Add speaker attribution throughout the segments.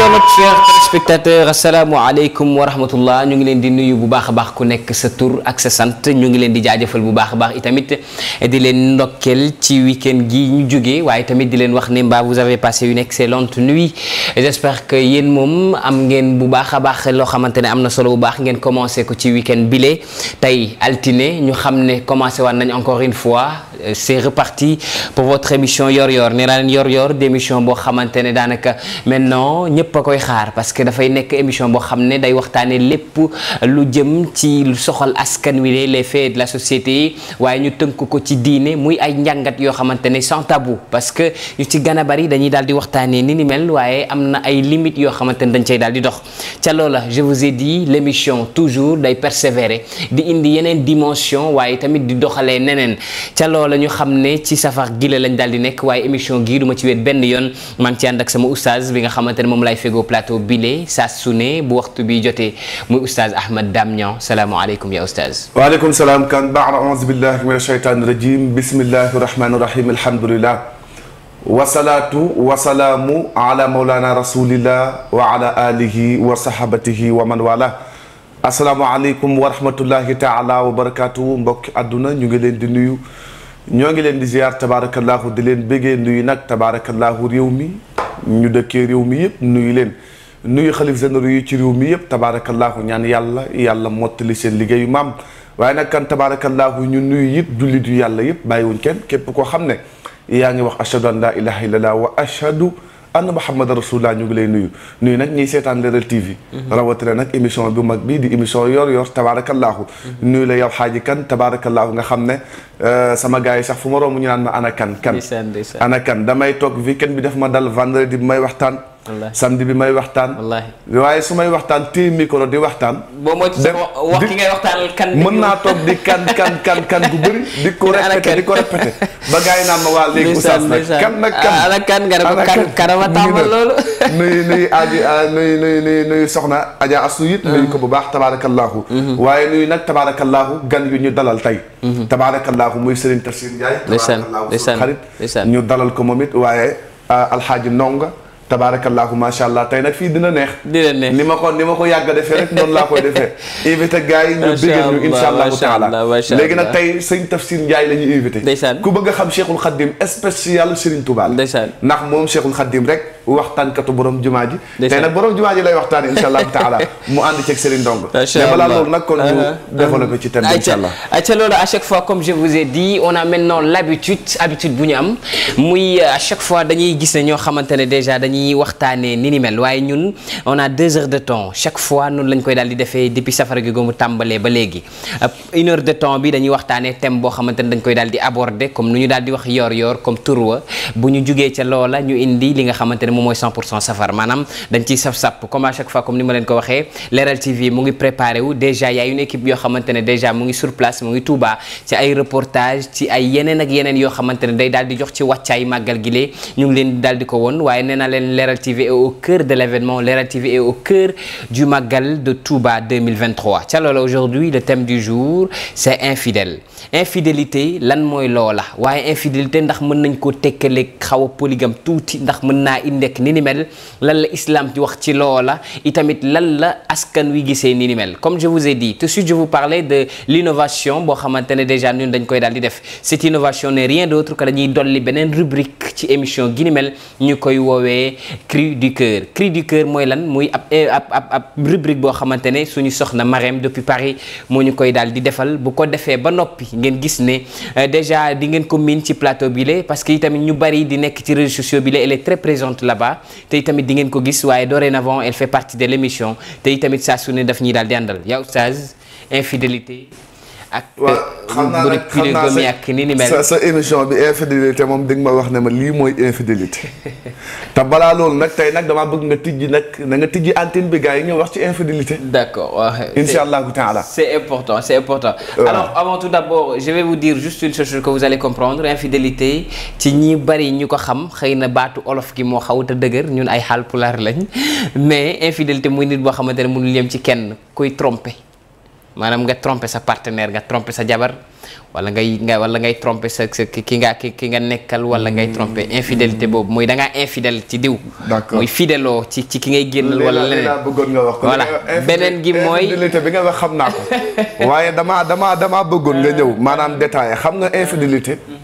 Speaker 1: internet chers spectateurs asalaamualeykum wa rahmatullah ñu ngi leen di nuyu bu baax a baax ku nekk sa tur ak sa sant ñu ngi leen di jaajëfal bu baax a baax itamit di leen ndokkeel ci week-end gi ñu jógee waaye tamit di leen wax ne mbaa vous avez passé une excellente nuit j'espère que yéen moom am ngeen bu baax a baax loo xamante ne am na solo bu baax ngeen commencé ko ci week-end bile tey altine ñu xam ne commencé waat nañ encore une fois euh, c'est reparti pour votre émission yor-yor nee naa leen yor-yor d'émission boo xamante ne daanaka ñëpp a koy parce que dafay nekk émission boo xam ne day waxtaanee lépp lu jëm ci lu soxal askan wi les faits de la société waaye ñu tënk ko ci diine muy ay njàngat yoo xamante ne sans parce que ñu ci gën a bari dañuy daal di waxtaanee ni ni mel waaye am na ay limites yoo xamante ne dañ cay daal di dox ca loola je vous ai dit l'émission toujours day persévérer di indi yeneen dimension waaye tamit di doxalee neneen ca loola ñu xam ne ci safar gi la lañ daal di nekk waaye émission gii duma ci wet benn yoon maa ngi ci bi nga xamante ne moom fego plateau bile saa su ne bu waxtu bi jotee muy oustaz Ahmad Dame Niang salaamualeykum ya oustaz.
Speaker 2: waaleykum salaam kan baax aouzu billahi min ashaytaani rajim bismillahi rahmaani rahim alhamdulillah wasalaatu wasalaamu ala maulana rasulillah wa ala alihi wa sahabatihi wa man wala asalaamaaleykum wa rahmatullahi taala wa barakatuhu mbokki àdduna ñu ngi leen di nuyu ñoo ngi leen di ziar tabarakallahu di leen bëggee nuyu nag tabarakallahu réew mi ñu dëkkee réew mi yëpp nuyu leen nuyu xalif généraux yi ci réew mi yëpp tabaarakallaahu ñaan yàlla yàlla mottali seen liggéeyu maam waaye nag kan tabaarakallaahu ñu nuyu yëpp jullit yu yàlla yëpp bàyyiwuñ kenn képp koo xam ne yaa ngi wax ashhadu an laa ilaaha illallaah wa ashhadu ann Mouhamed Rasulullah ñu ngi lay nuyu nuyu nag ñiy seetaan Leral TV rawatina nag émission bu mag bii di émission yor yor tabaarakallaahu nuyu la yow xaaji kan tabaarakallaahu nga xam ne euh, sama gars yi sax fu ma romb ñu naan ma ana kan kan ana kan damay toog weekend bi daf ma dal vendredi bi may waxtaan samedi bi may waxtaan. waaye su may waxtaan téye micro di waxtaan. boo mooy ci wax ki ngay waxtaanal mën naa toog di kan kan kan kan gu bëri. di ko répété ba gars yi naan ma waa léegi oustaz nag kan nag kan ana kan nga ne kan kanama tàmbal loolu. nuyu nuyu aji ah, nuyu nuyu soxna Adja Assou ko bu baax tabaarakallaahu. Mhm. waaye nuyu nag tabaarakallaahu gan yu ñu dalal tey. Mhm. tabaarakallaahu muy Serigne Tafsir Ndiaye. ndeysaan ndeysaan xarit ñu dalal ko moom it waaye ah, alxaaji Ndonga. tabaarakallaahu macha allah tey nag fii dina neex. dina neex ni ma ko ni ma ko yàgg a defee rek noonu laa koy defee. invité gars yi ñu bëggal ñu incha allahu taala léegi nag tey sëñ Tafsir Ndiaye la ñuy invité. ndeysaan ku bëgg a xam Cheikhul Khadim spécial Serigne Touba la. ndeysaan ndax moom Cheikhul Khadim rek waxtaankatu borom jumaa ji. ndeysaan tey nag borom jumaa ji lay waxtaanee incha allahu taala mu ànd ceeg Serigne Ndong. macha allah mais balaa loolu nag kon ñu uh-huh. développé ci thème bi incha
Speaker 3: allah.
Speaker 1: ayca loolu à chaque fois comme je vous ai dit on a maintenant l'habitude habitude bu ñu am muy euh, à chaque fois dañuy gis ne ñoo xamante ne déjà dañuy dañuy waxtaanee ni mel waaye ñun on a deux heures de temps chaque fois noonu lañ koy daal di defee depuis safara gi mu tàmbalee ba léegi euh, une heure de temps bi dañuy waxtaanee thème boo xamante ne dañ koy daal di aborder comme nu ñu daal di wax yor-yor comme turwa bu ñu jugee ca loola ñu indi li nga xamante ne mooy safar maanaam dañ ciy saf sap comme à chaque fois comme ni ma leen ko waxee Leral TV mu ngi préparé wu déjà y a une équipe yoo xamante ne déjà day daal di di daal di ko woon waaye nee na leen Leral TV est au cœur de l'événement Leral TV est au cœur du Magal de Touba 2023 ca loola aujourd'hui le thème du jour c'est infidèle infidélité lan mooy loola waaye infidélité ndax mën nañ ko tekkale xaw a polygame tuuti ndax mën naa indek ni ni mel lan la islam wax ci loola itamit lan la askan wi gisee ni ni mel comme je vous ai dit tout de suite je vous parlais de l'innovation boo xamante ne déjà ñun dañ koy daal di def cette innovation n'est rien d'autre que dañuy dolli beneen rubrique ci émission gi ni cri du cœur cri du cœur mooy lan muy eh, ab ab ab rubrique boo xamante ne suñu soxna Marème depuis Paris moo ñu koy daal di defal bu ko defee ba noppi ngeen gis ne euh, déjà di ngeen ko miin ci plateau bi la parce que itamit ñu bari di nekk ci réseaux sociaux bi la elle est très présente là-bas te itamit di ngeen ko gis waaye dorénavant elle fait partie de l'émission te itamit saa su ne daf ñuy daal di àndal yaa oustaz infidélité ak. xam naa nag xam sa
Speaker 2: sa émission bi infidélité moom di ma wax ne ma lii mooy infidélité te balaa loolu nag tey nag damaa bëgg nga tijji nag na nga tijji antenne bi gars yi ñu wax ci infidélité. d'accord waaw. incha allahu taala. c'est important c'est important. alors
Speaker 1: avant tout d'abord je vais vous dire juste une chose comprendre infidélité ci ñi bari ñu ko xam xëy na baatu olof gi moo xaw te dëgër ñun ay xaal pulaar lañ mais infidélité muy nit boo xamante ne mënul yem ci kenn kuy tromper. maanaam nga trompé sa partenaire nga trompé sa jabar wala ngay nga wala ngay trompé sa sa ki nga ki ki nga nekkal wala ngay trompé infidélité boobu mooy da ngaa infidèle ci diw. d'accord muy fidéloo ci ci ki ngay génnal. wala leneen laa
Speaker 2: wax ko. beneen gi mooy infidélité bi nga wax xam naa ko waaye damaa damaa damaa bëggoon nga ñëw euh, maanaam euh, détaillé xam nga infidélité. Euh,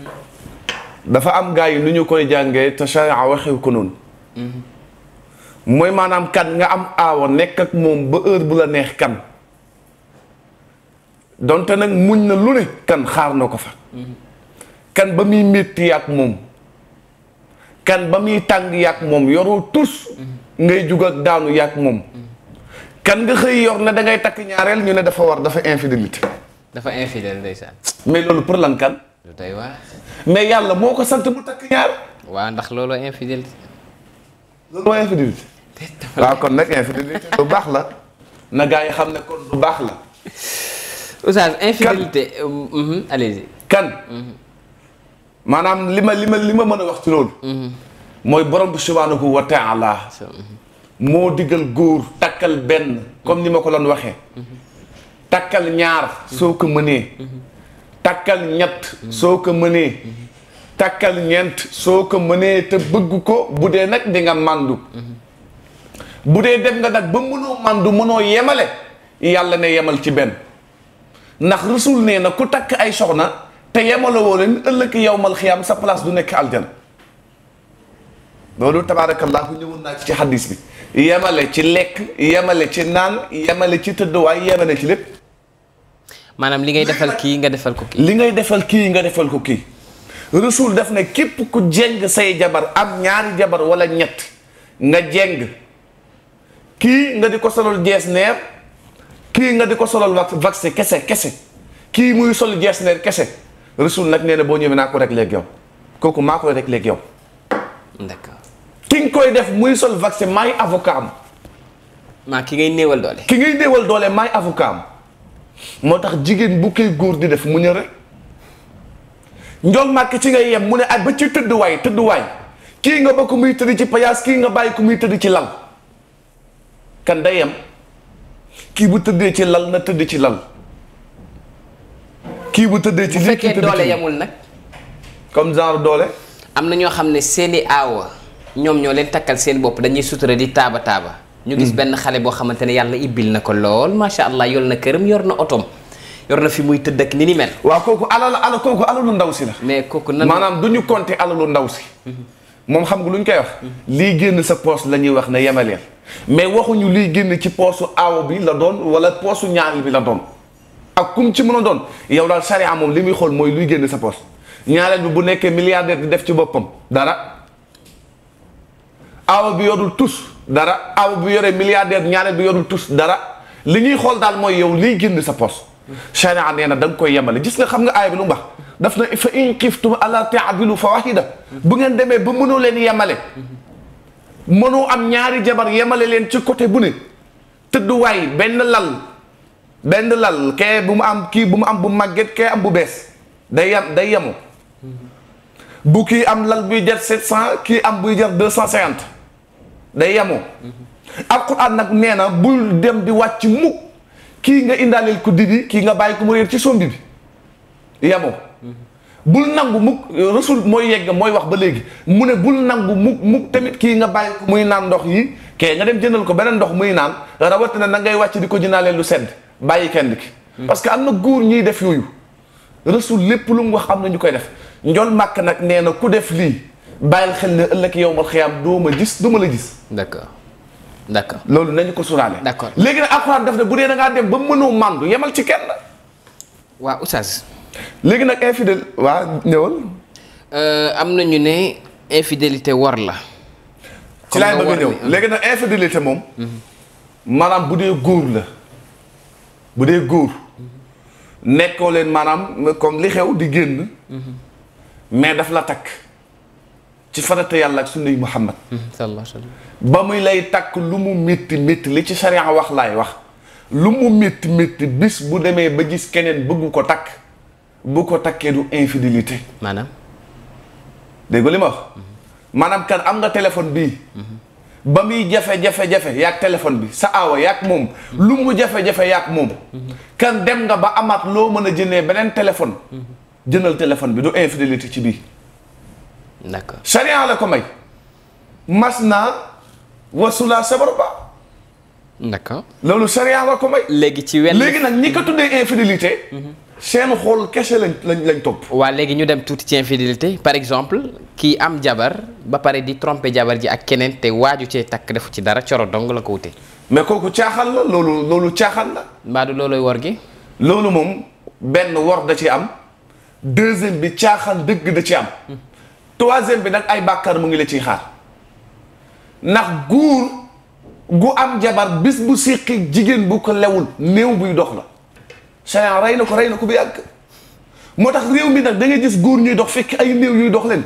Speaker 2: dafa am gaa yi lu ñu koy jàngee te charia waxee ko noonu. Mhm. mooy maanaam kan nga am aawa nekk ak moom ba heure bu la neex kan. donte nag muñ na lu ne kan xaar na ko fa kan ba muy métti yaag moom kan ba muy tàng yaag moom yoroo tus ngay jug ak daanu yaag moom kan nga xëy yor na da ngay takk ñaareel ñu ne dafa war dafa infidélité
Speaker 1: dafa infidèle ndeysaan
Speaker 2: mais loolu pour lan
Speaker 1: kan tey waa
Speaker 2: mais yàlla moo ko sant mu takk ñaar
Speaker 1: waaw ndax loolu infidélité waa waaw kon nag infidélité lu
Speaker 2: baax la na gaa yi xam ne kon lu baax la oustaz infidélité euh, mm-hmm, allez-y kan mm-hmm. maanaam li ma li ma li ma mën a wax ci loolu mm-hmm. mooy borom bi subhaanahu wa taala moo diggal góor takkal benn comme ni ma ko doon waxe takkal ñaar soo ko mënee takkal ñett soo ko mënee takkal ñeent soo ko mënee te bëgg ko bu dee nag di nga màndu bu dee dem nga nag ba mënoo màndu mënoo yemale yàlla ne yemal ci benn ndax rasul nee na ku takk ay soxna te yemale woo leen ëllëg yowmal xiyaam sa place du nekk aljana loolu tabaarakallahu ñëwoon naa ci xaddis bi yemale ci lekk yemale ci naan yemale ci tëdduwaay yemale ci lépp
Speaker 1: maanaam li ngay defal kii nga
Speaker 2: defal ko kii li ngay defal kii nga defal ko kii rasul daf ne képp ku jeng say jabar am ñaari jabar wala ñett nga jeng kii nga di ko solol jees neer kii nga di ko solal vaccin kese kese kii muy sol jees neer kese Rasul nag nee na boo ñëwee naa ko rek léegi yow kooku maa koy rek léegi yow. d'accord ki nga koy def muy sol vaccin maay avocat am. maa ki ngay néewal doole. ki ngay néewal doole maay avocat am moo tax jigéen bu koy góor di def mu ñëw njool màkk ci ngay yem mu ne ak ba ci tëdduwaay tëdduwaay kii nga ba ko muy tëdd ci payaas kii nga bàyyi ko muy tëdd ci lal kan day yem. kii bu tëddee ci lal na tëdd ci lal kii bu tëddee ci. bu fekkee doole yamul nag. comme genre doole.
Speaker 1: am na ñoo xam ne seeni aawa ñoom ñoo leen takkal seen bopp dañuy sutura di taaba taaba. ñu gis hmm. benn xale boo xamante ne yàlla ibbil na ko lool macha allah yor na këram yor na otoom. yor na fi muy tëdd ak ni ni mel.
Speaker 2: waaw kooku alal ala kooku alalu ndaw si la. mais kooku nan maanaam du ñu compter alalu ndaw si. Hmm. moom xam nga lu ñu koy wax. Hmm. lii génn sa poche la ñuy wax ne yemaleel. mais waxuñu liy génn ci poosu aawo bi la doon wala poosu ñaareel bi la doon ak kum ci mën a doon yow daal charia moom li muy xool mooy luy génn sa poos ñaareel bi bu nekkee milliardaire bi def ci boppam dara aawo bi yorul tus dara aawo bi yoree milliardaire ñaareel bi yorul tus dara li ñuy xool daal mooy yow liy génn sa poos charia nee na da koy yemale gis nga xam nga aaya bi lu mu wax daf na fa in xiftum ala taadilu fa wahida bu ngeen demee ba mënoo leen yemale mënoo am ñaari jabar yemale leen ci côté bu ni tëdduwaay benn lal benn lal kee bu mu am kii bu mu am bu màgget kee am bu bees day yem day yemu bu kii am lal buy jar sept cent kii am buy jar deux cent cinquante day yemu alxuraan nag nee na bul dem di wàcc mukk kii nga indaaleel ko di bi kii nga bàyyi ko mu réer ci sombi bi yemu bul nangu mukk rasul mooy yegg mooy wax ba léegi mu ne bul nangu mukk mukk tamit kii nga bàyyi ko muy naan ndox yi kee nga dem jëndal ko beneen ndox muy naan rawatina na ngay wàcc di ko jëndaalee lu sedd bàyyi kenn ki. Hmm. parce que am na góor ñiy def yooyu rasul lépp lu mu wax am na ñu koy def njool màkk nag nee na ku def lii bàyyil xel ne ëllëg yow ma xiyaam doo ma gis doo ma la gis. d'accord d'accord loolu nañu ko suraale. d'accord léegi nag alxuraan daf ne bu dee da ngaa dem ba mënoo màndu yemal ci kenn. waaw oustaz. léegi nag infidèle waa ñëwal. Euh, am na ñu ne infidélité war la. ci laay bëgg a ñëw léegi nag infidélité moom. Mhm. maanaam bu dee góor la bu dee góor. nekkoo leen maanaam comme li xew di génn. Mhm. mais daf la takk ci farata yàlla ak sunna muhammad mhm, ba muy lay takk lu mu métti métti li ci sharia wax laay wax lu mu métti métti bis bu demee ba gis keneen bëggu ko takk. bu ko takkee du infidélité. maanaam. dégg nga li ma maanaam kan am nga téléphone bii. ba muy jafe-jafe jafe yaag téléphone bi sa aawa yaag moom. lu mu jafe-jafe yaag moom. kan dem nga ba amaat loo mën a jëndee beneen téléphone. jënal téléphone bi du infidélité ci bii. d'accord charia la ko may. mas naa wasulaa sabar ba. d'accord loolu charia la ko may. léegi ci wenn léegi nag ñi ko tuddee infidélité. Mhm. seen xool
Speaker 1: kese lañ lañ lañ topp. waa léegi ñu dem tuuti ci infidélité par exemple kii am jabar ba pare di tromper jabar ji ak keneen te waaju cee takk defu ci dara coro dong la ko wute. mais kooku
Speaker 2: caaxal la loolu loolu caaxal la. mbaadu looloy wor gi. loolu moom benn wor da ci am deuxième bi caaxaan dëgg da ci am hmm. troisième bi nag ay bàkkaar mu ngi la ciy xaar ndax guur gu am jabar bis bu siqi jigéen bu ko lewul néew buy dox la. Cheyenne rey na ko rey na ko bu yàgg moo tax réew mi nag da ngay gis góor ñuy dox fekk ay néew yuy dox leen.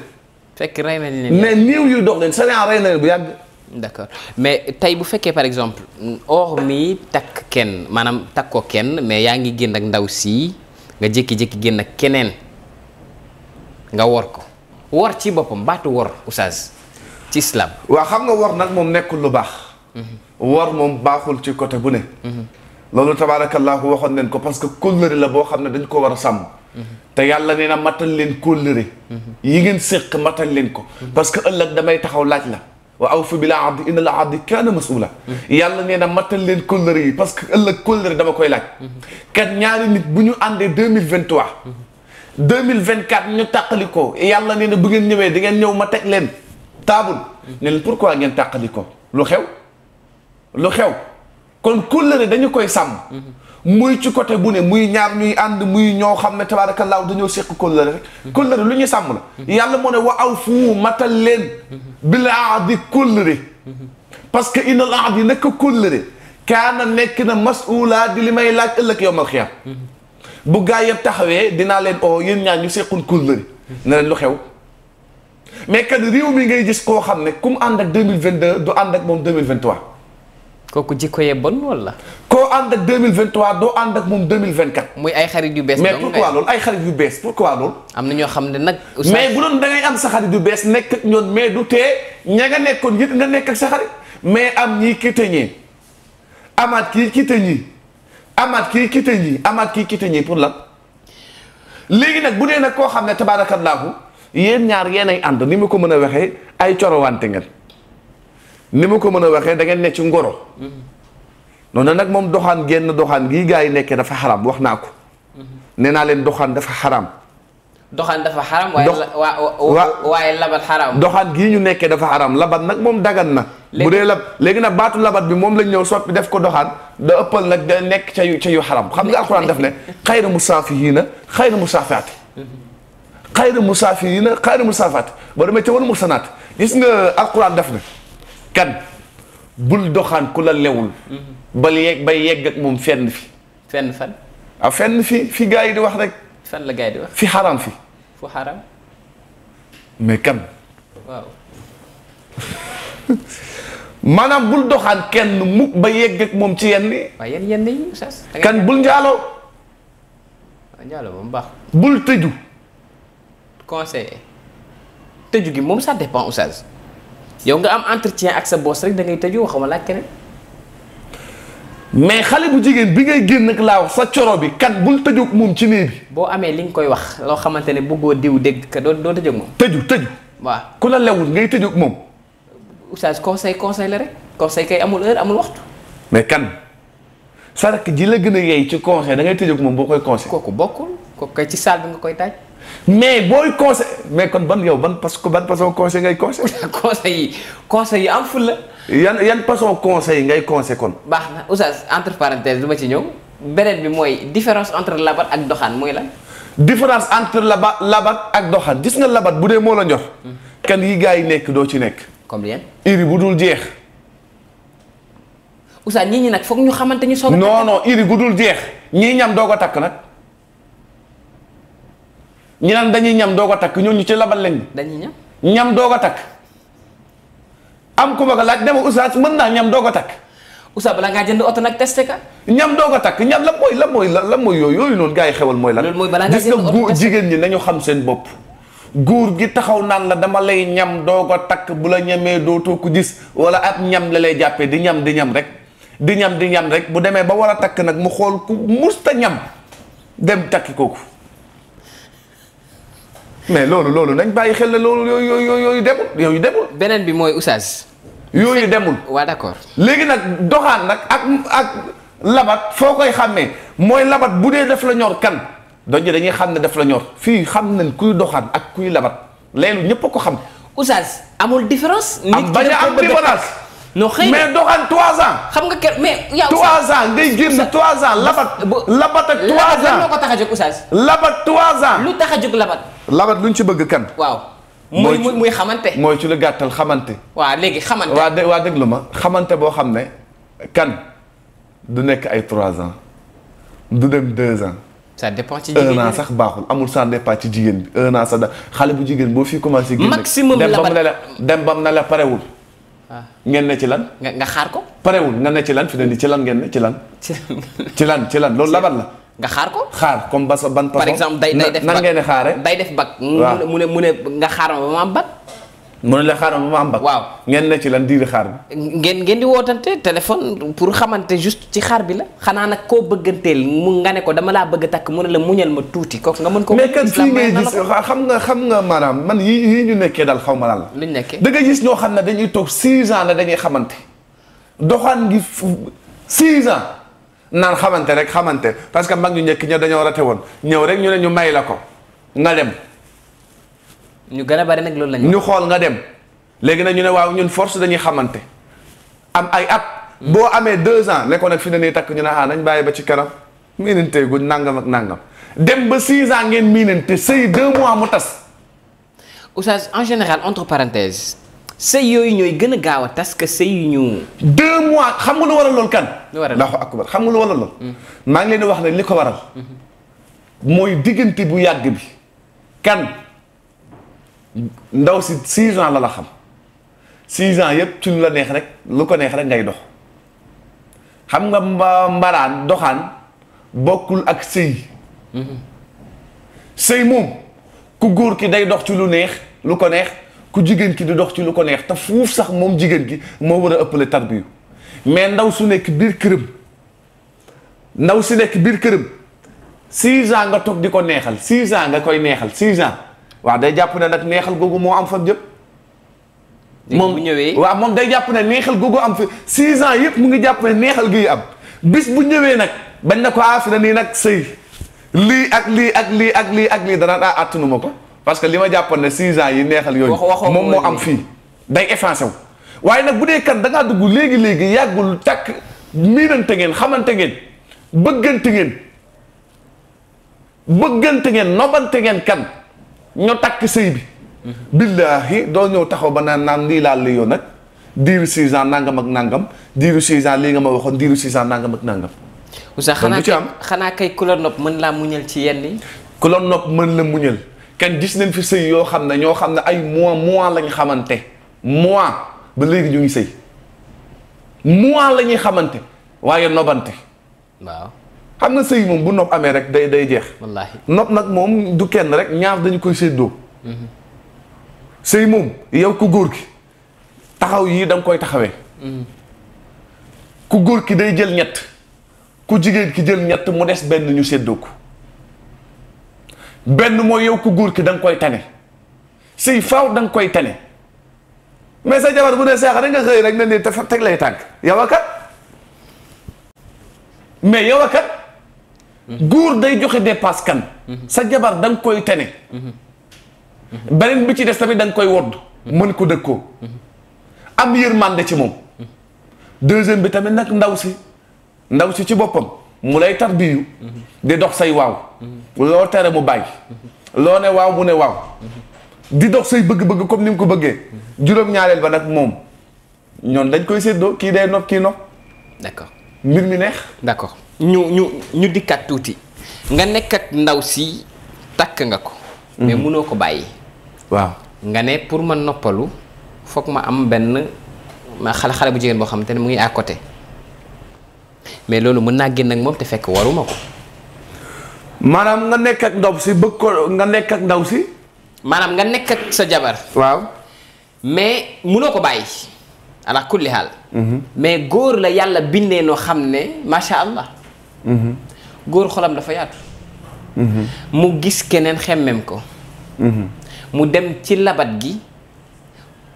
Speaker 1: fekk rey nañ leen mais
Speaker 2: néew yuy dox leen Cheyenne rey na leen bu yàgg.
Speaker 1: d'accord mais tey bu fekkee par exemple or mi takk kenn maanaam takk ko kenn mais yaa ngi génn ak ndaw sii nga jékki-jékki génn ak keneen nga wor ko wor ci boppam baatu wor oustaz
Speaker 2: ci islam. waa xam nga wor nag moom nekkul lu baax. Mhm. wor moom baaxul ci côté bu ne. Mhm. loolu tabaarakallaahu waxoon neen ko parce que kóllëre la boo xam ne dañ ko war a sàmm te yàlla nee na matal leen kóllëre yi ngeen séq matal leen ko parce que ëllëg damay taxaw laaj la wa awfu bil ahdi inna al ahda kaana mas'uula yàlla nee na matal leen kóllëre yi parce que ëllëg kóllëre dama koy laaj kat ñaari nit bu ñu àndee deux mille vingt trois deux mille vingt quatre ñu tàqali ko yàlla nee na bu ngeen ñëwee di ngeen ñëw ma teg leen taabul ne leen pourquoi ngeen tàqali ko lu xew lu xew kon kóllëre dañu koy sàmm. muy ci côté bu ne muy ñaar ñuy ànd muy ñoo xam ne tabaarakallaahu dañoo séq kóllëre rek. kóllëre lu ñuy sàmm la. yàlla moo ne wa aw fu matal leen. bil ahdi kóllëre parce que innal ahdi nekk kóllëre kaana nekk na masuulaa di li may laaj ëllëg yawmal xiyaam. bu gaa yëpp taxawee dinaa leen oo yéen ñaar ñu séqoon kóllëre ne leen lu xew. mais kat réew mi ngay gis koo xam ne ku mu ànd ak deux mille vingt deux du ànd ak moom deux mille vingt kooku jikko yee bon wala. koo ànd ak 2023 doo ànd ak moom 2024. muy ay xarit yu bees. mais pourquoi loolu ay xarit yu bees pourquoi loolu. am na ñoo xam ne nag. mais bu doon da ngay am sa xarit yu bees nekk ñoon mais du tee ña nga nekkoon yëpp nga nekk ak sa xarit mais am ñii kii te amaat kii kii te ñii amaat kii kii ñii amaat kii kii te ñii pour la léegi nag bu dee nag koo xam ne tabaarakallaahu yéen ñaar yéenay ànd ni ma ko mën a waxee ay corowante ni ma ko mën a waxee da ngeen ne ci ngoro noonu nag moom doxaan génn doxaan gii gars yi nekkee dafa xaram wax naa ko nee naa leen doxaan dafa xaram
Speaker 1: doxaan dafa xaram waaye labat xaram doxaan
Speaker 2: gii ñu nekkee dafa xaram labat nag moom dagan na bu dee la léegi nag baatu labat bi moom lañ ñëw soppi def ko doxaan da ëppal nag da nekk ca yu ca yu xaram xam nga alxuraan def ne xayra musaafihiina xayra musaafaati xayra musaafihiina xayra musaafaati ba demee ca wal mursanaat gis nga alxuraan def ne kan bul doxaan ku la lewul. Mm-hmm. ba yegg ba yegg ak moom fenn fi. fenn fan. ah fenn fi fi gars yi di wax rek. fan la gars yi di wax. fi xaram fi. fu xaram. mais kan. maanaam bul doxaan kenn mukk ba yegg ak moom ci yenn yi. waaw yenn yenn yi sas. kan bul njaaloo.
Speaker 1: waaw njaaloo moom baax. bul tëju. conseiller. tëju gi moom ça dépend oustaz. yow nga am entretien ak sa boss rek da ngay tëju waxuma laaj keneen.
Speaker 2: mais xale bu jigéen bi ngay génn nag laa wax sa coro bi kat bul tëjoog moom ci néeg bi.
Speaker 1: boo amee li nga koy wax loo xamante ne bëggoo diw dégg ka doo doo tëjoog moom. tëju tëju. waaw
Speaker 2: ku la lewul ngay tëjoog moom.
Speaker 1: oustaz conseil conseil la rek conseil kay amul heure amul waxtu.
Speaker 2: mais kan sarak ji la gën a yey ci conseil da ngay tëjoog moom boo koy conseil. kooku bokkul kooku kay ci saal bi nga koy taaj. mais booy conse mais kon ban yow ban parce que ban façon conseil ngay conseil. conseil yi conseil yi am ful la. yan yan façon conseil ngay conseil kon. baax na
Speaker 1: oustaz entre parenthèse du ma ci ñëw. beneen bi mooy différence entre labat ak doxaan mooy la
Speaker 2: différence entre labat labat ak doxaan gis nga labat bu dee moo la ñor. Hmm. kan yi gars yi nekk doo ci nekk. comme yan. iri bu dul jeex.
Speaker 1: oustaz ñii ñi nag foog ñu xamante ñu soog non
Speaker 2: non iri bu dul jeex ñii ñam doo ko takk nag. ñi naan dañuy ñam doo ko takk ñooñu ci labal lañ. dañuy ñam ñam doo ko takk. am ku ma ko laaj dama usa mën naa ñam doo ko takk. oustaz balaa ngaa jënd oto nag testé ka. ñam doo ko takk ñam la mooy la mooy la mooy yooyu yooyu noonu yi xewal mooy lan. loolu mooy balaa ngaa góor jigéen ñi nañu xam seen bopp. góor gi taxaw naan la dama lay ñam doo ko takk bu la ñamee dootoo ko gis wala ab ñam la lay jàppee di ñam di ñam rek. di ñam di ñam rek bu demee ba war a takk nag mu xool ku musta ñam dem takki kooku. mais loolu loolu nañ bàyyi xel na loolu yooyu yooyu yooyu demul yooyu demul. beneen bi mooy oustaz. yooyu demul. waa d'accord léegi nag doxaan nag ak ak labat foo koy xàmmee mooy labat bu dee def la ñor kan donc dañuy xam ne def la ñor fii xam nañ kuy doxaan ak kuy labat léegi ñëpp ko xam. oustaz amul différence. nit ki am a am différence. non xëy na mais doxaan trois ans.
Speaker 1: xam nga kenn mais yow. trois ans ngay
Speaker 2: génn trois ans labat. labat ak trois ans labat ko tax a jóg oustaz. labat trois ans.
Speaker 1: lu tax a jóg labat.
Speaker 2: labat luñ ci bëgg kan.
Speaker 1: waaw muy muy muy xamante. mooy
Speaker 2: ci lu gàttal xamante.
Speaker 1: waaw léegi xamante. waa
Speaker 2: dé waa déglu ma xamante boo xam ne kan du nekk ay trois ans du dem deux ans.
Speaker 1: ça dépend ci jigéen sax
Speaker 2: baaxul amul ça dépend ci jigéen bi un an sax bu jigéen boo fi commencé. maximum labat dem ba mu dem ba mu ne la parewul. ngeen ne ci lan. nga xaar ko. parewul nga ne ci lan fi ne nii ci lan ngeen ne ci lan. ci lan ci lan loolu laban la. nga xaar ko. xaar comme ba sa ban. par exemple day day def nan ngeen xaar xaare. day def bag. mu ne mu ne nga xaar ma ba ma am bag. mu ne la xaaral ma am bag. waaw ngeen ne ci lan diiri xaar bi.
Speaker 1: ngeen ngeen di pour xamante juste ci xaar bi la. xanaa nag koo bëgganteel mu nga ne ko dama laa bëgg a mu ne la muñal ma tuuti kooku nga mën
Speaker 2: ko. mais kat fii xam nga xam nga maanaam man yii yii ñu nekkee daal xaw ma lan la. lu ñu nekkee da nga gis ñoo xam ne dañuy toog 6 ans la dañuy xamante doxaan gi 6 ans naan xamante rek xamante parce que mag ñu njëkk ña dañoo rate woon ñëw rek ñu ne ñu may la ko nga dem. ñu gën a bari nag loolu la ñu xool nga dem léegi nag ñu ne waaw ñun force dañuy xamante am ay at hmm. boo amee deux ans nekkoon ak fi ne nii takk ñu ne ah nañ bàyyi ba ci kanam miinante guñ nangam ak nangam dem ba six ans ngeen miinante sëy deux mois mu tas oustaz en général entre parenthèses sëy yooyu ñooy gën a gaaw a tas que sëy yu ñu deux mois xam nga lu waral lool kan allahu akbar xam nga lu waral lool hmm. maa ngi leen di wax ne li ko waral hmm. mooy diggante bu yàgg bi ndaw si six ans la la xam six ans yëpp ci lu la neex rek lu ko neex rek ngay dox xam nga mba mbaraan doxaan bokkul ak sëy mm-hmm. sëy moom ku góor ki day dox ci lu neex lu ko neex ku jigéen ki di dox ci lu ko neex te fuuf sax moom jigéen ki moo war a ëppale tarbiyu mais ndaw su nekk biir këram ndaw si nekk biir këram six ans nga toog di ko neexal six ans nga koy neexal six ans waaw day jàpp ne nag neexal googu moo am fam jëm moom bu ñëwee waaw moom day jàpp ne neexal googu am fi six ans yëpp mu ngi jàpp neexal gi am bis bu ñëwee nag bañ na ko aafira ah, nii nag sëy lii ak lii ak lii ak lii ak lii dana daa ah, àttanu ma ko parce que li ma jàppoon ne six ans yi neexal yooyu moom moo am fii day effacé wu waaye nag bu dee kan da duggu dugg léegi-léegi yàggul takk miinante ngeen xamante ngeen bëggante ngeen bëggante ngeen nobante ngeen kan ñoo takk sëy bi billaahi doo ñëw taxaw ba naan naan lii laal li nag diiru six ans nangam ak nangam diiru six ans lii nga ma waxoon diiru six ans nangam ak nangam usa xanaa am xanaa kay ku la nopp mën laa muñal ci yenn yi ku la nopp mën la muñal kenn gis nañ fi sëy yoo xam ne ñoo xam ne ay mois mois lañ xamante mois ba léegi ñu ngi sëy mois lañuy xamante waaye nobante waaw xam na sëy moom bu nopp amee rek day day jeex. wallaahi nopp nag moom du kenn rek ñaar dañu koy séddoo. sëy moom yow ku góor gi taxaw yii danga koy taxawee. ku góor ki day jël ñett ku jigéen ki jël ñett mu des benn ñu séddoo benn mooy yow ku góor ki da koy tane sëy faaw danga koy tane mais sa jabar bu ne seex rek nga xëy rek na ne te teg lay tànk yow a mais yow góor day joxe dépasse sa jabar da nga koy tene. beneen bi ci des tamit da nga koy wodd. mën ko dëkkoo. am yërmande ci moom. deuxième bi tamit nag ndaw si ndaw si ci boppam mu lay tar tarbiyu di dox say waaw. loo tere mu bàyyi. loo ne waaw mu ne waaw. di dox say bëgg-bëgg comme ni mu ko bëggee. juróom-ñaareel ba nag moom ñoom dañ koy séddoo kii day nopp kii nopp. d'accord mbir mi neex. d'accord. ñu ñu ñu dikkaat tuuti nga nekk ak ndaw si
Speaker 1: takk nga ko. mais mhm. munoo ko bàyyi. waaw nga ne pour ma noppalu foog ma am benn ma xale xale bu jigéen boo xamante ne mu ngi à côté mais loolu mën naa génn ak moom te fekk waruma ko.
Speaker 2: maanaam nga nekk ak ndaw bëgg ko nga nekk ak ndaw maanaam nga nekk sa jabar. waaw mais
Speaker 1: munoo ko bàyyi. ala kulli xaal. Mhm. mais góor noo xam ne macha allah. góor xolam dafa yaatu. mu gis keneen xemmem ko. mu dem ci labat gi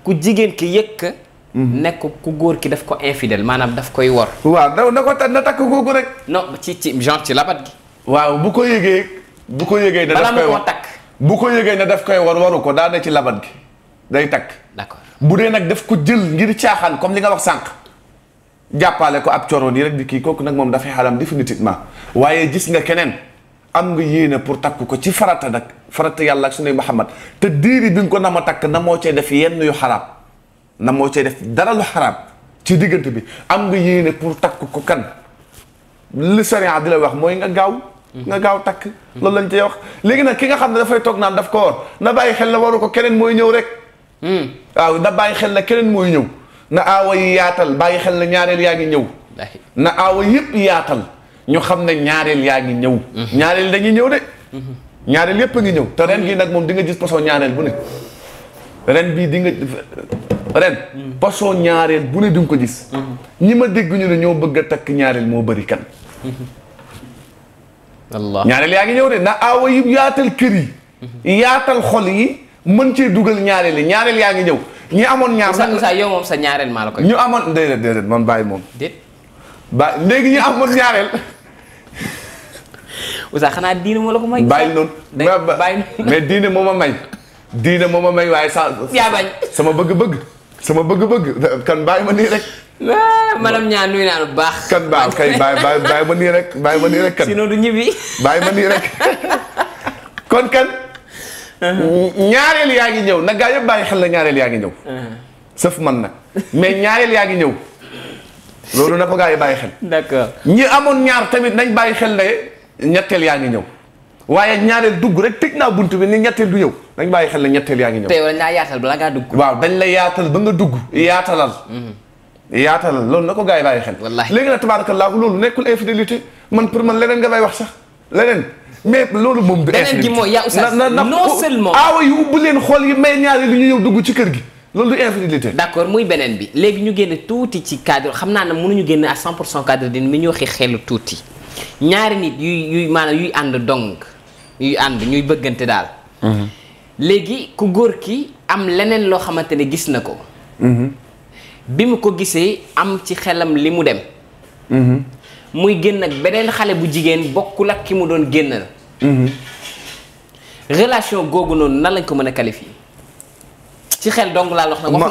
Speaker 1: ku jigéen ki yëkk. nekk ku góor ki daf ko infidèle maanaam daf koy wor. waaw daw na ko na
Speaker 2: takk googu rek. non ci ci genre ci labat gi. waaw bu ko yëgee. bu ko yëgee ne daf koy wor takk. bu ko yëgee ne daf koy war waru ko daa ne ci labat gi day takk. d'accord bu dee nag daf ko jël ngir caaxaan comme li nga wax sànq. jàppale ko ab coro nii rek di kii kooku nag moom dafay xaram définitivement waaye gis nga keneen am nga yéene pour takk ko ci farata nag farata yàlla ak sunnay Muhammad te diiri bi nga ko nama takk na moo cay def yenn yu xaraam na moo cay def dara lu xaraam ci diggante bi am nga yéene pour takk ko kan li sariya di la wax mooy nga gaaw nga gaaw takk loolu lañ tey wax léegi nag ki nga xam ne dafay toog naan daf ko war na bàyyi xel na waru ko keneen mooy ñëw rek hmm. waaw na bàyyi xel na keneen mooy ñëw na aawa yi yaatal bàyyi xel na ñaareel yaa ngi ñëw na aawa yëpp yaatal ñu xam na ñaareel yaa ngi ñëw mhm. ñaareel dañuy ñëw de mhm. ñaareel yëpp ngi ñëw te ren nag moom di gis poson ñaareel bu ne ren bii di nga ren mhm. poson ñaareel bu ne di ko gis ñi ma dégg ñu ne ñoo bëgg a takk ñaareel moo bari kan Allah ñaareel yaa ngi ñëw de na aawa yëpp yaatal kër yi yaatal xol yi mën cee dugal ñaareel yi ñaareel yaa ngi ñëw ñi amoon ñaar sax Moussa yow moom sa ñaareel maa la koy. ñu amoon déedéet déedéet man bàyyi moom. déet. ba léegi ñu amoon ñaareel. Moussa xanaa diine moo la ko may. bàyyi noonu mais diine moo ma may. diine moo ma may waaye sa. sama bëgg-bëgg. sama bëgg-bëgg kan bàyyi ma nii rek. Ah, maanaam ñaan nuyu naa lu baax. kan baax kay bàyyi bàyyi ma nii rek bàyyi ma nii rek. kan sinon du ñibbi. bàyyi ma nii rek kon kan. ñaareel yaa ngi ñëw nag gaa yëpp bàyyi xel la ñaareel yaa ngi ñëw. Uh-huh. sëf man na mais ñaareel yaa ngi ñëw loolu na ko gaa yi bàyyi xel. d'accord ñi amoon ñaar tamit nañ bàyyi xel ne ñetteel yaa ngi ñëw. waaye ñaareel dugg rek tëj naa bunt bi ni ñetteel du ñëw dañ bàyyi xel ne ñetteel yaa ngi ñëw. tey wala
Speaker 1: naa yaatal balaa ngaa
Speaker 2: dugg. waaw dañ la yaatal ba nga dugg yaatalal. Mm-hmm. yaatalal loolu na ko gaa yi bàyyi xel. wallaahi léegi nag tabaarakallaah loolu nekkul infidélité man pour man leneen nga may wax sax leneen. mais loolu moom. du beneen gi mooy yaa oustaz non seulement aawa yu ubbi leen xool yi may ñaari lu ñu ñëw dugg ci kër gi loolu du infidélité.
Speaker 1: d'accord muy beneen bi léegi ñu génne tuuti ci cadre xam naa ne mënuñu génne à 100% cadre din mi ñu waxi xelu tuuti ñaari nit yuy yuy maanaam yuy ànd dong ànd ñuy bëggante daal. Mhm. léegi ku góor ki am leneen loo xamante ne gis na ko. Mhm. bi mu ko gisee am ci xelam li mu dem. Mhm. muy génn ak beneen xale bu jigéen bokkul ak ki mu doon génnal. Mm-hmm. relation googu noonu nan lañ ko mën a qualifier ci xel dong laa wax nag. ma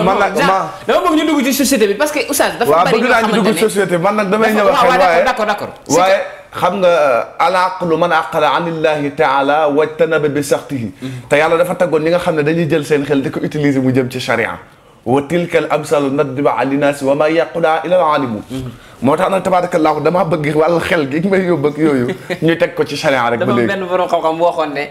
Speaker 1: ma ma dama
Speaker 2: bëgg ñu ci société bi parce que oustaz. dafa bari ñoo xamante ne waaw bëgg naa ñu dugg société man nag damay ñëw xel waaye d'accord d'accord waaye xam nga euh, alaaqlu man aqala anillahi taala wajtanaba bi saxtihi mm-hmm. te yàlla dafa taggoon ñi nga xam ne dañuy jël seen xel di ko utiliser mu jëm ci charia wa tilka al amsalu nadribuha linnaasi wa maa yaqiluhaa illa al moo tax nag tabaarakallaahu damaa bëgg wàllu xel gi may yóbbu yooyu ñu teg ko ci charia rek ba léegi dama benn
Speaker 1: borom xam-xam waxoon ne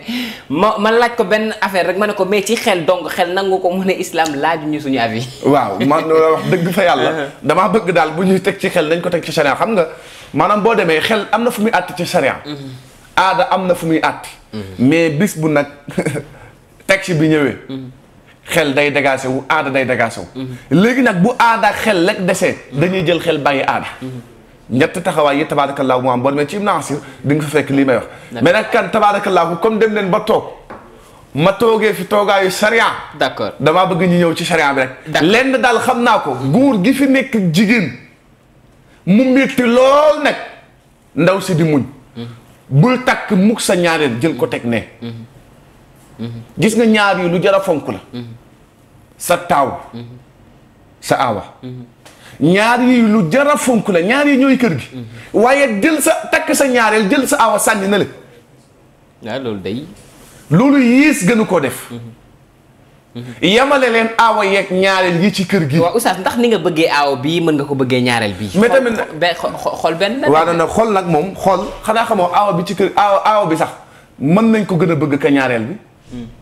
Speaker 1: ma ma laaj ko benn affaire rek ma ne ko mais ci xel donc xel nangu ko mu ne islam laaj ñu
Speaker 2: suñu avis waaw man wax dëgg fa yàlla uh-huh. damaa bëgg daal bu ñuy teg ci xel nañ ko teg ci charia xam nga maanaam boo demee xel am na fu muy àtt ci sharian
Speaker 4: uh-huh.
Speaker 2: aada am na fu muy àtt uh-huh. mais bis bu nag texte bi ñëwee xel day dégagé wu aada day dégagé léegi nag bu aada xel rek desee dañuy jël xel bàyyi aada. ñett taxawaay yi tabaarakallaahu mu am boo demee ci Ibn Asir di nga fa fekk lii mais nag kan tabaarakallaahu comme dem leen ba toog ma toogee fi toogaayu sharia. d'accord damaa bëgg ñu ñëw ci sharia bi rek. lenn daal xam naa ko. góor gi fi nekk jigéen mu métti lool nag ndaw si di muñ. Hmm. bul takk mukk sa ñaareel jël ko teg ne. Hmm. gis nga ñaar yu lu jar a fonk la mhm. sa taaw mhm. sa aawa mhm. ñaar yi lu jar fonk la ñaar yi ñooy kër gi waaye jël sa takk sa ñaareel jël sa aawa sànni na le waaw loolu day loolu yiis gënu koo def yamale leen aawa yeeg
Speaker 1: ñaareel yi ci kër gi waaw oustaz ndax ni nga bëggee aaw bii mën nga ko bëggee ñaareel bii mais tamit xool benn la waaw
Speaker 2: xool nag moom xool xanaa xamoo aawa bi ci kër aaw aaw bi sax mën nañ ko gën a bëgg ka ñaareel bi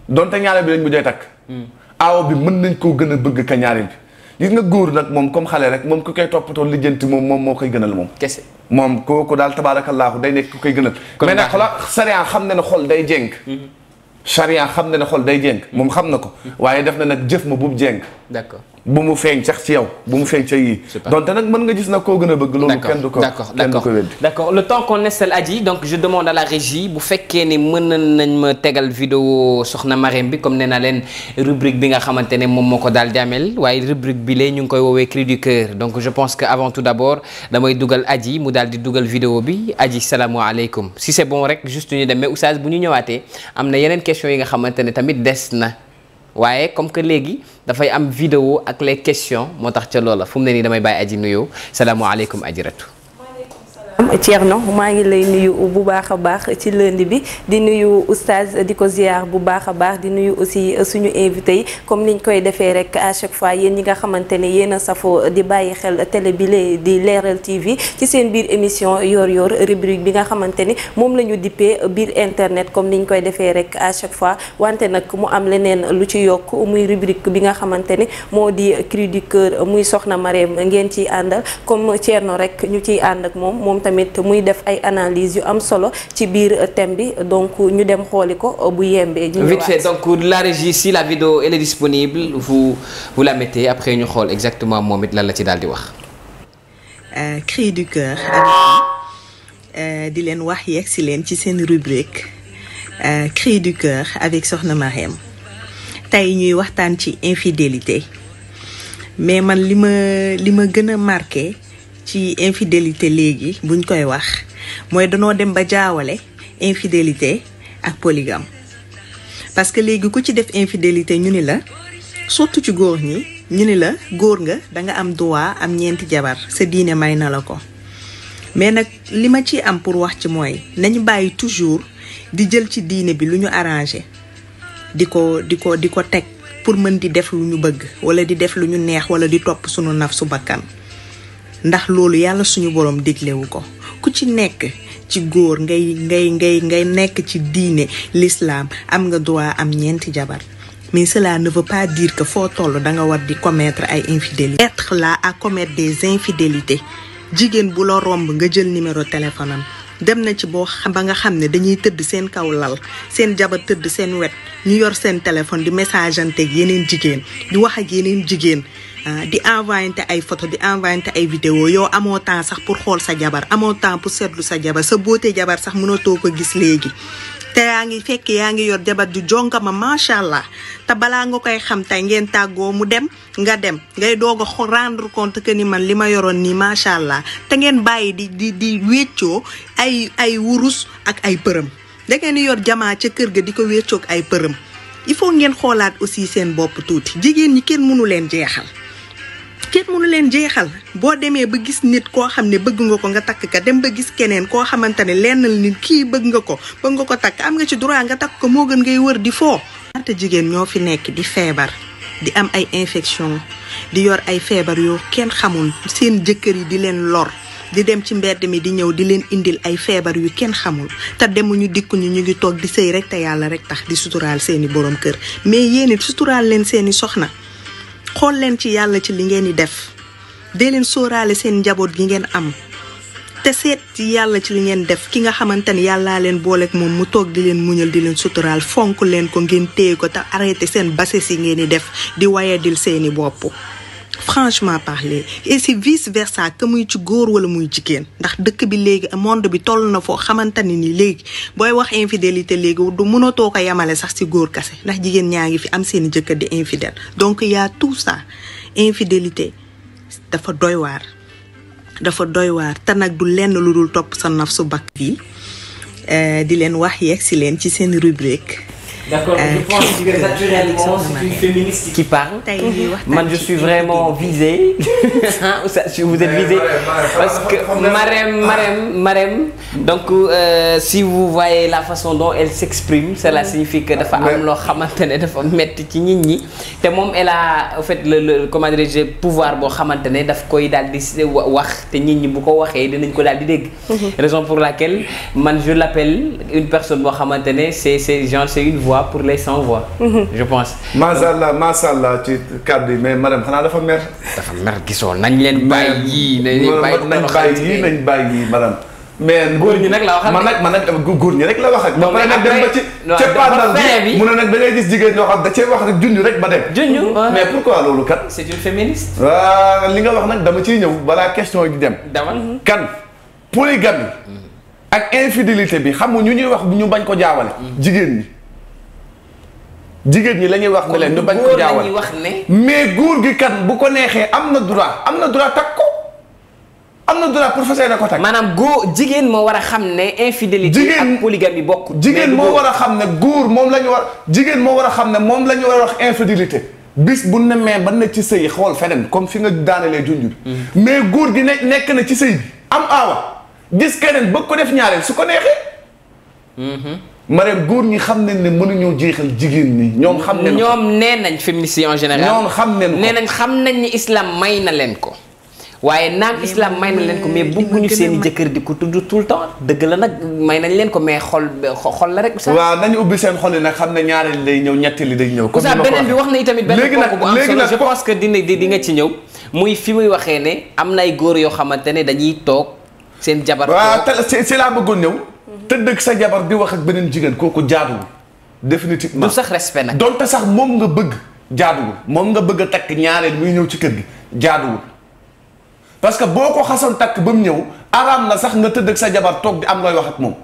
Speaker 2: donte ñaareel bi lañ dee takk. Hmm. aaw bi mën nañ koo gën a bëgg ka ñaareel bi gis nga góor nag moom comme xale rek moom ku koy toppatoo lijjanti moom moom moo koy gënal moom. kese moom kooku daal tabaarakallaahu day nekk ku koy gënal. mais nag xoolal sariya xam ne na ne xol day jéng. Hmm. sariya xam na ne xol day jéng. moom xam na ko hmm. waaye def na nag jëf ma bu mu jéng. d'accord. bu mu feeñ sax ci yow bu mu feeñ ca yii. donc nag mën nga gis nag koo gën a bëgg. loolu kenn du ko
Speaker 1: kenn du ko weddi. d'accord le temps qu'on installe Adji donc je demande la régie bu fekkee ni mën nañ ma tegal vidéo soxna Marème bi comme ne na leen rubrique bi nga xamante ne moom moo ko daal di ameel waaye rubrique bi lee ñu ngi koy woowee cri du donc je pense que avant tout d'abord damay dugal Adji mu daal di dugal vidéo bi aji Adji salaamaaleykum si c'est bon rek juste ñu demee oustaz bu ñu ñëwaatee am na yeneen questions yi nga xamante ne tamit des na. waaye comme que léegi dafay am video ak les questions moo tax ca loola fu mu ne nii damay bàyyi aji nuyoo salaamualeykum aji ratu
Speaker 5: Thierno maa ngi lay nuyu bu baax a baax ci lundi bi di nuyu oustaz di ko ziar bu baax a baax di nuyu aussi suñu invité yi comme niñ koy defee rek à chaque fois yéen ñi nga xamante ne yéen a safoo di bàyyi xel tele bi lee di leeral TV ci seen biir émission yor-yor rubrique bi nga xamante ni moom la ñu dippee biir internet comme ni niñ koy defee rek à chaque fois wante nag mu am leneen lu ci yokk muy rubrique bi nga xamante ni moo di cri du cœur muy soxna Marème ngeen ciy àndal comme Thierno rek ñu ciy ànd ak moom tamit muy def ay analyse yu am solo ci biir thème bi donc ñu dem xooli ko
Speaker 6: euh, bu yembee. ñu vite fait
Speaker 1: donc la régie si la vidéo elle est disponible vous vous la mettez après ñu xool exactement moom it lan la ci daal di wax.
Speaker 6: Euh, cri du cœur euh, di leen wax yeeg si leen ci seen rubrique cri du cœur avec Soxna Marème tey ñuy waxtaan ci infidélité mais man li ma li ma gën a marqué. ci infidélité léegi bu buñ koy wax mooy danoo dem ba jaawale infidélité ak polygame parce que léegi ku ci def infidélité ñu ni la surtout ci góor ñi ñu ni la góor nga danga am droit am ñeenti jabar sa diine may na la ko mais nag li ma ci am pour wax ci mooy nañu bàyyi toujours di jël ci diine bi lu ñu arrangé di ko di ko di ko teg pour mën di def lu ñu bëgg wala di def lu ñu neex wala di topp sunu naf su bakkan ndax loolu yàlla suñu borom diglewu ko ku ci nekk ci góor ngay ngay ngay ngay nekk ci diine lislaam am nga droit am ñeenti jabar mais cela ne veut pas diir que foo tollu da nga war di commettre ay infidélité être là à commettre des infidélités jigéen bu la romb nga jël numéro téléphone am dem na ci boo ba nga xam ne dañuy tëdd seen kaw lal seen jabar tëdd seen wet ñu yor seen téléphone di messageante ak yeneen jigéen di wax yeneen jigéen Ah, di envoyante ay foto di envoyante ay vidéo yow amoo temps sax pour xool sa jabar amoo temps pour seetlu sa jabar sa boote jabar sax mënatoo ko gis léegi te yaa ngi fekk yaa ngi yor jabar ju jonk ma macha allah te balaa nga koy xam tey ngeen tàggoo mu dem nga dem ngay doog a rendre compte que ni man li ma yoroon nii macha allah te ngeen bàyyi di di di wéccoo ay ay wurus ak ay përëm da ngeen yor jamaa ca kër gi di ko wéccoog ay përëm il faut ngeen xoolaat aussi seen bopp tuuti jigéen ñi kenn mënu leen jeexal. kenn mënu leen jeexal boo demee ba gis nit koo xam ne bëgg nga ko nga takk ka dem ba gis keneen koo xamante ne lenn nit kii bëgg nga ko bëgg nga ko takk am nga ci droit nga takk ko moo gën ngay wër di foo ñaata jigéen ñoo fi nekk di feebar di am ay infection di yor ay feebar yoo kenn xamul seen jëkkër yi di leen lor di dem ci mbedd mi di ñëw di leen indil ay feebar yu kenn xamul te demuñu dikkuñu ñu ngi toog di sëy rek te yàlla rek tax di suturaal seeni borom kër mais yéen it suturaal leen seeni soxna xool leen ci yàlla ci li ngeen di def dee leen sóoraale seen njaboot gi ngeen am te seet ci yàlla ci li ngeen def ki nga xamante ni yàllaa leen booleeg moom mu toog di leen muñal di leen suturaal fonk leen ko ngeen téye ko te arrêté seen bases yi ngeen di def di dil seeni bopp. franchement parler et c'est vice versa que muy ci góor wala muy jigéen ndax dëkk bi léegi monde bi toll na foo xamante ne ni léegi booy wax infidélité léegi du mënatoo ko yemale sax ci góor kase ndax jigéen ñaa ngi fi am seen jëkkër di infidèle donc yaa a tout infidélité dafa doy waar dafa doy waar te nag du lenn lu dul topp sa naf su bakk yi eh, di leen wax yeeg si leen ci seen rubrique d'accord je euh, pense que naturellement man je
Speaker 1: suis vraiment visée si vous êtes visée parce que Marème Marème Marème donc euh, si vous voyez la façon dont elle s'exprime cela mm. signifie que dafa am loo xamante ne dafa metti ci nit ñi te moom elle a en fait le le comment dirais-je pouvoir boo xamante ne daf koy daal di wax te nit ñi bu ko waxee dinañ ko daal di dégg mm-hmm. raison pour laquelle man je l'appelle une personne boo xamante ne c'est c'est genre
Speaker 2: c'est une voix pour les sans voix. Mhm. je pense. macha allah macha allah ci kàddu yi mais madame xanaa dafa mer. dafa mer gisoo nañ leen bàyyi. nañ leen bàyyi nañ bàyyi nañ bàyyi madame. mais góor ñi nag la wax ak nag man nag góor ñi rek la wax ak. moom nag dem ba ci cappaandaw bi mu ne nag da ngay gis jigéen ñoo xam da cee wax rek junj rek ba dem. junj mhm. mais pourquoi loolu kat. c'est une féministe. waaw li nga wax nag dama ci ñëw balaa question yi dem. demal mhm. kan polygamie. ak infidélité bi xam nga ñu ñuy wax ñu bañ ko jaawale. jigéen ñi. jigéen ñi la ñuy wax ne leen ñu bañ ko jaawal mais góor gi kan bu ko neexee am na droit am na droit takk ko am na droit pour fasee ne ko takk. maanaam
Speaker 1: góor jigéen moo war a xam ne infidélité. jigéen
Speaker 2: ak polygamie bokk. jigéen war a xam ne góor moom la ñu war jigéen moo war a xam ne moom la ñu war a wax infidélité. bis bu nemmee ba na ci sëy xool feneen comme fi nga daanalee junj bi mm-hmm. mais góor gi ne nekk na ci sëy am aawa gis keneen bëgg ko def ñaareel su ko neexee mm-hmm. Marème góor ñi xam nañ ne mënuñoo jeexal jigéen ñi. ñoom xam ne ñoom
Speaker 1: nee nañ féministe en général. ñoom xam nañ ko nee nañ xam nañ ni islam may na leen ko. waaye naam islam may na leen ko mais bëgguñu seen i jëkkër di ku tudd tout le temps dëgg la nag may nañ leen ko mais xol xol la rek. waaw nañu
Speaker 2: ubbi seen xol yi nag xam ne ñaareel day ñëw ñetti li day ñëw. ko ni beneen bi wax
Speaker 1: na itamit benn kooku bu am solo
Speaker 2: je pense que dina
Speaker 1: di nga ci ñëw. muy fi muy waxee ne am na ay góor yoo xamante ne dañuy toog seen jabar. waaw
Speaker 2: te si laa bëggoon ñëw tëdd ak sa jabar di wax ak beneen jigéen kooku jaaduwul définitivement du sax respect nag donte sax moom nga bëgg jaaduwul moom nga bëgg a takk ñaareel muy ñëw ci kër gi jaaduwul parce que boo ko xasoon takk ba mu ñëw araam na sax nga tëdd ak sa jabar toog di am looy wax ak moom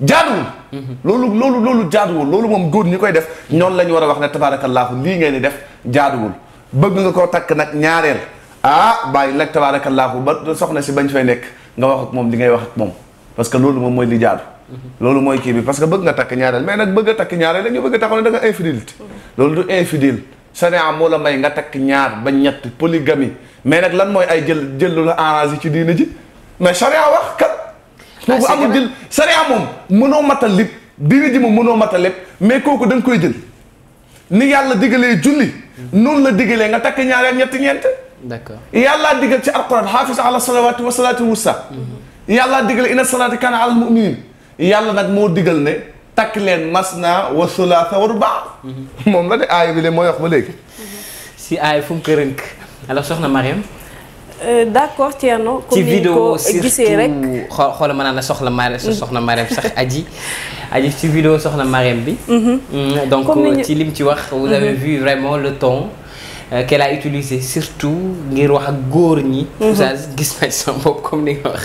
Speaker 2: jaaduwul mhm. loolu loolu loolu jaaduwul loolu moom góor ñi koy def ñoom la ñu war a wax ne tabaarakallaahu lii ngay ni def jaaduwul bëgg nga koo takk nag ñaareel ah bàyyi nag tabaarakallaahu ba soxna si bañ fay nekk nga wax moom li ngay wax moom parce que loolu moom mooy li jaadu. loolu mooy kii bi parce que bëgg nga takk ñaareel mais nag bëgg a takk ñaareel rek ñu bëgg a taxaw ne da nga infidélité. loolu du takk ba ñett polygamie mais nag lan mooy ay jël jël lu la arrangé ci diina ji mais sharia wax kat. Ah, kooku amul jël sharia moom mënoo matal lépp diina ji moom mënoo matal lépp mais kooku da nga koy jël ni yàlla digalee julli. noonu la digalee nga takk ñaareel ñetti ñeent. d'accord yàllaa digal ci alquran xaafis ala salawaati wa salaati wusa. yàlla digal inna salaata kaana alal yàlla nag moo diggal ne takk leen masna wa sulaasa wa rubaa mhm. moom la de aaya bi de mooy wax ba léegi si aaya fu mu ko rënk alors soxna
Speaker 5: euh, accord Thierno ci vidéo gisee rek
Speaker 1: xoola ma naan la soxla Marème sax aji aji ci vidéo soxna Marème bi mhm. mm, donc euh, ci lim ci wax vous avez mhm. vu le ton Euh, qu'elle a utilisé surtout ngir wax ak góor ñi. Mhm. oustaz gis nañ sama bopp comme ni nga
Speaker 2: wax.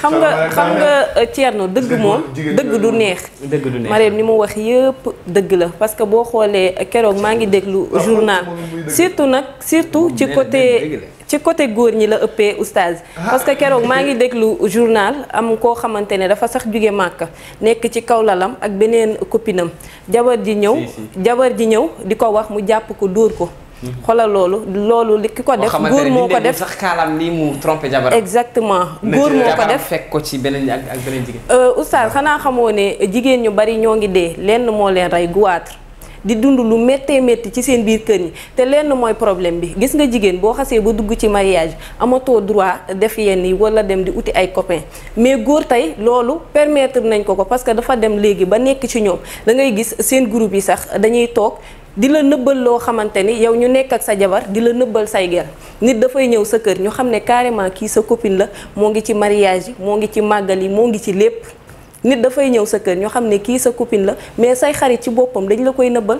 Speaker 5: xam nga xam nga euh, Thierno dëgg moom. dëgg du neex. dëgg du neex Marème ni mu wax yëpp dëgg la parce que boo xoolee euh, keroog maa ngi déglu journal surtout nag surtout ci côté. ci côté góor ñi la ëppee oustaz. Ah. parce que keroog maa ngi déglu journal am koo xamante ne dafa sax jóge màkk nekk ci kaw lalam ak beneen koppinam jabar ji ñëw jabar ji ñëw di ko wax mu jàpp ko dóor ko hmm. xoolal loolu loolu li ki ko def góor moo ko def sax kaalam ni mu trompé jabar exactement góor moo ko def fekk
Speaker 1: ci beneen ak beneen jigéen
Speaker 5: euh, oustaz xanaa xamoo ne jigéen ñu bari ñoo ngi dee lenn moo leen rey guwaat di dund lu méttee métti ci seen biir kër yi te lenn mooy problème bi gis nga jigéen boo xasee ba dugg ci mariage amatoo droit def yenn yi wala dem di uti ay copain mais góor tey loolu permettre nañ ko ko parce que dafa dem léegi ba nekk ci ñoom da ngay gis seen groupe yi sax dañuy toog di la nëbbal loo xamante ni yow ñu nekk ak sa jabar di la nëbbal say ger nit dafay ñëw sa kër ñu xam ne carrément kii sa copine la moo ngi ci mariage yi moo ngi ci màggal yi moo ngi ci lépp nit dafay ñëw sa kër ñoo xam ne kii sa copine la mais say xarit ci boppam dañ la koy nëbbal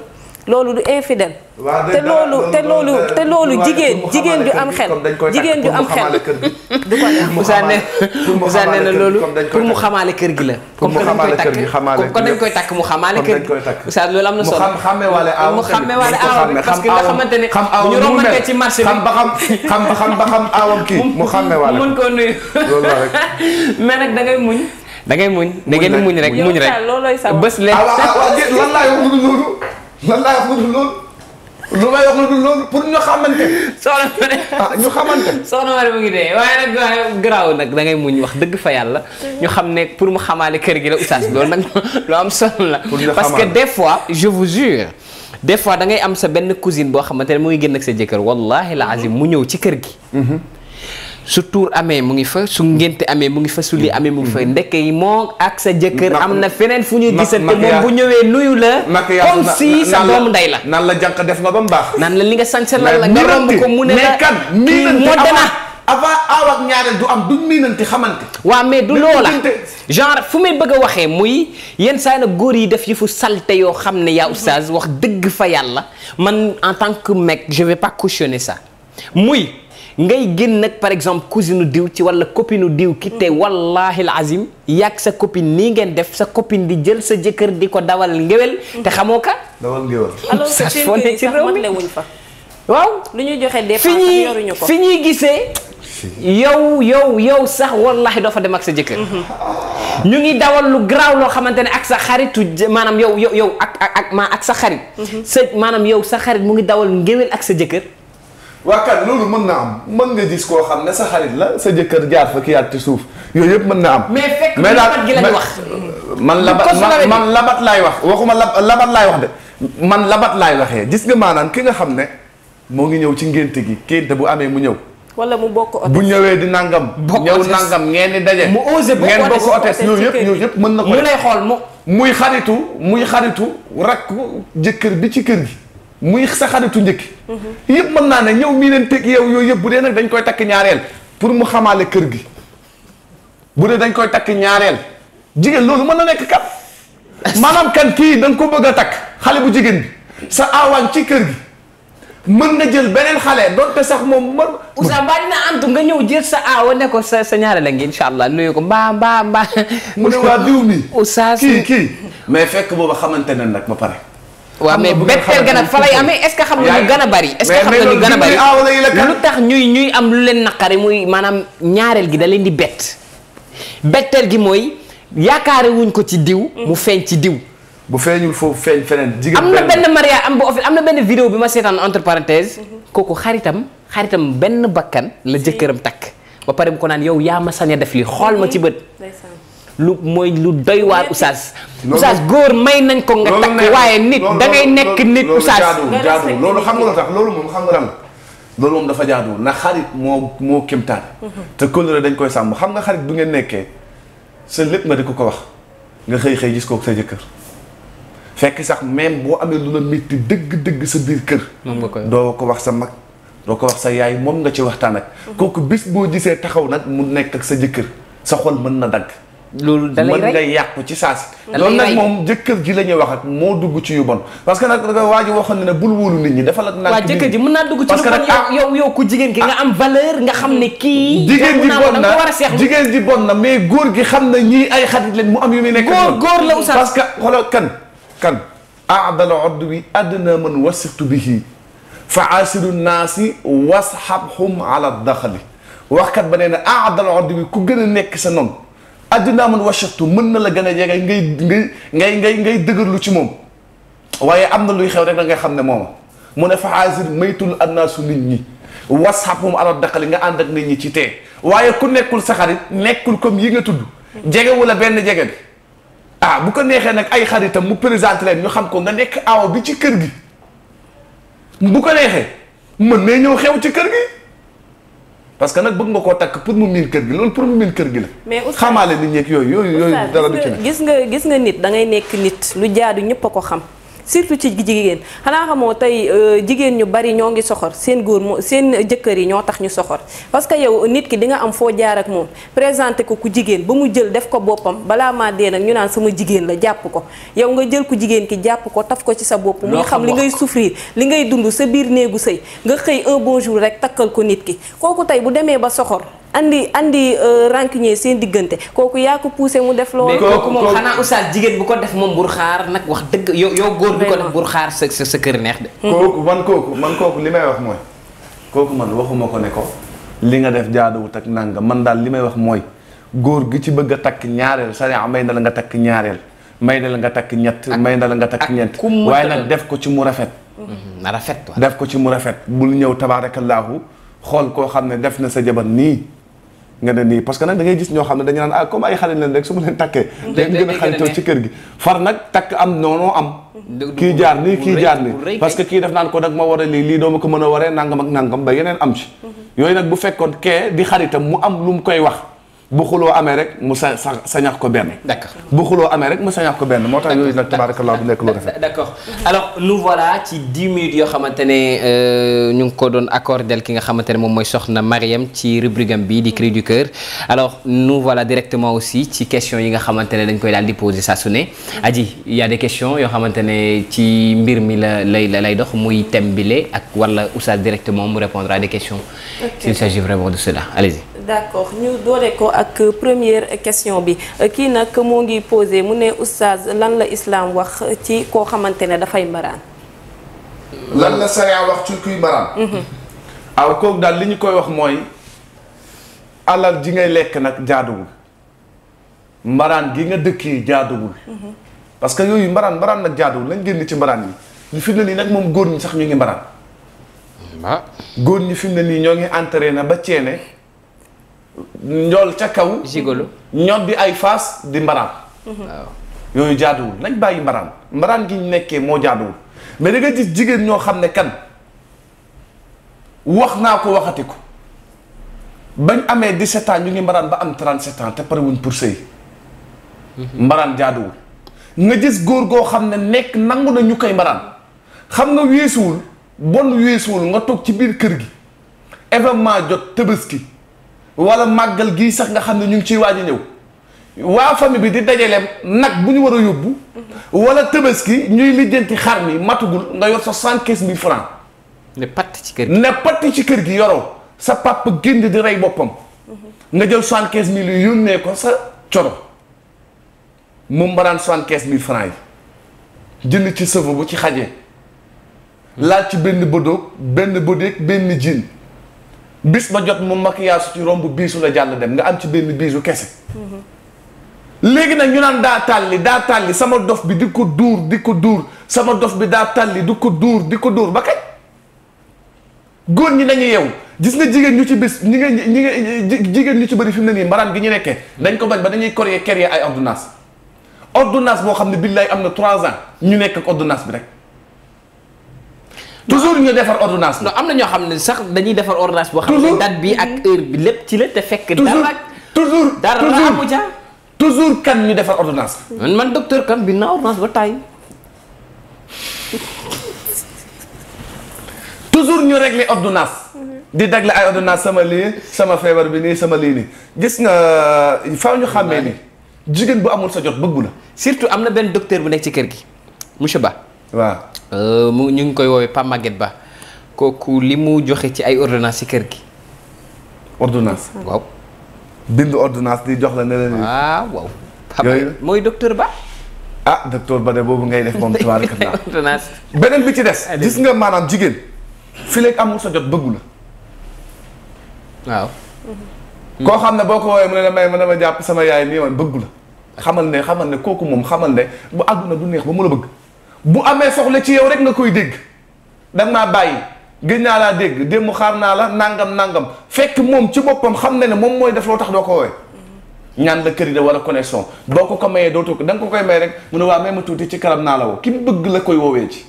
Speaker 5: loolu du infidèle te loolu te loolu te loolu jigéen jigéen ju am xel jigéen ju am xel
Speaker 1: du ko Ousane nee na loolu pour mu xamaale kër gi la comme que dañ koy takk comme dañ koy takk mu xamaale kër gi Ousane loolu am na solo mu xàmmeewaale aawam parce que nga xamante ne bu ñu rombante ci marché bi xam ba
Speaker 7: xam xam ba xam aawam kii mu xàmmeewaale mu
Speaker 1: mën koo nuyu
Speaker 5: mais nag da muñ
Speaker 1: da ngay muñ da ngeen di muñ rek muñ
Speaker 5: rek bés leen. Ah, ah, ah, lan laay wax lu dul loolu lan laay wax lu dul loolu lu
Speaker 2: may wax lu dul loolu pour ñu xamante. soxna ma ne ah ñu xamante. soxna ma ne mu ngi dee waaye nag
Speaker 1: waaye garaaw nag da ngay muñ wax dëgg fa yàlla. ñu xam ne pour mu xamaale kër gi la oustaz loolu nag lu am solo la. parce que des fois je vous jure. des fois da ngay am sa benn cousine boo xamante ne mu ngi génn ak sa jëkkër wallahi la azim mu ñëw ci kër gi. Mm-hmm. su tuur amee mu ngi fa su ngénte amee mu ngi fa su lii amee mu ngi fa mm-hmm. ndekke yi moom ak sa jëkkër am na feneen fu ñuy gisante moom bu
Speaker 2: ñëwee nuyu la comme si sa doomu ndey la nan la jànq def nga ba mu baax
Speaker 1: nan la li nga sañse lan la nga romb mu ne la kan miinante
Speaker 2: avant aw ak ñaareel du am loola
Speaker 1: genre fu may bëgg a waxee muy yenn saa na góor yi def fu salte yoo xam ne yaa oustaz wax dëgg fa yàlla man en tant que mec je vais pas cautionner ça muy ngay génn nag par exemple cousine diw ci wala copine diw ki te wallahi azim yàgg sa copine nii ngeen def sa copine di jël sa jëkkër di ko dawal ngewel te xamoo ka dawal ngewel alors que seen kër sax fa waaw lu ñu joxe dépense yoruñu ko fi ñuy gisee yow yow yow sax wallahi doo fa dem ak sa jëkkër mhm. ñu ngi dawal lu garaaw loo xamante ne ak sa xaritu maanaam yow yow yow ak ak ak ak sa xarit mhm. sa maanaam yow sa xarit mu ngi dawal
Speaker 2: ngéwél ak sa jëkkër waa kat loolu mën na am mën nga gis koo xam ne sa xarit la sa jëkkër jaar fa ki yaat ci suuf yooyu yëpp mën naa am. mais fekk labat gi lañ wax. man labat man labat laay wax waxuma labat laay wax de man labat laay waxee gis nga maanaan ki nga xam ne moo ngi ñëw ci ngénte gi kénte bu amee mu ñëw. wala mu bokk otes bu ñëwee di nangam. bokk ñëw nangam ngeen di daje. mu osé ngeen bokk otes yooyu yëpp yooyu yëpp mën na ko. mu lay xool mu muy xaritu muy xaritu rakk jëkkër bi ci kër gi. muy sa xaritu njëkk. yëpp mën naa ne ñëw mii leen teg yow yooyu yëpp bu dee nag dañ koy takk ñaareel pour mu xamaale kër gi bu dañ koy takk ñaareel jigéen loolu mën a nekk kat. maanaam kan kii da ko bëgg a takk xale bu jigéen bi sa aawaan ci kër gi. mën na jël beneen xale donte sax moom mën. Ousseyn
Speaker 1: mbaa dina antu nga ñëw jël sa aawa ne ko sa sa ñaare la ngi incha allah nuyu ko mbaa mbaa mbaa. mu ne waa diw
Speaker 2: mi. Ousseyn kii kii. mais fekk booba xamante ne nag ba pare. waaw mais betteel gën a fa lay amee est-ce que xam nga ñu gën a bari est-ce que xam nga ñu gën a bari lu
Speaker 1: tax ñuy ñuy am lu leen naqari muy maanaam ñaareel gi da leen di bett betteel gi mooy yaakaare wuñ ko ci diw mu feeñ ci diw bu feeñul
Speaker 2: foofu feeñ feneen
Speaker 1: am na benn mariage am bu office am na benn vidéo bi ma seetaan entre parenthèse kooku xaritam xaritam benn bakkan la jëkkëram takk ba pare bu ko naan yow yaa ma sañ def li xool ma ci bët lu mooy lu doy waar oustaz. oustaz
Speaker 2: góor may nañ ko nga takk waaye nit da ngay nekk nit oustaz. loolu xam nga lu tax loolu moom xam nga lan loolu moom dafa jaaduwul ndax xarit moo moo kéemtaan. Mhm. te kóllëre dañ koy sàmm xam nga xarit bu ngeen nekkee sa lépp nga di ko ko wax nga xëy xëy gis ko sa jëkkër. fekk sax même boo amee lu la métti dëgg-dëgg sa biir kër. doo ko wax sa mag doo ko wax sa yaay moom nga ci waxtaan ak. Mhm. kooku bis boo gisee taxaw nag mu nekk ak sa jëkkër sa xol mën na dagg. loolu da lay rey mën nga yàqu ci loolu nag moom jëkkër ji la ñuy wax ak moo dugg ci yu bon. parce que nag waa ji waxoon na ne bul wóolu nit ñi dafa la. naan kii jëkkër ji mën naa dugg ci lu bon yow yow ku jigéen gi nga ah am valeur nga xam ne kii. jigéen ji bon na jigéen ji bon na mais góor gi xam na ñii ay xarit la mu am yu muy nekk. góor góor la oustaz parce que xoolal kan kan. aadala odd wi àddina man wasirtu bihi fa asiru naasi wasxabhum ala daxali kat ba nee na aadala odd wi ku gën a nekk sa noon addinaa man washatu mën na la gën a jege ngay ngay ngay ngay ngay dëgërlu ci moom waaye am na luy xew rek da ngay xam ne mooma mu ne fa xaasir maytul annaasu nit ñi wasxabhum ala daqali nga ànd ak nit ñi ci tee waaye ku nekkul sa xarit nekkul comme yi nga tudd jege la benn jege bi ah bu ko neexee nag ay xaritam mu présenté leen ñu xam ko nga nekk awo bi ci kër gi bu ko neexee mën na ñëw xew ci kër gi parce que nag bëgg nga koo takk pour mu miin kër gi loolu pour mu miin kër gi la. mais oustaz nit ñeeg yooyu yooyu yooyu dara du ci
Speaker 5: gis nga gis nga nit da ngay nekk nit lu jaadu ñëpp a ko xam. surtout ci jigéen xanaa xamoo tey euh, jigéen ñu bari ñoo ngi soxor seen góor moo seen jëkkër yi ñoo tax ñu soxor parce que yow nit ki di nga am foo jaar ak moom présenté ko ku jigéen ba mu jël def ko boppam balaa maa dee nag ñu naan sama jigéen la jàpp ko yow nga jël ku jigéen ki jàpp ko taf ko ci sa bopp mu xam li ngay souffrir li ngay dund sa biir néegu sëy nga xëy un bon jour rek takkal ko nit ki kooku tey bu demee ba soxor andi andi euh, rancunier seen diggante kooku yaa ko poussé mu def. loolu kooku moom xanaa oustaz jigéen
Speaker 1: bu ko def moom bur xaar nag wax dëgg yow góor bi ko def bur xaar sa sa kër neex de.
Speaker 2: Hmm. kooku man kooku man kooku li may wax mooy kooku man waxuma ko ne ko li nga def jaaduwut ak nanga man daal li may wax mooy góor gi ci bëgg a takk ñaareel sariya may na la nga takk ñaareel may na la nga takk ñett may na la nga takk ñett waaye nag def ko ci mu rafet. Hmm, na rafet def ko ci mu rafet bul ñëw tabaarakallaahu xool koo xam ne def na sa jabar nii nga ne nii parce que nag da ngay gis ñoo xam ne dañu naan ah comme ay xale leen rek su ma leen takkee dañ gën a xaritoo ci kër gi far nag takk am noonoo am
Speaker 1: kii jaar nii kii jaar nii parce
Speaker 2: que kii def naan ko nag ma war a lii lii doo ma ko mën a waree nangam ak nangam ba yeneen am ci mhm. yooyu nag bu fekkoon kee di xaritam mu am lu mu koy wax bu xuloo amee rek mu sa sa sañax ko benn. d'accord bu xuloo amee rek mu sañax ko benn moo tax yooyu nag tabarakallah bu nekk lu rafet. d'accord alors nous voilà ci dix minutes yoo xamante ne
Speaker 1: euh, ñu ngi ko doon accordel ki nga xamante ne moom mooy soxna Mariam ci rubrique am bii di cri du cœur alors nous directement aussi ci question yi nga xamante ne dañ koy daal di poser saa su ne. Adji y a des questions yoo xamante ne ci mbir mi la lay lay dox muy thème bi le ak wala oustaz directement mu répondre à des questions. s'il s'agit vraiment de cela allez
Speaker 5: d'accord ñu doore ko ak première question bi kii nag moo ngi posé mu ne oustaz lan la islam wax ci koo xamante ne dafay mbaraan.
Speaker 2: lan la sariya wax ci kuy mbaraan. Mhm. aw kooku daal li ñu koy wax mooy alal ji ngay lekk nag jaaduwul mbaraan gi nga dëkkee jaaduwul. Mhm. parce que yooyu mbaraan mbaraan nag jaaduwul lañ génn ci mbaraan yi ñu fi mu nii nag moom góor ñi sax ñu ngi mbaraan. Ah. góor ñi fi mu ne nii ñoo ngi entraîné na ba ceene njool ca kaw. gigolo ñoot bi ay fas di mbaraan. yooyu jaaduwul nañ bàyyi mbaraan mbaraan gi ñu nekkee moo jaaduwul mais da nga gis jigéen ñoo xam ne kan wax naa ko waxati ko bañ amee 17 ans ñu ngi mbaraan ba am 37 ans te pare wuñ pour sëy mhm. mbaraan jaaduwul nga gis góor goo xam ne nekk nangu nañu koy mbaraan xam nga weesuwul bon weesuwul nga toog ci biir kër gi événement jot tëbaski wala màggal gi sax nga xam ne ñu ngi ci waaj ñëw waa famille bi di dajaleem nag bu ñu war a yóbbu wala tabaski ñuy lijjanti xar mi matugul nga yor sa soixante-quinze mille francs ne patt ci kër gi ci kër gi yoroo sa papa génn di rey boppam nga jël cent quinze mille yu yónnee ko sa coro moom ba daan soixante-quinze mille francs yi jënd ci sëfa bu ci xajee laal ci benn bëdoog benn bëdeeg benn jiin bis ba jot mu mag maquillage ci romb biisu la jàll dem nga am ci benn biisu kese. léegi nag ñu naan daa tàlli daa tàlli sama dof bi di ko duur di ko duur sama dof bi daa tàlli di ko duur di ko duur ba kañ. góor ñi nañu yeewu gis nga jigéen ñu ci bis ñi nga ñi nga jigéen ñu ci bëri fi mu ne nii mbaraan gi ñu nekkee dañ ko bañ ba dañuy créer ay ordonnance ordinance boo xam ne billaay am na trois ans ñu nekk ak bi rek. toujours ñu defar ordonnance non am na ñoo xam ne sax dañuy defar ordonnance boo xam ne date bi ak heure bi lépp ci la te fekk dara
Speaker 1: toujours dara amu ca toujours kan ñu defar ordonnance man docteur kan bi na ordonnance ba tàyyi
Speaker 2: toujours ñu régler ordonnance mhm. di dagle ay ordonnance sama lii sama feebar bi nii sama lii nii gis nga fa ñu xàmmee ni jigéen bu amul sa jot bëggu la surtout am na benn docteur bu nekk ci kër gi monsieur Ba
Speaker 1: waaw. Euh, mu ñu ngi koy woowee Pape Maguette Ba kooku li mu joxe ci ay ordinance ci kër gi.
Speaker 2: ordonnance waaw. bind ordonnance di jox la ne la. Ah, waaw waaw. yooyu mooy docteur Ba. ah docteur Ba de boobu ngay def moom tubaab beneen bi ci des. gis nga maanaam jigéen. fi léegi sa jot bëggu la. waaw.
Speaker 4: Mm-hmm.
Speaker 2: koo xam ne boo ko woowee mu ne la may ma dama jàpp sama yaay nii man bëggu la. xamal ne xamal ne kooku moom xamal ne bu àdduna du neex ba mu la bëgg. bu amee soxla ci yow rek nga koy dégg danga naa bàyyi gëj naa laa dégg démb xaar naa la nangam nangam fekk moom ci boppam xam na ne moom mooy def loo tax doo ko woowee ñaan la crédit wala connexion boo ko ko mayee dootoo ko da ko koy may rek mu ne waa may ma tuuti ci kanam naa la woo ki bëgg la koy woowee ji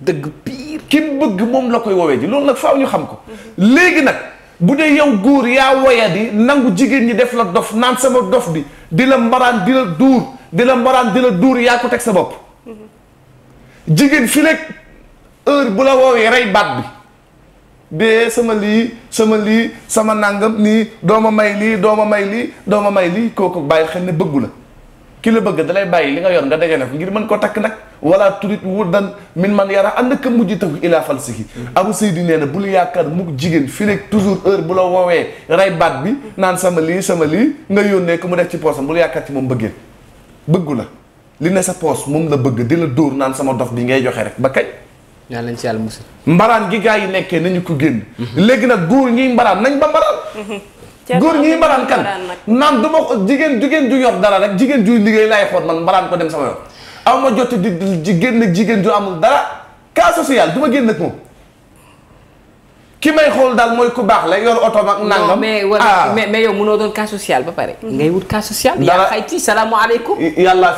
Speaker 2: dëgg pire ki bëgg moom la koy woowee ji loolu nag faaw ñu xam ko léegi nag bu dee yow góor yaa woyadi nangu jigéen ñi def la dof naan sama dof bi di la mbaraan duur di la mbaraan duur yaa ko teg sa bopp jigéen fi rek heure bu la woowee rey baat bi dee sama lii sama lii sama nangam nii dooma may lii dooma may lii dooma may lii kooku bàyyi xel ne bëggu la ki la bëgg dalay bàyyi li nga yoon nga dege ne ko ngir mën ko takk nag wala turit wurdan min man yara ànd ak mujj taw ilaa falsihi abu seydi nee na bul yaakaar mukk jigéen fi nekk toujours heure bu la woowee rey baat bi naan sama lii sama lii nga yónnee ko mu def ci poosam bul yaakaar ci moom bëggee bëggu la li ne sa poos moom la bëgg di la dóor naan sama dox bi ngay joxe rek ba kañ. lañ ci yàlla musul. mbaraan gi gaa yi nekkee nañu ko génn. léegi nag góor ñiy mbaraan nañ ba mbaraan. góor ñii mbaraan kan naan du ma ko jigéen jigéen ju yor dara rek jigéen juy liggéey laay xool man mbaraan ko dem sama yoon aw ma jot di di génn jigéen ju amul dara cas social du ma génn ak moom ki may xool daal mooy ku baax la yor oto ak nangam ah. mais mais yow
Speaker 1: mënoo doon cas social ba pare mm-hmm. ngay wut cas social yaa xayti salaamaaleykum yàllaa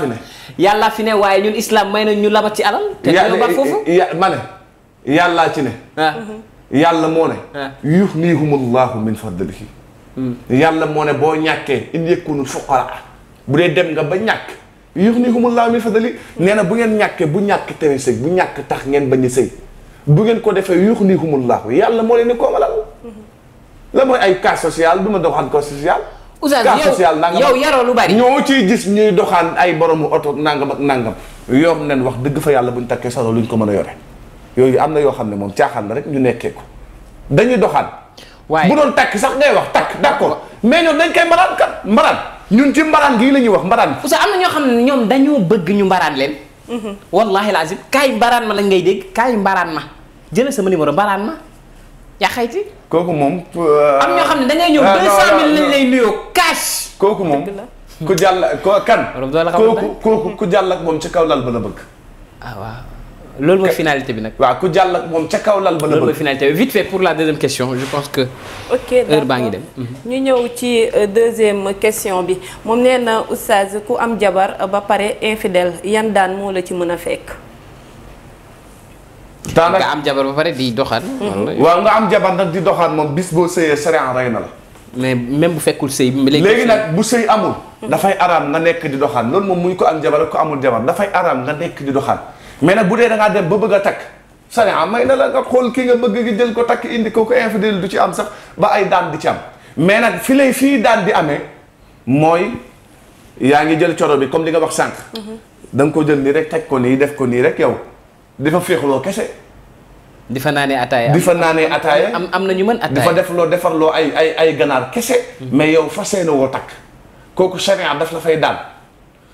Speaker 1: yàllaa fi ne waaye ñun islam may nañ ñu labat ci alal. te dañoo ba foofu
Speaker 2: ma ne yàllaa ci ne. Ah. yàlla moo ne. Ah. yughnihumullahu min fadlihi. Hmm. yàlla moo ne boo ñàkkee in yakunu fuqara bu dee dem nga ba ñàkk. yughnihumullahu min fadlihi nee na bu ngeen ñàkkee bu ñàkk tawee sëy bu ñàkk tax ngeen bañ a sëy bu ngeen ko defee yughnihumullahu yàlla moo leen ni koomalal. Hmm. la mooy ay cas social du ma doxaan cas social. oustaz yow yaroo lu bari ñoo ciy gis ñuy doxaan ay boromu oto nangam ak nangam yor nen wax dëgg fa yàlla bu ñu takkee lu luñ ko mën a yore yooyu am na yoo xam ne moom caaxaan na rek ñu nekkee ko dañuy doxaan waaye bu doon takk sax ngay wax takk d'accord mais ñoom dañ koy mbaraan kat mbaraan ñun ci mbaraan gii la ñuy wax mbaraan oustaz am
Speaker 1: na ñoo xam ne ñoom dañoo bëgg ñu mbaraan leen mhm. wallahi lazim kaay mbaraan ma lañ ngay dégg kaay mbaraan ma jëlal sama numéro mbaraan ma yaxayti
Speaker 2: kooku moom. am ñoo xam ne da ngay ñëw 200000 euh, euh, lañ lay nuyoo cash. kooku moom ku jàll ko kan. kooku kooku ku jàll ak moom ca kaw lal ba la bëgg. ah waaw loolu mooy finalité bi nag. waaw ku jàll ak moom ca kaw lal
Speaker 1: ba la bëgg. loolu mooy vite fait pour la deuxième question je pense que.
Speaker 5: ok heure baa ngi dem. Mhm. ñu ñëw ci euh, deuxième question bi moom nee na oustaz ku am jabar ba pare infidel yan daan moo la ci mën a fekk.
Speaker 2: temps nga am jabar ba pare di doxaan. waaw nga am jabar nag di doxaan moom bis boo sëyee sariyaan rey na la. mais même bu fekkul sëy léegi nag bu sëy amul. dafay araam nga nekk di doxaan loolu moom muy ko am jabar ko amul jabar dafay araam nga nekk di doxaan mais nag bu dee da ngaa dem ba bëgg a takk. sariyaan may na la nga xool ki nga bëgg gi jël ko takk indi ko ko infidèle du ci am sax ba ay daan di ci am mais nag fi lay fii daan di amee mooy yaa ngi jël coro bi comme li nga wax sànq. Mhm. da nga jël nii rek teg ko nii def ko nii rek yow. di fa féexloo kese. di fa naanee ataaya. di fa naanee ataaya am am na ñu mën ataaya. di fa def loo defar loo ay ay ay ganaar kese. Mhm. mais yow fas yéene woo takk. kooku charia daf la fay daan.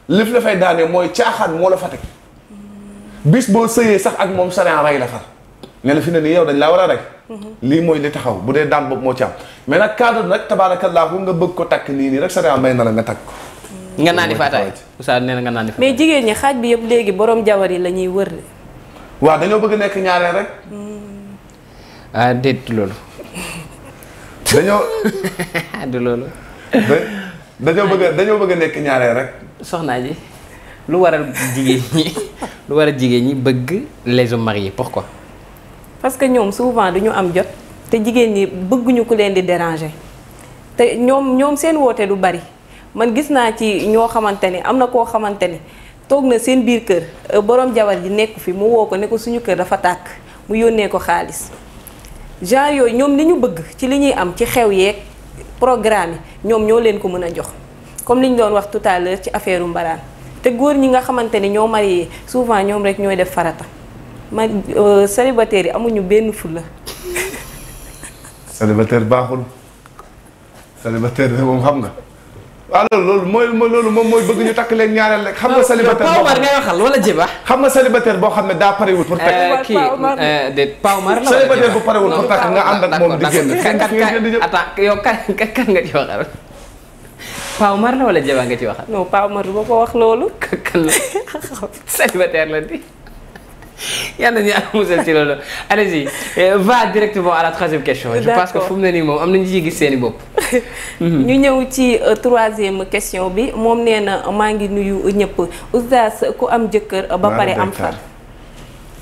Speaker 2: lif la fay daanee mooy caaxaan moo la fa teg. Mhm. boo sëyee sax ak moom charia rey la far. ne la fi ne war a rey. Mhm. mooy li taxaw bu dee daan boobu moo ci am. mais nag cadre nag tabaarakallaahu nga bëgg ko takk nii nii rek charia may na la nga takk ko. nga naan di fa ataaya. Oustaz nee na nga naan fa
Speaker 5: mais jigéen ñi xaaj bi yëpp léegi borom jabar yi la ñuy wër.
Speaker 2: waaw dañoo bëgg nekk ñaareel rek.
Speaker 1: ah déet loolu. dañoo. Ah, du loolu. dañoo bëgg dañoo bëgg nekk ñaareel rek. soxnaa ji lu waral jigéen ñi lu waral jigéen ñi bëgg les hommes mariés pourquoi.
Speaker 5: parce que ñoom souvent duñu am jot te jigéen ñi bëgguñu ku leen di dérangé te ñoom ñoom seen woote du bari man gis naa ci ñoo xamante ni am na koo xamante ni. toog na seen biir kër euh, borom jabar ji nekku fi mu woo ko ne ko suñu kër dafa tàkk mu yónnee ko xaalis genre yooyu ñoom li ñu bëgg ci li ñuy am ci xew yeeg programme yi ñoom ñoo leen ko mën a jox comme li ñu doon wax tout ci affaire mbaraan te góor ñi nga xamante ni ñoo marié souvent ñoom rek ñooy def farata ma euh, célibataire yi amuñu benn fulla
Speaker 2: célibataire baaxul célibataire moom xam nga waaw ah, loolu loolu mooy loolu moom mooy bëgg ñu takk leen ñaareel rek xam nga célibataire Paa Omar ngay waxal wala Jeeba xam nga célibataire boo xam ne daa parewul pour takk eh, kii eh, de Paa Omar la
Speaker 1: célibataire bu parewul pour takk nga ànd ak moom di génn kan attends yow kan kan nga ci waxal Paa la wala Jeeba nga ci waxal
Speaker 5: non Paa Omar du ma ko wax loolu kan la
Speaker 1: célibataire la di yal nañu yàlla musal ci loolu allez-y euh, va directement à la troisième question. je pense que fu mu ne nii moom am nañu ciy ñu
Speaker 5: ñëw ci euh, troisième question bi moom nee na maa ngi nuyu ñëpp oustaz ku am jëkkër. ba pare am far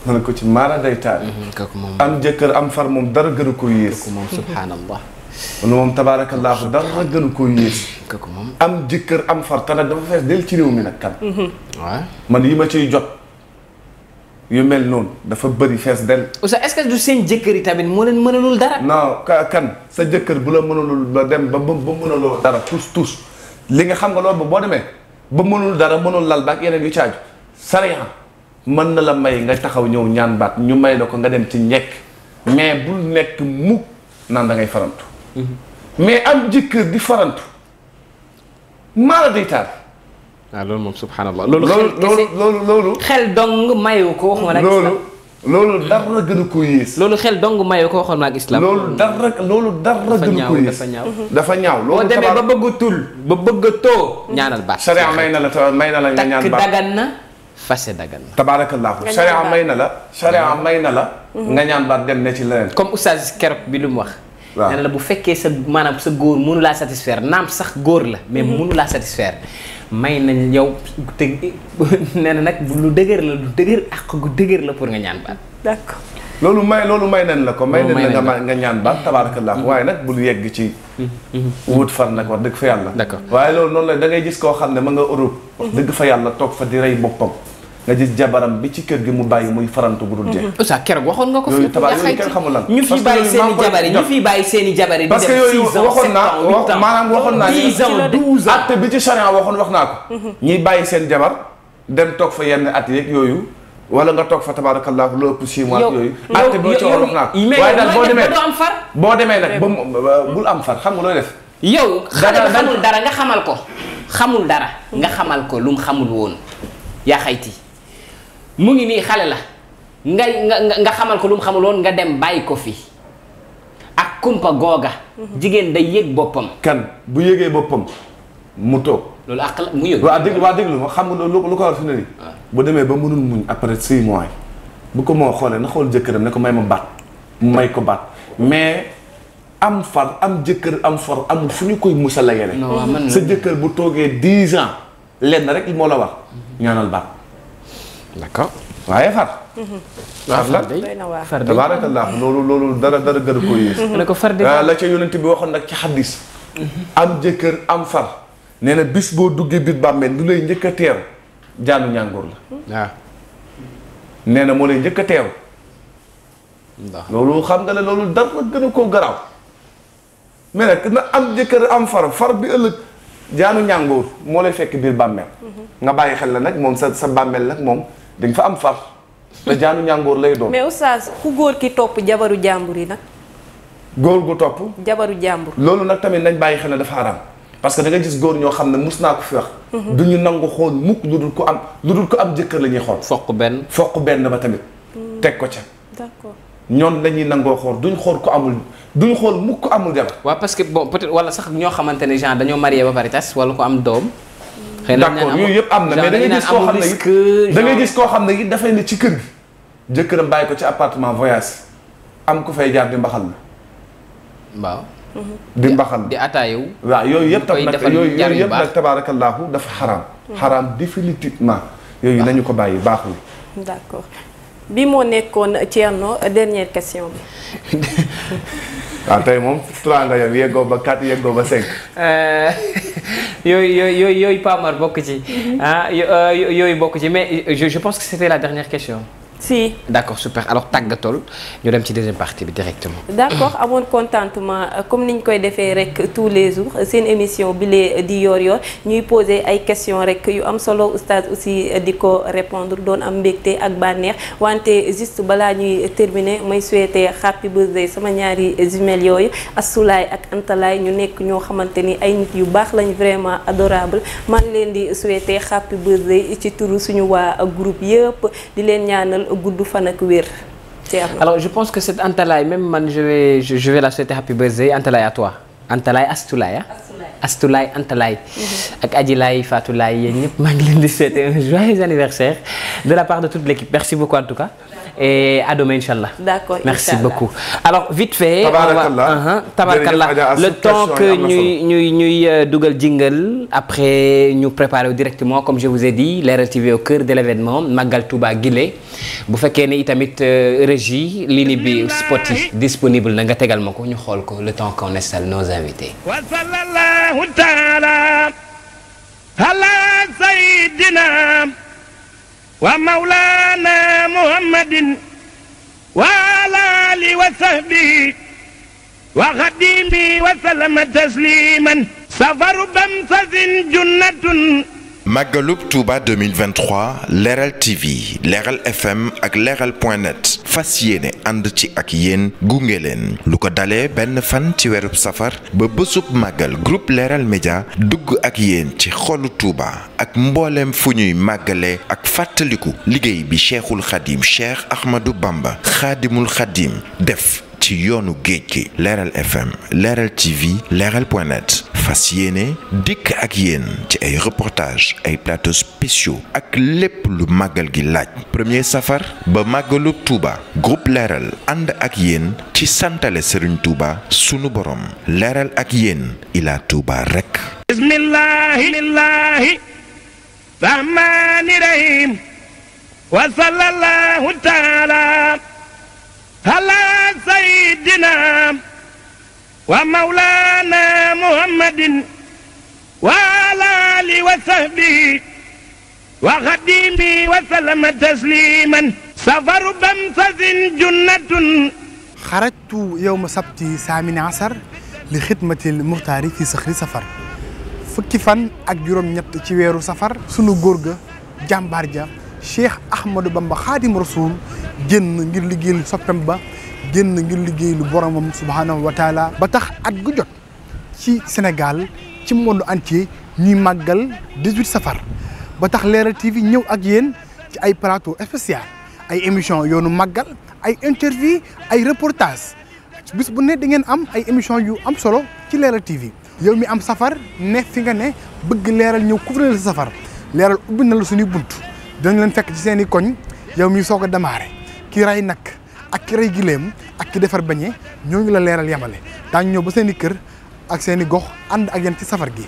Speaker 2: mën ko ci maara day taal. Mhm, am jëkkër am far moom dara gënu ko yées. kooku moom subhanallah. wala moom tabaarakallaahu dara gënu koo yées. kooku am jëkkër am far te nag dafa fees del ci réew mi nag kan. Mhm. man yi ma ciy jot. yu mel noonu dafa bëri xees del
Speaker 1: oustaz est-ce que du seen jëkkër yi tamit moo leen mënalul dara. non
Speaker 2: ka kan sa jëkkër bu la mënalul ba dem ba ba mënaloo dara tous tous li nga xam nga loolu ba boo demee ba mënul dara mënul lal baak yeneen yu caaju sariya mën na la may nga taxaw ñëw ñaan baat ñu may la ko nga dem ci ñekk mais bul nekk mukk naan da ngay farantu mhm. mais am jëkkër di farantu maa la day taal ah loolu moom subhanallah loolu
Speaker 4: loolu
Speaker 1: loolu xel dong mayu ko waxuma la loolu
Speaker 2: loolu dara gën a ko yées. loolu xel dong mayu ko waxoon ak islam. loolu dara loolu dara a ko yées dafa ñaaw dafa ñaaw. loolu tabaar boo demee ba bëgg tul ba bëgg a too. ñaanal baat sariya may na la tabaar may na la nga ñaan baat takk dagan na fase dagan na. may na la. sariya may na la. Mhm. nga ñaan baat dem na ci
Speaker 1: leneen. comme oustaz keroog bi lu mu wax. waaw nee bu fekkee sa maanaam sa góor mënu laa satisfaire naam sax góor la. mais mhm. mënu laa satisfaire. may nañ yow te nee na
Speaker 2: nag lu dëgër la lu dëgër ak gu dëgër la pour nga ñaan baat. d'accord loolu may loolu may nañ la ko. may nañ la nga ñaan baat tabaarakallah mm-hmm. waaye nag bu bul yegg ci. Mm-hmm. Mm-hmm. wut far nag wax dëgg fa yàlla. d'accord waaye loolu noonu la da gis koo xam ne ma nga Europe. wax dëgg fa yàlla toog fa di rey boppam. nga gis jabaram bi ci kër gi mu bàyyi muy farantu bu dul jeex. Mm-hmm. keroog waxoon nga ko fi. yooyu kenn xamul lan ñu fi bàyyi seen i jabar yi ñu fi bàyyi seen i mm-hmm. bàyyi seen jabar dem toog fa yenn at yeeg yooyu. wala nga toog fa tabarakallah lu ëpp six mois yooyu acte bi ci war wax naa ko
Speaker 7: waaye boo demee am far
Speaker 2: boo demee nag ba bul am far xam nga looy def yow xale
Speaker 1: bi xamul dara nga xamal ko xamul dara nga xamal ko lu mu xamul woon yaa mu ngi nii xale la nga nga nga xamal ko lu mu xamul woon nga dem bàyyi ko fi ak kumpa googa. Mhm. jigéen day yëg boppam.
Speaker 2: kan bu yëgee boppam mu toog.
Speaker 1: loolu ak mu yëg. waa dégg waa
Speaker 2: déglu ma xam lu ko lu ko war fi ne nii. Ah. bu demee ba mënul muñ après six mois bu ko moo xoolee na xool jëkkëram ne ko may ma baat mu may ko baat mais. am far am jëkkër am far amul fu ñu koy musal la yele sa jëkkër bu toogee dix ans lenn rek moo la wax mhm. ñaanal baat d'accord waaye far.
Speaker 5: far la far la tabaarakallah
Speaker 2: loolu loolu dara dara gën a ko yées. ne ko far ah, la ca yonent bi waxoon nag ci xaddis. Mhm. am jëkkër am far. nee na bis boo duggee biir bàmmeel du lay njëkk a teew jaanu ñàngoor la. waaw. na moo lay njëkk a teew. loolu xam nga ne loolu dara gën a koo garaaw. mais jëkkër am far far bi ëllëg. jaanu ñàngoor moo fekk biir bàmmeel. Mhm. nga bàyyi xel la nag moom sa sa bàmmeel nag moom. dañ fa am far te jaanu ñàngoor lay doon. mais
Speaker 5: oustaz ku góor ki topp jabaru jàmbur yi nag. góor gu topp. jabaru jàmbur.
Speaker 2: loolu nag tamit nañ bàyyi xel ne dafa araam parce que da gis góor ñoo xam ne mus naa ko fi wax. Mhm. du ñu nangu xool mukk lu dul ko am lu dul ko am jëkkër la ñuy xool. fokk benn fokk benn ba tamit. Mhm. teg ko ca. d'accord ñoom lañuy nangoo xool duñ xool ko amul duñ xool mukk ko amul jabar. waaw parce que bon peut-être wala sax ñoo xamante ne genre
Speaker 1: dañoo marié ba wala ko am doom. xëy na d'accord yooyu yëpp am na mais da ngay gis koo xam ne da gis
Speaker 2: koo xam ne it dafay ne ci kër gi jëkkëram bàyyi ko ci appartement voyage am ku fay jaar di mbaxal la waaw di mbaxal di ataayew waaw yooyu yëpp tam nag yooyu yooyu yëpp nag tabaarakallaahu dafa xaraam xaraam définitivement yooyu nañu ko bàyyi baaxul
Speaker 5: d'accord bi moo nekkoon Thierno dernière question bi
Speaker 2: waaw moom trois nga yem yeggoo ba quatre yeggoo ba cinq.
Speaker 5: Euh,
Speaker 1: yooyu yooyu yooyu Pamar bokk ci mm-hmm. ah euh, yooyu bokk ci mais je je pense que c'était la dernière question. si d'accord super alors tàggatool ñu dem ci deuxième partie bi directement. d'accord
Speaker 5: amoon contentement euh, comme niñ koy defee rek tous les jours seen émission bi lee euh, di yoor yor ñuy poser ay questions rek yu am solo oustaz aussi euh, di ko répondre doon am mbégte ak bànneex wante juste balaa ñuy terminer may souhaiter happy birthday sama ñaari jumelles yooyu Asulaay ak Antalaay ñu nekk ñoo xamante ni ay nit yu baax lañ vraiment adorable maa ngi leen di souhaiter happy birthday ci turu suñu waa groupe yëpp di leen ñaanal. ñaanal gudd fan ak wér. alors je pense que cette Antalaay
Speaker 1: même man je vais la souhaiter happy birthday Antalaay à toi Antalaay Astulaay ah. Astulaay Antalaay. Mhm. ak Aji Laay Fatou Laay yéen ñëpp maa ngi leen di souhaiter un joyeux anniversaire de la part de toute l'équipe merci beaucoup en tout cas. et à demain inchallah.
Speaker 5: d'accord merci inchallah. beaucoup
Speaker 1: alors vite fait. tabaarakallah uh-huh, tabaarakallah le temps que ñuy ñuy euh, dugal jingle après ñu préparer directement comme je vous ai dit Leral TV au cœur de l'événement Magal Touba Guilé bu fekkee ni itamit euh, régie ligne bi spot yi disponible na nga tegal ma ko ñu xool ko le temps qu'on installe nos invités.
Speaker 3: ala sayyidina
Speaker 8: wa mawlaana muhammadin wa ala ali wa
Speaker 3: sahbihi wa xadimi wa salama tasliman safaru bamsasin junnatun
Speaker 8: màggalub Touba 2023 Leral TV leeral FM ak Leral point net fas yéene ànd ci ak yéen gunge leen lu ko dalee benn fan ci werub safar ba bésub màggal groupe leeral Média dugg ak yéen ci xolu Touba ak mboolem fu ñuy màggale ak fàttaliku liggéey bi Cheikhul Khadim Cheikh Ahmadou Bamba Khadimul Khadim def ci yoonu géej gi Leral FM Leral TV Leral point net fas yéene dikk ak yéen ci ay reportage ay plateaux spéciaux ak lépp lu màggal gi laaj premier safar ba màggalu Touba groupe leeral ànd ak yéen ci santale Serigne Touba sunu borom leeral ak yéen Ila Touba rekk
Speaker 3: bismillahi lillahi rahmani rahim wa sallallahu taala ala
Speaker 8: sayyidina wa mawlaana muhammadin
Speaker 3: wa ala ali wa sahbihi wa xadimi wa salama tasliman safaru bamsasin junnatun
Speaker 7: xarajtu yowma sabti saamini asar li xidmatil muxtaari fi saxri safar fukki fan ak juróom-ñett ci weeru safar sunu góor ga jàmbaar ja cheikh ahmadou bamba xaadim rasoul génn ngir liggéeyal soppem ba génn ngir liggéey lu boromam subhaanahu wa taala ba tax at gu jot ci Sénégal ci monde entier ñuy màggal 18 safar ba tax Leral TV ñëw ak yéen ci ay plateau spécial ay émission yoonu màggal ay interview ay reportage bis bu ne da ngeen am ay émission yu am solo ci Leral TV yow mi am safar ne fi nga ne bëgg leeral ñëw couvrir la safar leeral ubbi na la suñuy bunt dinañ leen fekk ci seen i koñ yow mi soog a démarré ki ray nag ak ki rey ak ki defar ñoo ngi la leeral yamale daañu ñëw ba seen i kër ak seen i gox ànd ak yenn ci safar gi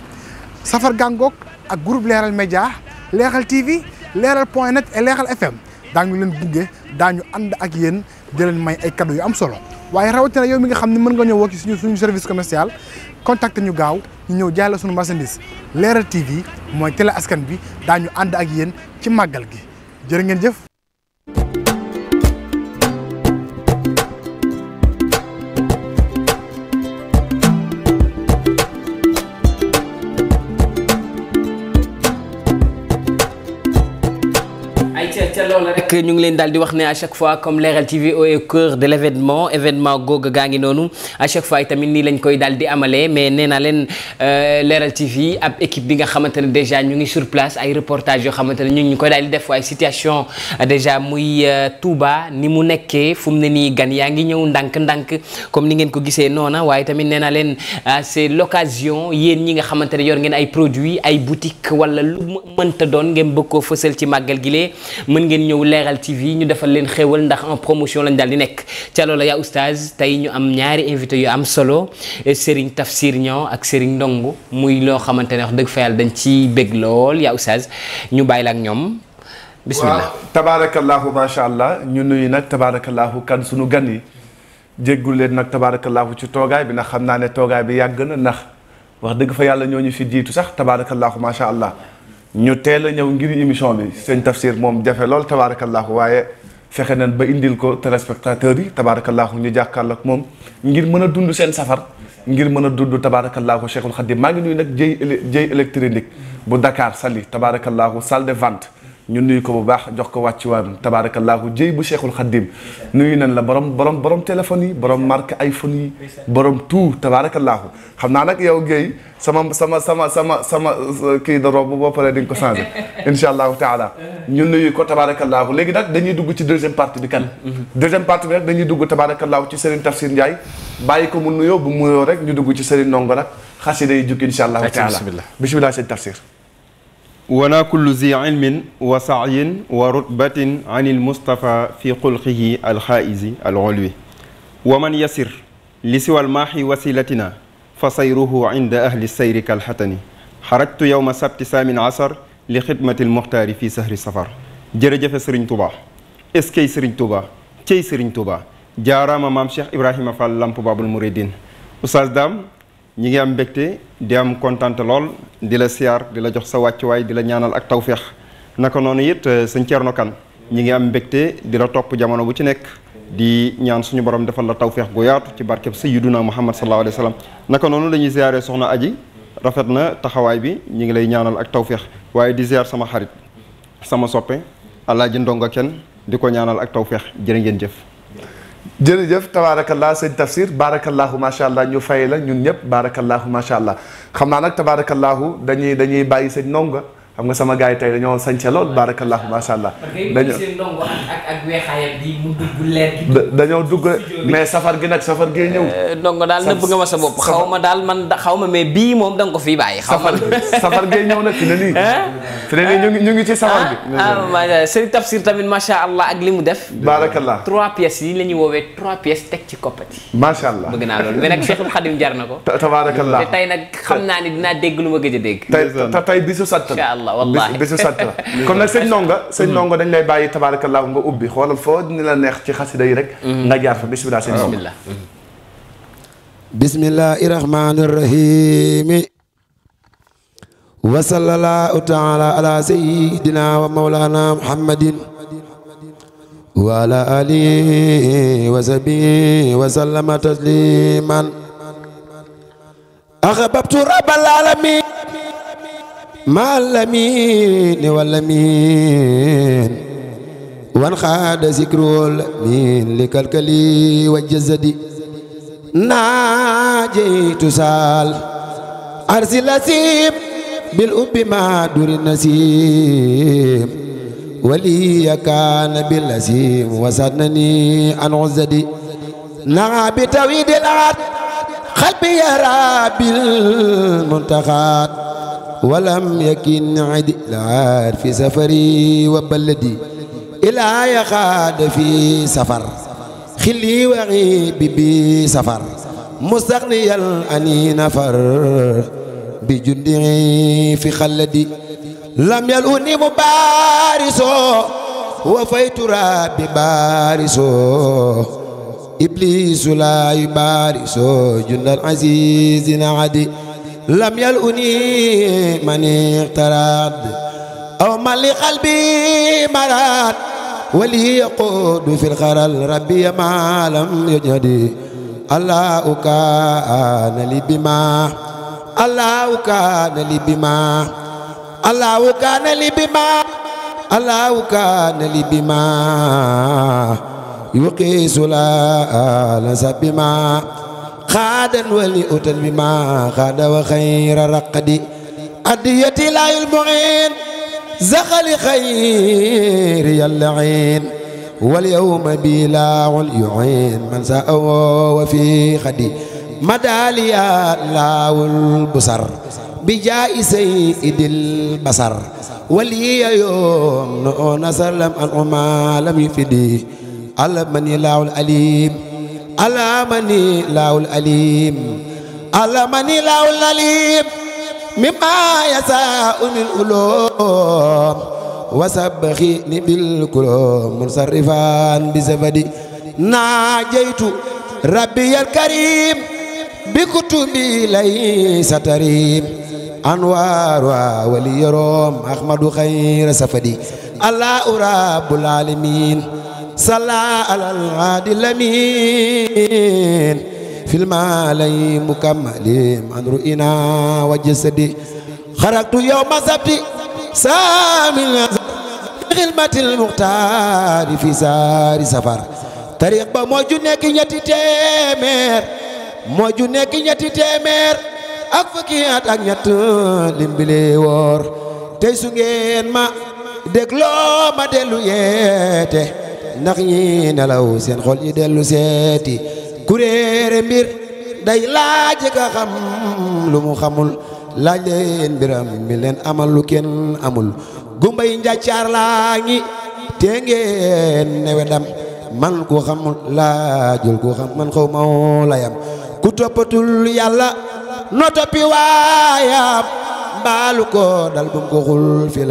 Speaker 7: safar gàngoog ak groupe leeral média leeral TV leeral point net et leeral FM daañu leen buggee daañu ànd ak yéen di leen may ay cadeau yu am solo waaye rawatina yow mi nga xam ne mën nga ñëw woo ci suñu suñu service commercial contacté ñu gaaw ñu ñëw jaay la suñu marchandise leeral TV mooy télé askan bi daañu ànd ak yéen ci màggal gi jërë ngeen jëf.
Speaker 1: teew la ngi leen daal di wax ne à chaque fois comme Leral TV au cœur de l' événement événement gaa ngi noonu à chaque fois itamit nii lañ koy daal di amale mais nee naa leen euh, Leral TV ab équipe bi nga xamante ne déjà ñu ngi sur place ay reportage yoo xamante ne ñu ngi ñu koy daal di def waaye situation déjà muy euh, Touba ni mu nekkee fu ne nii gan yaa ngi ñëw ndànk-ndànk comme ni ngeen ko gisee noona waaye tamit nee naa leen euh, c'est l'occasion yéen ñi nga xamante ne yor ngeen ay produits ay boutiques wala lu mënta doon ngeen bëgg koo fësal ci màggal gi lee ñëw leeral TV ñu defal leen xéewal ndax en promotion lañ daal di nekk ca loola yaa oustaz tey ñu am ñaari invité yu am solo Serigne Tafsir Niang ak Serigne Ndongo muy loo xamante ne wax dëgg fa yàlla dañ ci bég lool yaa oustaz ñu bàyyi la ak ñoom. bismillah
Speaker 2: waaw tabaarakallaahu macha allah ñu nuyu nag tabaarakallaahu kan suñu gan yi. jéggul leen nag tabaarakallaahu ci toogaay bi ndax xam naa ne toogaay bi yàgg na ndax wax dëgg fa yàlla ñoo ñu fi jiitu sax tabaarakallaahu macha allah. ñu teel a ñëw ngir émission bi sëñ Tafsir moom jafe lool tabaarakallaahu waaye fexe nañ ba indil ko téléspectateurs yi tabaarakallaahu ñu jàkkaarloo ak moom ngir mën a dund seen safar ngir mën a dund tabaarakallaahu Cheikhul Khadim maa ngi nuyu nag jëy jëy électronique bu Dakar Saly tabaarakallaahu salle de vente ñu nuyu ko bu baax jox ko wàccuwaayam tabaarakallaahu jëy bu cheikhul xaddim nuyu nañ la borom borom borom téléphone yi borom marque iPhone yi borom tout tabaarakallaahu xam naa nag yow géey sama sama sama sama sama kii doro bu boo paree di nga ko changé insha allahu taala ñu nuyu ko tabaarakallaahu léegi nag dañuy dugg ci deuxième partie bi kan deuxième partie bi nag dañuy dugg tabaarakallaahu ci Serigne Tafsir Ndiaye bàyyi ko mu nuyoo bu mu nuyoo rek ñu dugg ci Serigne Ndongo nag xasida yi jukki insha allahu taala bisimilah Serigne Tafsir wana
Speaker 8: kullu zi ilmin wa saayin wa rutbatin an il mustafa fi xulqihi alxaaisi alolwi wa man yasir li siwal maaxi wasilatina fa sayruhu inda ahli sayri kalxatani xarajtu yowma sabti saamin asar li xidmati almuxtaari fi sahri safar jërëjëfe sëriñ tubaa eskey sëriñ tubaa cey sëriñ tubaa jaaraama maam cheikh ibrahima fall lamp babul mouridine oustaz dam ñi ngi am mbégte di am kontante lool di la siyaar di la jox sa wàccuwaay di la ñaanal ak tawféex naka noonu yit euh, sëñ Thierno Kane ñi ngi am mbégte di la topp jamono bu ci nekk di ñaan suñu borom defal la tawféex gu yaatu ci barkeb sayyiduna Muhammad sallallahu alayhi wa sallam naka noonu la ñuy siyaaree soxna aji rafet na taxawaay bi ñu ngi lay ñaanal ak tawféex waaye di siyaar sama xarit sama soppe
Speaker 2: alaaji ndongo kenn di ko ñaanal ak tawféex jërë ngeen jëf jërëjëf tabaarakallaa sëñ tafsir baarakallaahu macha allah ñu fay la ñun ñëpp baarakallaahu macha allah xam naa nag tabaarakallaahu dañuy dañuy bàyyi sëñ nonga xam nga sama gars yi tey dañoo sañce lool baarakallah macha allah. dañoo
Speaker 1: ak ak weexaayam bi mais safar gi nag safar gee ñëw. Euh, ndongo daal nëbb nga ma sa bopp xaw ma daal man xaw ma mais bii moom da nga ko fii bàyyi. xaw ma safar gee ñëw nag fi ne nii.
Speaker 2: ñu ngi ñu ngi ci safar
Speaker 1: bi. ah sëriñ Tafsir tamit macha allah ak li mu def. baarakallah trois pièces yi la ñuy woowee trois pièces teg ci koppati.
Speaker 2: macha allah bëgg naa loolu mais nag Cheikhul
Speaker 1: Khadim jar na ko. tabaarakallah te tey nag xam naa dinaa dégg lu ma gëj a dégg. tey tey
Speaker 2: bisu sant allah wallaahi bisu sant la kon nag sëñ Ndongo sëñ lay bàyyi tabaarakallaahu nga ubbi xoolal foo ni la neex ci xasida yi rek mm-hmm. nga jaar fa bismillah sëñ Ndongo
Speaker 3: bismillahi mm-hmm. rahmani rahimi wa sallallahu taala ala sayyidina wa mawlana muhammadin wa ala alihi wa sahbihi rabbal alamin مع الأمين والأمين وانخاد ذكر الأمين لكالكلي والجسد ناجيت سال أرسل أسيب بالأب ما دور النسيم ولي كان بالأسيم وسدني عن عزدي نعى بتويد الأرض قلبي يا رب المنتخب ولم يكن عدلا في سفري وبلدي إلا يخاد في سفر خلي وغيبي بسفر مستغنيا أني نفر بجنده في خلدي لم يلوني مبارسو وفيت ربي بارسو إبليس لا يبارسو جند العزيز عدي لم يلؤني من اغتراد أو من لقلبي مراد ولي يقود في الخرل ربي ما لم يجهدي الله كان لي بما الله كان لي بما الله كان لي بما الله كان لي بما يقيس لا نسب بما xaadan wali utal bi ma xaada wa xayra raqadi addiyati laayul mu'in zaxali xayri yàlla in wal yawma bi laawul yu'in man sa awoo wa fi xadi madaaliyaat laawul busar bi jaa'i sayyidil basar waliya yoom noona salam an umaa lam yufidi ala man yi laawul aliim علمني الله العليم علمني الله العليم مما يساء العلوم وسبخني بالكلوم منصرفا بزبدي ناجيت ربي الكريم بكتبي ليس تريم أنوارها ولي روم أحمد خير سفدي الله رب العالمين صلى على العاد الأمين في المالي مكمل عن رؤنا وجسدي خرجت يوم سبتي سامي خدمة المختار في سار سفر طريق ba moo ju nekk ñetti téeméer moo ju nekk ñetti téeméer ak fukki at ak ñett limbile tey su ngeen ma dégloo ma dellu yeete ndax ñi nelaw seen xol yi dellu seeti kuréere mbir day laaj ka xam lu mu xamul laaj leen mbiram mi leen amal lu kenn amul gumbay njàccaar laa ngi te ngeen newe dam man ku xamul laajul ku xam man xaw ma layam ku toppatul yàlla no waayam mbaalu ko dal bum ko xul fi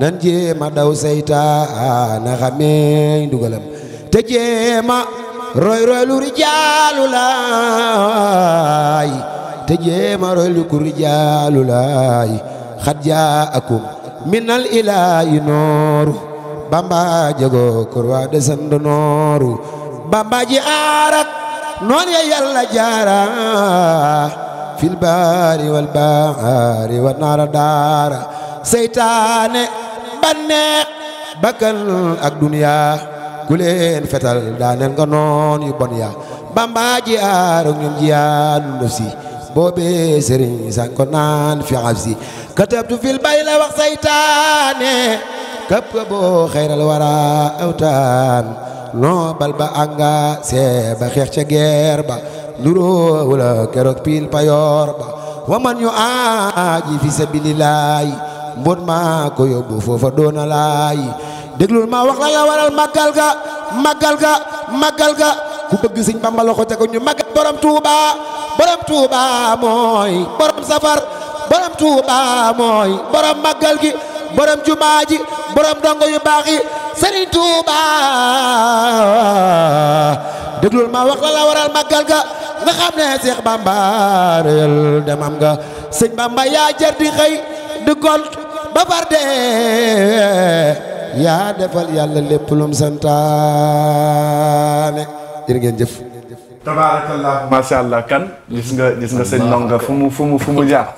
Speaker 3: nan jéema daw seytaana xameeñ dugalam te jéema roy roy rijaalu laay te jéema roy ku rijaalu laay xat jaa minal ilaahi nooru bamba jegoo kurwa desand nooru bamba ji aarak noon ya yalla jaara fil baari wal baari wa naara daara seytaane banneex bakkan ak duniyaa ku fetal daaneel nga noon yu bon yaa bamba ji aarog ñoom ji yaa nu nëf si naan fi xaf katabtu fil bay la wax saytaane këpp ka boo xeyral wara awtaan noo bal ba anga see ba ca geer ba nuroo wala piil payoor ba waman yu aaji fi sabilillahi mbon maa ko yóbbu foofa doona laay déglul ma wax la la waral màggal ga màggal ga màggal ga ku bëgg sëñ Bamba loxo te ko ñu màggal borom Touba borom Touba mooy borom safar borom Touba mooy borom màggal gi borom jumaa ji dongo yu baax yi sëriñ Touba déglul ma wax la waral màggal ga nga xam ne Seex Bamba demam nga sëñ Bamba yaa jar di du gont ba far dee yaa defal yàlla lépp lum santaane jërë ngeen jëf
Speaker 2: tabaarakallah macha allah kan gis nga gis nga sëñ ndonga fu mu fu mu fu mu jaar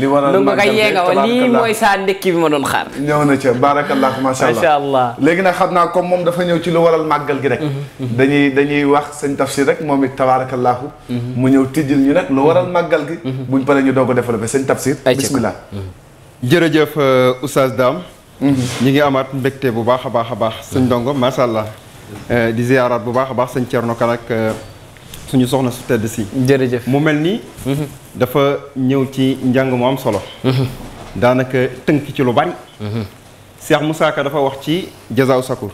Speaker 2: li waral lu nga yeega wa lii mooy saa ndekki bi ma doon xaar ñëw na ca baarakallah macha allah léegi nag xam naa comme moom dafa ñëw ci lu waral màggal gi rek mhm. Mhm. dañuy dañuy wax sëñ tafsir rek moom it tabaarakallahu mhm. mu ñëw tijjil ñu nag lu waral màggal gi buñ paree ñu doo doog a développé sëñ tafsir bismillah jërëjëf euh, Oustaz Dame mhm. ñi ngi amaat
Speaker 8: mbégte bu baax a baax a baax sëñ ndongo macha allah euh, di ziyaaraat bu baax a baax sëñ Thierno Kane ak euh, suñu soxna su tedd si jërëjëf mu mel ni mhm. dafa ñëw ci njàng mu am solo mhm. daanaka tënk ci lu bari Cheikh Moussa dafa wax ci jazaaw sakoor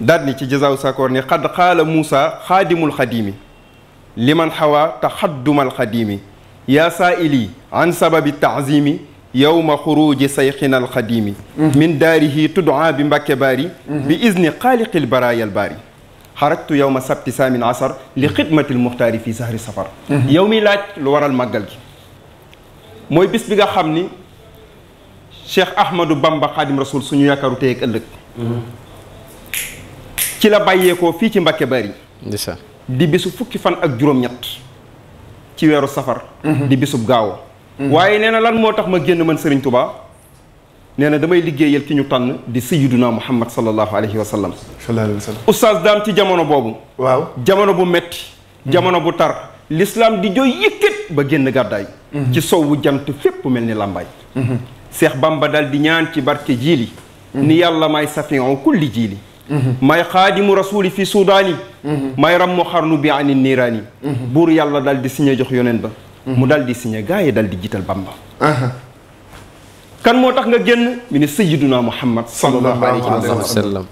Speaker 8: daat ni ci jazaaw sakoor ni xad xaala Moussa xaadimul xadiimi liman xawaa taxaddumal xadiimi yaa saa ili an sababi taazimi yawma xuruji sayxina alxadimi mm-hmm. min daarihi tudaa bi mbàkke baari mm-hmm. bi izni xaaliqil baraayal baari xarajtu yawma sabti saamin asar li mm-hmm. xidmatil muxtaari fi sahri safar yow mi laaj lu waral màggal gi mooy bis bi nga xam ni cheikh ahmadou bamba xaadim rasul suñu yaakaaru tey ak ëllëg ci la bàyyeekoo fii ci mbàkke baari di bisu fukki fan ak juróom-ñett ci weeru safar di bisub gaawo Mm-hmm. waaye nee na lan moo tax ma génn man Serigne Touba nee na damay liggéeyal ki ñu tànn di sayyiduna Muhammad sallallahu alayhi wa sallam. sallallahu alayhi wa sallam. oustaz daam ci jamono boobu. waaw jamono bu metti mm-hmm. jamono bu tar. l'islam di jooy yëkkat ba génn gàddaay. Mm-hmm. ci sowwu jant fépp mel ni làmbaay. Seex Bamba dal di ñaan ci barke jiili. ni yàlla may safiyon kulli jiili. may xaadimu rasuuli fi suudaani may rammu xarnu bi ani niiraani buur yàlla dal di siñe jox yoneen ba mu dal di signé gars yi dal di jiital Bamba. kan moo tax nga génn mi ni Sayyiduna Muhammad. sallallahu alayhi wa sallam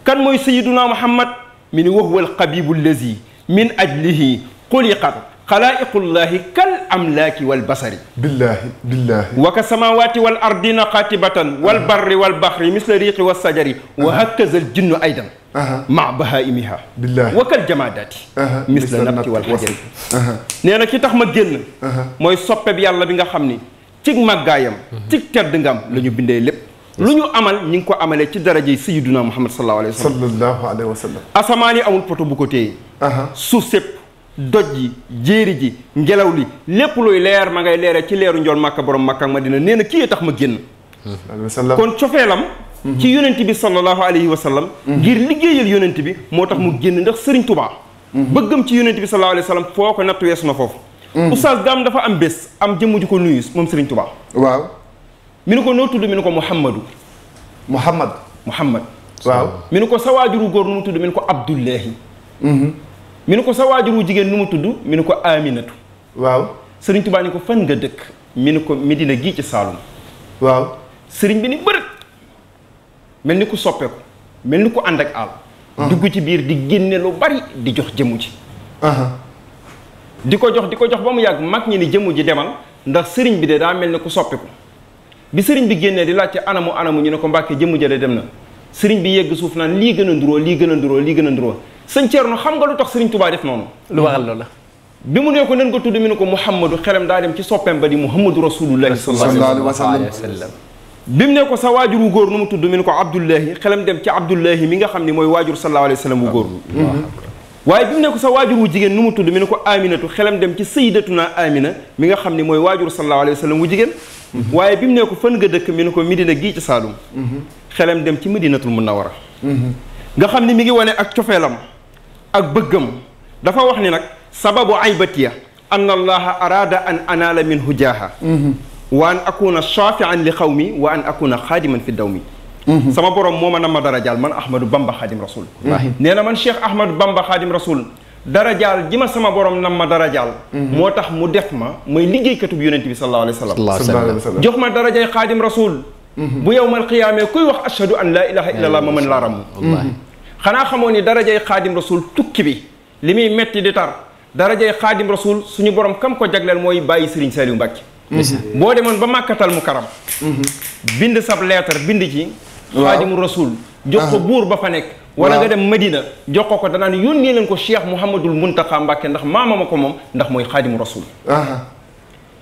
Speaker 8: kan mooy Sayyiduna Muhammad mi ni wa huwa alxabibu allazi min ajlihi xuliqat xalaa'iqullahi kal amlaaki wal basari. billaahi billaahi. wa ka samaawaati wal ardi naqaatibatan. wal barri wal baxri misla riiqi wa sajari. wa hakaza al jinnu aydan. Uh-huh. ma bahaimiha wakal jamaadaati
Speaker 7: uh-huh. misla nabti wal xajari uh-huh.
Speaker 8: nee na ki tax ma génn mooy soppeb yàlla bi nga xam ni cig màggaayam cig tedd ngam la ñu bindee lépp lu ñu amal ñi ngi ko amalee ci daraje sayyiduna muhammad sallallahu alayhi wa sallam sallallahu alayhi wa sallam asamaan yi amul poto bu ko suuf sépp doj ji jéeri ji ngelaw li lépp luy leer ma ngay leere ci leeru njool màkka borom màkka ma dina nee na kii tax ma génn kon cofeelam ci yonent bi sallallahu alayhi wa sallam ngir liggéeyal yonent bi moo tax mu génn ndax sëriñ tubaa bëggam ci yonent bi sallallahu alayhi wa foo ko natt weesu na foofu oustaz daam dafa am bés am jëmm ju ko nuyu moom sëriñ tubaa waaw mi ne ko noo tudd mu ne ko muhammadu muhammad muhammad waaw mi ne ko sa waajuru góor nu mu tudd mi ne ko abdullahi mhm. mi ne ko sa waajuru jigéen nu mu tudd mi ne ko aminatu waaw sëriñ tubaa ni ko fan nga dëkk mi ni ko medina gii ci saalum waaw sëriñ bi ni bërët mel ni ku soppeeku mel ni ku ànd ak àll. Ah. dugg ci biir di génne lu bari di jox jëmu ji. Ah. di ko jox di ko jox ba mu yàgg mag ñi ni jëmu ji demal ndax sëriñ bi de daa mel ni ku soppeeku bi sëriñ bi génnee di laajte anamu anamu ñu ne ko mbàkke jëmu jële dem na sëriñ bi yegg suuf naan lii gën a nduróo lii gën a nduróo lii gën a nduróo sëñ Ceerno xam nga lu tax sëriñ Tuubaa def noonu. lu waral loola. bi mu ne ko nan ko tudd mi ne ko Muhammadu xelam daa dem ci soppeem ba di Muhammadu Rasulullahi sallallahu alayhi wa sallam bi mu ne ko sa waajur wu góor nu mu tudd min ko abdullahi xelam dem ci abdullahi mi nga xam ni mooy waajur sallallahu alayhi wa góor waaye bi mu ne ko sa waajur wu jigéen nu mu tudd mi ne ko aminatu xelam dem ci sayyidatuna amina mi nga xam ni mooy waajur sallallahu alayhi wa sallam wu jigéen waaye bi mu ne ko fan nga dëkk mi ne ko midina gii ci saalum xelam dem ci mun madinatul munawara nga xam ni mi ngi wane ak cofeelam ak bëggam dafa wax ni nag sababu aybatiya an allaha arada an anaala minhu jaaha wa an akuna shafian li xawmi wa an akuna xaadiman fi dawmi mhm. sama borom moo ma nama darajaal man ahmadou bamba xaadim rasul nee na man cheikh ahmadou bamba xaadim rasul darajaal ji ma sama borom nam ma darajaal mhm. moo tax mu def ma mooy liggéeykatub yonent bi sallallahu alayhi wa sallam jox ma darajay xaadim rasul mhm. bu yowmal qiyaamee kuy wax ashhadu an laa ilaha illallah ma mën laa ramu xanaa xamoo ni darajay xaadim rasul tukki bi li muy metti di tar darajay xaadim rasul suñu borom kam ko jagleel mooy bàyyi sëriñ Saliou Mbacke boo demoon ba màkkatal mu karam mm-hmm. bind sab leetar bind ci xaadimu rasul jox ko buur ba fa nekk wala nga dem madina jox ko ko danaan yónnee leen ko Cheikh Mouhamadul Muntaxa Mbàkke ndax maama ma ko moom ndax mooy xaadimu rasul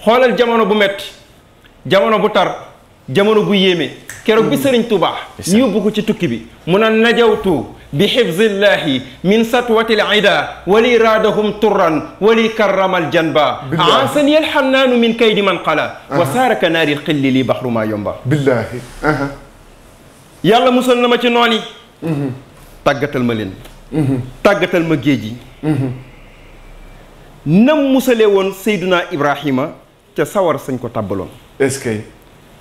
Speaker 8: xoolal jamono bu metti jamono bu tar jamono bu yéeme keroog bi sëriñ Touba yóbbu ko ci tukki bi mu ne najawtu bi xifzillahi min satwati lida wali raadahum turran wali karrama aljanba ansani alxannaanu min kaydi man qala wa saaraka naari lxilli li baxru maa yomba billahi yàlla musal na ma ci noon yi mhm. tàggatal ma leen mhm. tàggatal ma géej yi mhm. nam musale woon Seyduna Ibrahima ca sawar sañ ko tàbbaloon est-ce que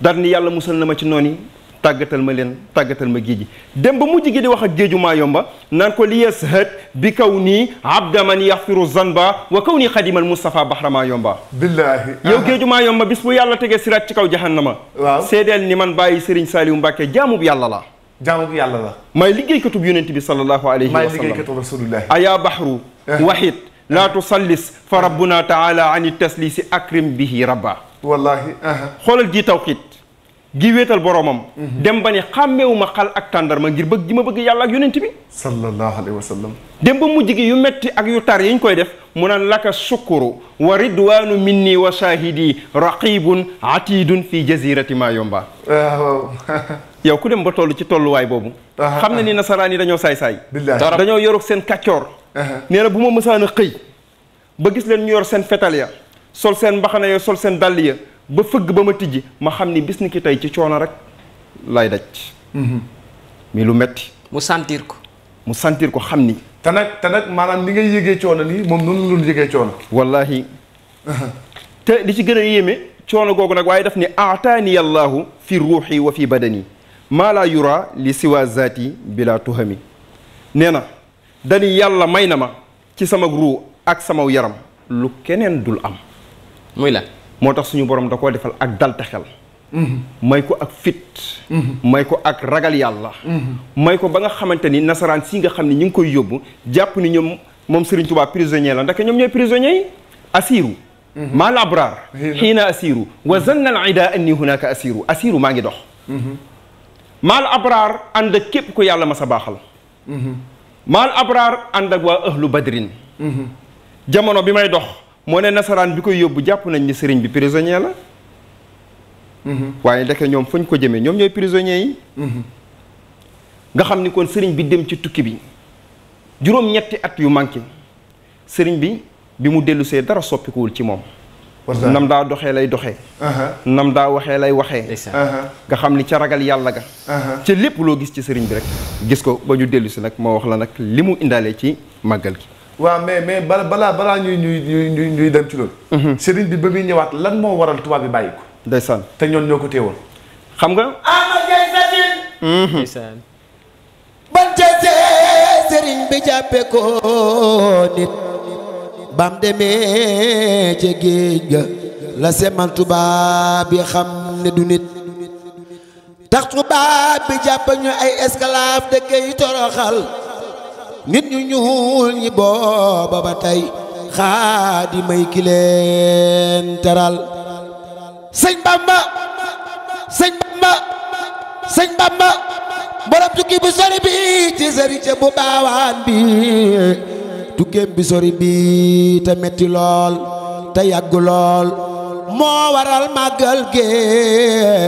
Speaker 8: dar ni yàlla musal na ma ci noon yi tàggatal ma leen tàggatal ma géej gi dem ba mujj gi wax ak géeju maa yomba naan ko li yashad bi kaw nii abda man yaxfiru zanba wa kaw nii xadimal Moustapha Baxra maa yomba. billaahi yow géeju maa yomba bis bu yàlla tegee siraat ci kaw jahannama. waaw seedeel ni man bàyyi Serigne Saliou Mbacke jaamub yàlla la. jaamub yàlla la. maay liggéeykatub yonent bi sallallahu alayhi wa sallam maay liggéeykatu rasulullah. ayaa baxru. Eh. waxit laa eh. tusallis fa eh. rabbuna taala ani taslisi akrim bihi rabba. wallaahi. xoolal ji tawxiit gi wéetal boroomam mhm. dem ba ne xàmmewuma xal ak tàndarma ngir bëgg gi ma bëgg yàlla ak yonent bi. sallallahu alayhi wa sallam. dem ba mujj gi yu metti ak yu yi ñu koy def mu naan laka sukuru wa ridwaanu minni wa shahidi raqibun atidun fi jazirati ma yomba.
Speaker 7: Ah, waaw.
Speaker 8: yow ku dem ba toll ci tolluwaay boobu. Ah, ah. xam na ni nasaraan yi dañoo saay-saay. dañoo yorug seen kàccoor. nee na bu ma mësaan a ba gis leen ñu yor seen fetal sol seen mbaxana ya sol seen dàll ya. ba fëgg ba ma tijji ma xam ni bis ni ki tey ci coono rek lay daj. mi mhm. lu metti mu santiir ko. mu sentir ko xam ni. te nag te nag maanaam ni ngay yëgee coono nii moom noonu la doon yëgee coono. wallaahi. Uh-huh. te li ci gën a yéeme coono googu nag waaye daf ni aataani yallaahu fi ruuxi wa fi badani maa laa yura li siwa zaati bila tuhami nee na dani yàlla may na ma ci sama ruu ak sama yaram lu keneen dul am muy la moo tax suñu borom da koo defal ak dal xel mm-hmm. may ko ak fit mm-hmm. may ko ak ragal yàlla mm-hmm. may ko ba nga xamante ni nasaraan si nga xam ne ñu ngi koy yóbbu jàpp ni ñoom moom Serigne Touba prisonnier la ndaka ñoom ñooy prisonnier yi asiru maa labraar xiina asiru wa zanna al ida anni hunaka asiru asiru maa ngi dox maal abraar ànd ak képp ku yàlla ma sa baaxal maal abraar ànd ak waa ahlu badrin jamono bi may dox moo ne nasaraan bi koy yóbbu jàpp nañ ni sëriñ bi prisonnier la waaye ndeke ñoom fañ ko jëmee ñoom ñooy prisonnier yi nga xam ni kon sëriñ bi dem ci tukki bi juróom-ñetti at yu manqué sëriñ bi bi mu dellusee dara soppikuwul ci moom nam daa doxee lay doxee uh-huh. nam daa waxee lay waxee uh-huh. nga xam ni ca ragal yàlla ga
Speaker 2: uh-huh.
Speaker 8: ca lépp loo gis ci sëriñ bi rek gis ko ba ñu dellusi nag moo wax la nag li mu indaalee ci màggal gi
Speaker 2: waaw mais mais bala balaa balaa ñuy ñuy ñuy ñuy dem ci loolu. Mhm. sëriñ bi ba muy ñëwaat lan moo waral tubaab bi bàyyi ko. ndeysaan te ñoon ñoo ko teewoon. xam nga. Ahmad Ndiaye Sadine. Mhm. ndeysaan.
Speaker 3: ban demee ca géej ga. la semal tubaab bi xam ne du nit. tax tubaab bi jàpp ay esclave dëkk yi toroxal. nit ñu ñuul ñi booba ba tey xaadimay ki leen teral sëñ bamba sëñ bamba sëñ bamba borom tukki bu sori bi ci sëriñ bu baawaan bi tukkeem bi sori bi te metti lool te yàgg lool moo waral màggal gee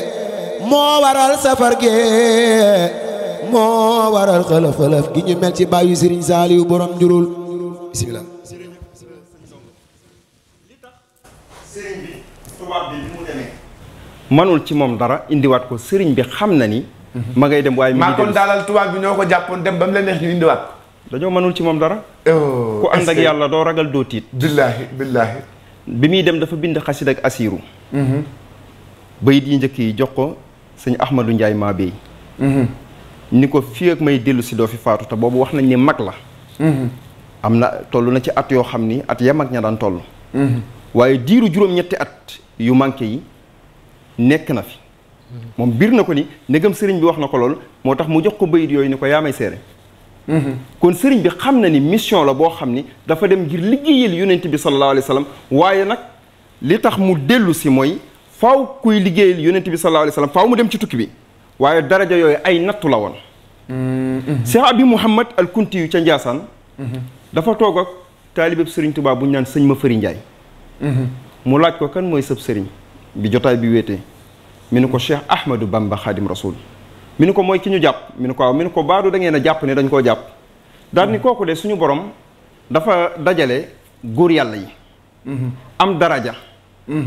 Speaker 3: moo waral safar gee moo waral xëlëf xëlëf gi ñu mel ci bàyyi Serigne Saliou borom njurul bismillah sëriñ
Speaker 8: manul ci moom dara indiwaat ko sëriñ bi xam na ni mhm. ma ngay dem waaye maa kon daalal tubaab bi ñoo ko jàppoon dem ba mu la neex ñu indiwaat ko dañoo manul ci moom dara
Speaker 7: oh, ku ànd ak
Speaker 8: yàlla doo ragal doo tiit billaahi billaahi bi muy dem dafa bind xasid ak asiiru mhm. bayit yi njëkk yi jox ko sëñ Ahmadou Ndiaye maa béy mhm. ni ko fii ak may dellu si doo fi faatu te boobu wax nañ ne mag la mhm. am na toll na ci at yoo xam ni at ya mag ña daan toll mhm. waaye diiru juróom-ñetti at yu manqué yi nekk na fi mhm. moom biir na ko ni ndegam sëriñ bi wax na ko lool moo tax mu jox ko bayit yooyu ni ko yaa may seere kon sëriñ bi xam na ni mission la boo xam ni dafa dem ngir liggéeyal yonent bi sallallahu alayhi wa waaye nag li tax mu dellu si mooy faaw kuy liggéeyal yonent bi sallallahu alayhi wa sallam mu dem ci tukki bi waaye daraja yooyu ay nattu la woon mm-hmm. Cheikh Abi Mouhamad al Kunti yu ca Njaasaan mm-hmm. dafa toog ak taalibeb Serigne Touba bu ñu naan sëñ ma fëri Njaay mu laaj ko kan mooy sëb sëriñ bi jotaay bi wéetee mi ni ko Cheikh Ahmadou Bamba Khadim rasuul mi ni ko mooy ki ñu jàpp mi ni ko waaw mi ni ko baadu da ngeen a jàpp ne dañ koo jàpp daal ni mm-hmm. kooku de suñu borom dafa dajale góor yàlla yi am daraja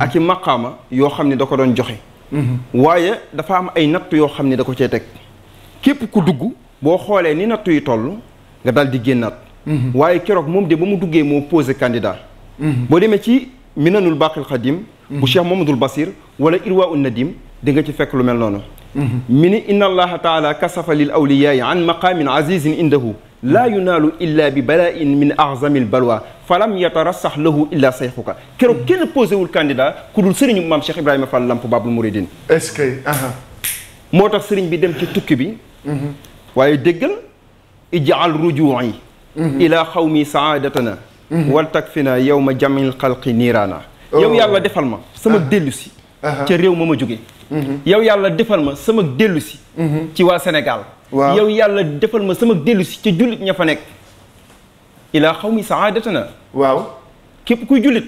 Speaker 8: ak i maqaama yoo xam ne da ko doon joxe Mm-hmm. waaye dafa am ay natt yoo xam ne da ko cee teg képp ku dugg boo xoolee ni natt yi toll nga daal di génn génnaat mm-hmm. waaye keroog moom de ba mu duggee moo posé candidat mm-hmm. boo demee ci minanul baqil xadim bu cheikh mamadul basir wala irwa un nadim di nga ci fekk lu mel noonu mi ni inna allaha taala kasafa lil awliyaai an maqaamin azizin indahu laa yunaalu illa bi bala'in min arzamil balwa falam yatarasax lahu illa sayxuka keroog kenn posé wul candidat ku dul sëriñu maam Cheikh Ibrahima Fall Lamp Babul Mouridin est-ce que moo tax sëriñ bi dem ci tukki bi mhm. waaye déggal ijaal rujuu'i mhm. ila xawmi saadatana mhm. wal takfina yawma jamil xalqi niiraana oh. ah. yow yàlla defal ma sama dellu si ca réew ma ma jóge yow yàlla defal ma sama dellu si ci waa Sénégal waaw yow yàlla defal ma sama dellusi ci jullit ña fa nekk ilaa xaw mi na waaw képp kuy jullit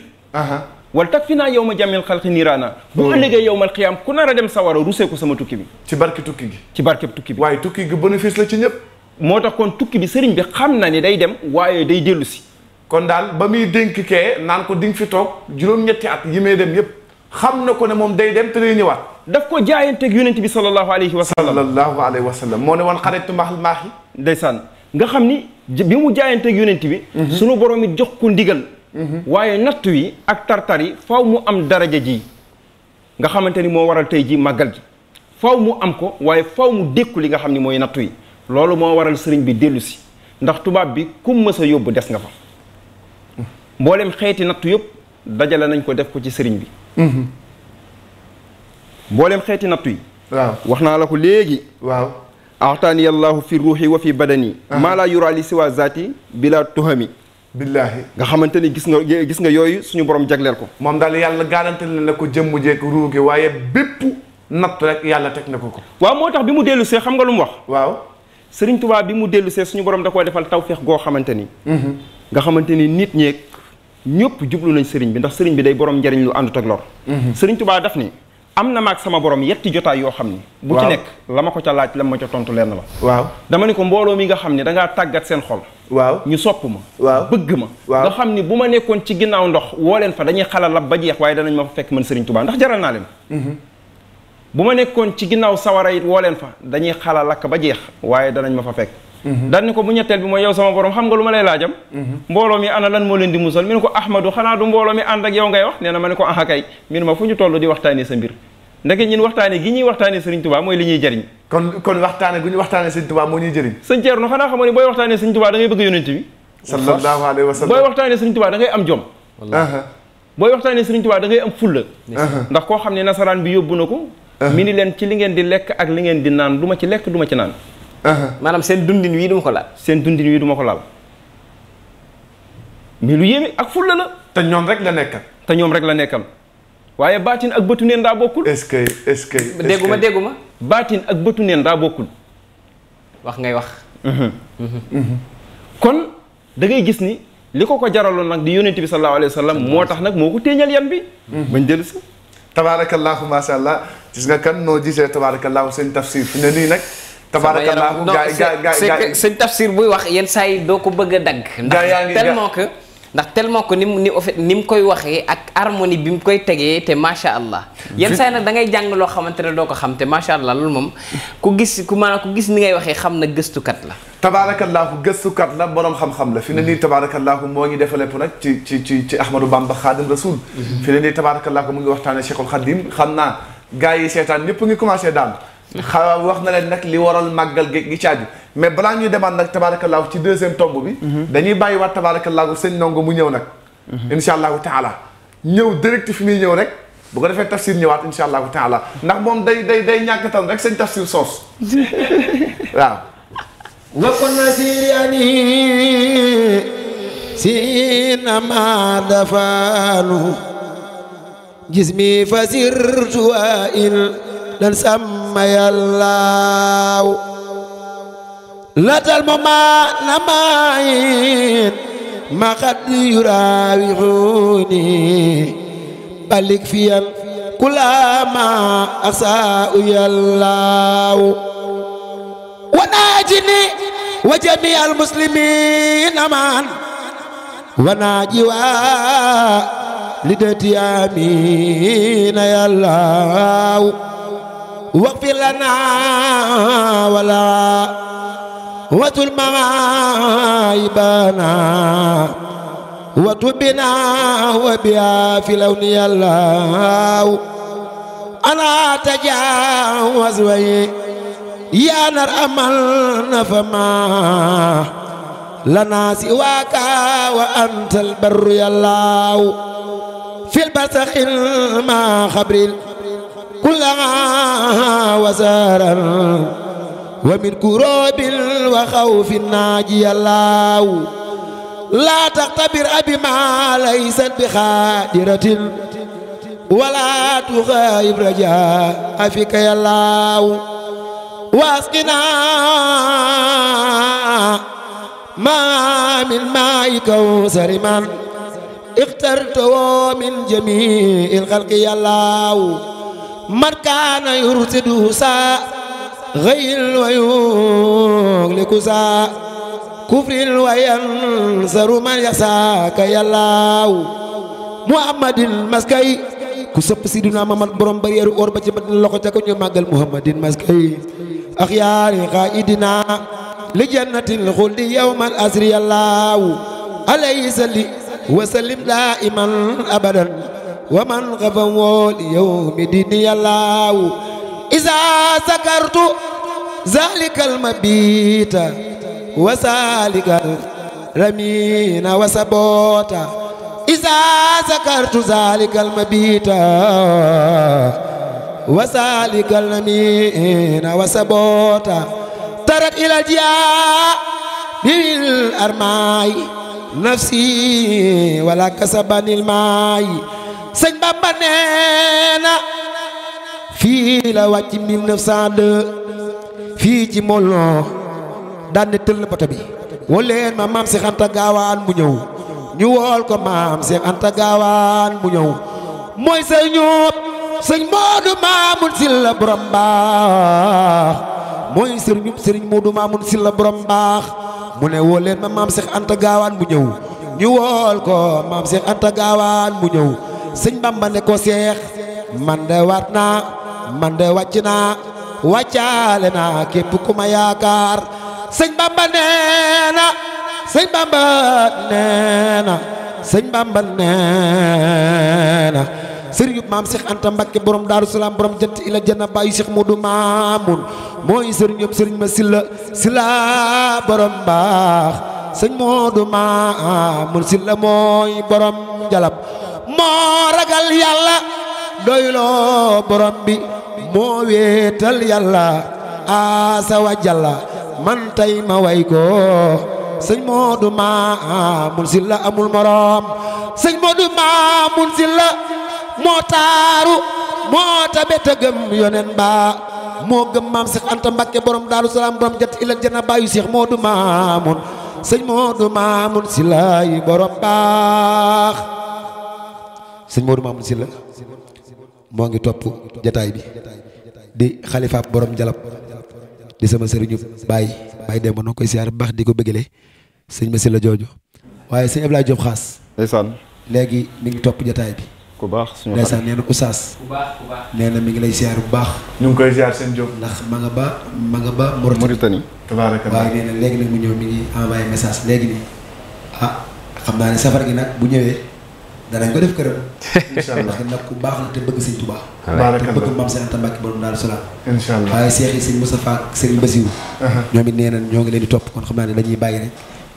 Speaker 8: wala tag fi naa yow ma jàmmeel xalqi niiraana bu oh. ëllëgee yow mal xiyaam ku nar a dem sawara rusee ko sama tukki bi ci barke tukki gi ci barkeb tukki bi waaye tukki gi bénéfice
Speaker 2: la ci ñëpp moo tax kon tukki bi sëriñ bi xam na ni day dem waaye day dellu si kon daal ba muy dénk kee naan ko di fi toog juróom-ñetti at yi may dem yëpp xam na ko ne moom day dem te day ñëwaat. daf ko jaayanteeg yonent bi sallallahu alayhi wa sallam. sallallahu alayhi wa sallam moo ne woon
Speaker 8: xaritu maax maaxi. ndeysaan nga xam ni bi mu jaayanteeg yonent bi. Mhm. sunu borom it jox ko ndigal. Mhm. waaye nattu yi ak tartar yi faaw mu am daraja ji nga xamante ni moo waral tey jii màggal gi faaw mu am ko waaye faaw mu dékku li nga xam ni mooy nattu yi loolu moo waral sëriñ bi dellu si ndax tubaab bi ku mës yóbbu des nga fa mm. mboolem xeeti nattu yëpp dajale nañ ko def ko ci sëriñ bi. Mhm. mboolem xeeti nattu yi. waaw wax naa la ko léegi. waaw axtaani yàllaahu fi ruuxi wa fi badani. maa laa yuraali siwa zaati bila tuhami. billaahi nga xamante ni gis nga gis nga yooyu suñu borom jagleel ko. moom daal yàlla garantil na la ko jëm jeeg ruu gi waaye bépp
Speaker 2: natt rek yàlla teg na ko ko.
Speaker 8: waaw moo tax bi mu dellu see xam nga lu mu wax. waaw Serigne Touba bi mu dellu see suñu borom da koo defal tawféex goo xamante ni. Mhm. nga xamante nit ñeeg. ñëpp jublu nañ sëriñ bi ndax sëriñ bi day borom njariñ lu àndut ak lor mhm. sëriñ Tuubaa daf ni am na maag sama borom yetti jotaay yoo xam ni bu ci nekk la ma ko ca laaj la ma ca tontu lenn la waaw dama ne ko mbooloo mi nga xam ne dangaa tàggat seen xol waaw ñu sopp ma waaw bëgg ma nga xam ni bu ma nekkoon ci ginnaaw ndox woo leen fa dañuy xala lab ba jeex waaye danañ ma fa fekk man sëriñ Tuubaa ndax mhm. bu ma nekkoon ci ginnaaw sawara it woo leen fa dañuy xala lakk ba jeex waaye danañ ma fa fekk Mhm. daan ni ko bu ñetteel bi mooy yow sama borom xam nga lu ma mhm. leen di musal mi ne ko ahmadu xanaa du mbooloo mi ànd ak yow ngay wax nee na ma ne ko aha kay mi ne ma fu ñu toll di waxtaanee sa mbir ndeke ñun waxtaane gi ne booy waxtaane Serigne Touba da ngay bëgg yonent bi booy waxtaane Serigne Touba da am jom booy waxtaane Serigne Touba da am fulla ndax koo xam ne nasaraan bi yóbbu na ko mi ni leen ci li ngeen di lekk ak li ngeen di naan du ma ci lekk du ma ci naan Uh-huh. maanaam seen dundin wii duma ko laal seen dundin wii duma ko laal mais lu yéeme ak fulla na te ñoom rek la nekkal te ñoom rek la nekkal waaye baatin ak bëtu neen daa bokkul est-ce que est-ce dégguma dégguma baatin ak bëtu neen daa bokkul wax ngay wax
Speaker 4: uh-huh. Uh-huh.
Speaker 8: kon da ngay gis ni li ko ko jaraloon
Speaker 2: nag di yonent bi sallallahu alayhi wa sallam moo tax nag moo ko téeñal yan bi bañ dellu si tabaarakallaahu maasha allah gis nga kan noo gisee tabaarakallaahu seen tafsir fi ne nii nag tabaarakallaa gaa gaa gaa sëñ
Speaker 1: tafsir buy wax yenn saa yi doo ko bëgg a dagg. gaa yaa ndax tellement que ni mu ni ni mu koy waxee ak harmonie bi mu koy tegee te macha allah. yenn saa yi da ngay jàng loo xamante ne doo ko xam macha allah moom ku gis ku maanaam ku gis ni ngay waxee xam
Speaker 2: na gëstukat la. tabaarakallaahu gëstukat la borom xam-xam la fi ne nii tabaarakallaahu moo ngi def lépp nag ci ci ci ci Ahmadou Bamba Xaadim Rasul. Mhm. fi ne nii tabaarakallaahu mu ngi waxtaanee Cheikhul Xadim xam naa gars yi seetaan ñëpp ngi commencé daan wax na leen nag li waral màggal géeg gi caaju mais balaa ñuy demaat nag tabaarakallaahu ci deuxième tomb bi dañuy bàyyiwaat tabaarakallaahu sëñ ndongo mu ñëw nag insha allahu taala ñëw direct fi muy ñëw rek bu ko defee tafsir ñëwaat insha allahu taala ndax moom day day day ñàkk tan rek sëñ tafsir soos
Speaker 3: waaw wakonna siri ani sina ma dafalu jismi fasirtu wa il lan sammayallaaw latal mo ma namayin ma qad yuraawixuuni balik fiyan kulama asaa'u yallaaw wa naajini wa jamii almuslimiin amaan wa naaji waa lidati amiin yallaaw واغفر لنا ولا وتل مغايبنا وتبنا وبها في لون الله أنا تجاوز وي يا نار أملنا فما لنا سواك وأنت البر يا الله في البرزخ ما خبر كلما وزارا ومن كروب وخوف ناجي الله لا تختبر بما ليس بخادرة ولا تخايب رجاء فيك يا الله واسقنا ما من ماء كوثر من اخترته من جميع الخلق يا الله من كان يرتد ساء غير ويغلق ساء كفر وينصر من يساك يا الله محمد المسكي ku sëpp sidina Mamad borom barrière or ba ci ba loxo ca ko ñu màggal muhammadin maskay akhyaari qaidina li jannatil khuldi yawmal asri yallahu alayhi salli wa sallim daiman abadan ومن غفوا ليوم ديني الله إذا ذكرت ذلك المبيت وسالك رمين وسبوت إذا ذكرت ذلك المبيت وسالك الرمين وسبوت ترت إلى الجياء بالأرماي نفسي ولا كسبني الماي sëñ Bamba nee fii la wàcc 1902 fii ci Molo daan ne tëll bato bi waleen ma maam Cheikh Anta Gaawaan mu ñëw ñu wool ko maam Cheikh Anta Gaawaan mu ñëw mooy sëñu sëñ Moodu Maamun Silla borom baax mooy sëriñu sëriñ Moodu Maamun Silla borom baax mu ne woo leen ma maam Cheikh Anta Gaawaan mu ñëw ñu wool ko maam Cheikh Anta Gaawaan mu ñëw sëñ Bamba ne ko seex man de waat naa man de wàcc naa wàccaale naa képp ku ma yaakaar sëñ Bamba nee na sëñ Bamba nee na sëñ Bamba nee na sëriñ maam Cheikh Anta Mbacke borom Daaru borom jant ila janna bàyyi Cheikh Modou Mamoun mooy sëriñ sëriñ ma silla silla borom baax sëñ Modou Mamoun silla mooy borom jalab moo ragal yàlla doyloo borom bi moo wéetal yàlla aasa wa man tay ma way ko sëñ Modou Mamoune Sylla amul morom sëñ Modou Mamoune Sylla moo taaru moo tabe te gëm yonen ba moo gëm maam Seex Anta Mbakke borom Daaru borom jat ilal jana baayu Seex Modou Mamoune sëñ Modou Mamoune Sylla yi borom baax sëñ Modou Mamoun Sylla moo ngi topp jataay bi di xalifaab borom jalab di sama sëriñu bàyyi bàyyi dem noo koy siyaar bu baax di ko bëggalee sëñ ma Sylla jooju waaye sëñ Abdoulaye Diop xaas ndeysaan léegi mi ngi topp jataay bi ku baax suñu ndeysaan nee na Oustaz nee na mi ngi lay siyaar bu baax ñu ngi koy siyaar seen Diop ndax ma nga ba ma nga ba Mauritanie tabaaraka waaye nee léegi nag mu ñëw mi ngi envoyé message léegi nii ah xam naa ne safar gi nag bu ñëwee danañ ko def këram. incha allah ndax nag ku baax la te bëgg sëñ Tuubaa. te bëgg maam Seex Anta Mbàkke borom daal salaam. incha waaye seex yi sëñ Moustapha ak sëñ uh-huh. ñoom it nee ñoo ngi leen topp kon xam naa ne dañuy bàyyi rek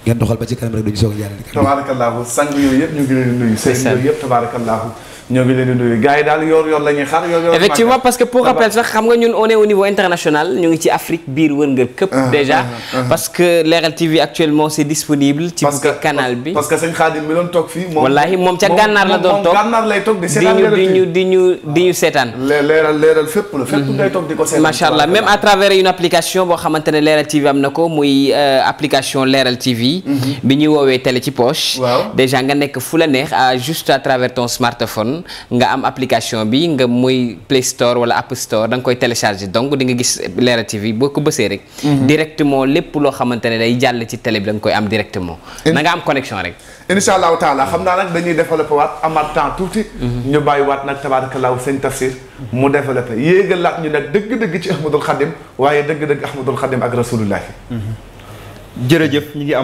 Speaker 3: ngeen doxal ba ci kanam rek duñu soog a jàllale.
Speaker 2: tabaarakallaahu sang yooyu yëpp ñu ngi leen di nuyu. yooyu yëpp tabaarakallaahu
Speaker 3: ñoo ngi leen di nuyu
Speaker 2: gars yi daal yor yor la ñuy xaar yor yor effectivement parce que pour rappel
Speaker 1: sax xam nga ñun on est au niveau international ñu ngi ci Afrique biir wërngër këpp ah, déjà ah, ah, parce que Leral TV actuellement c'est disponible ci canal bi parce que sëñ Khadim mi doon toog fii moom wallaahi moom ca gànnaar la doon toog gànnaar lay
Speaker 2: toog di seetaan di ñu
Speaker 1: di ñu di ñu seetaan
Speaker 2: leeral leeral fépp la fépp mhm. ngay toog di ko seetaan macha allah même à
Speaker 1: travers une application boo xamante ne Leral TV am na ko muy euh, application Leral TV mhm. bi ñuy woowee télé ci poche déjà nga nekk fu la neex à juste à travers ton smartphone téléphone nga am application bi nga muy Play Store wala App Store da nga koy télécharger donc di nga gis Leral TV boo ko bësee rek. Mhm. directement lépp
Speaker 2: loo xamante ne
Speaker 1: day jàll ci télé bi da koy am directement. na am
Speaker 2: connexion rek. incha allahu taala xam naa nag dañuy développé waat amaat temps tuuti. Mhm. ñu bàyyi waat nag tabaarakallaahu sëñ Tafsir mu développé yéegal laat ñu nag dëgg-dëgg ci Ahmadul Xadim waaye dëgg-dëgg Ahmadul Xadim ak rasulullahi. Mhm.
Speaker 8: jërëjëf ñu ngi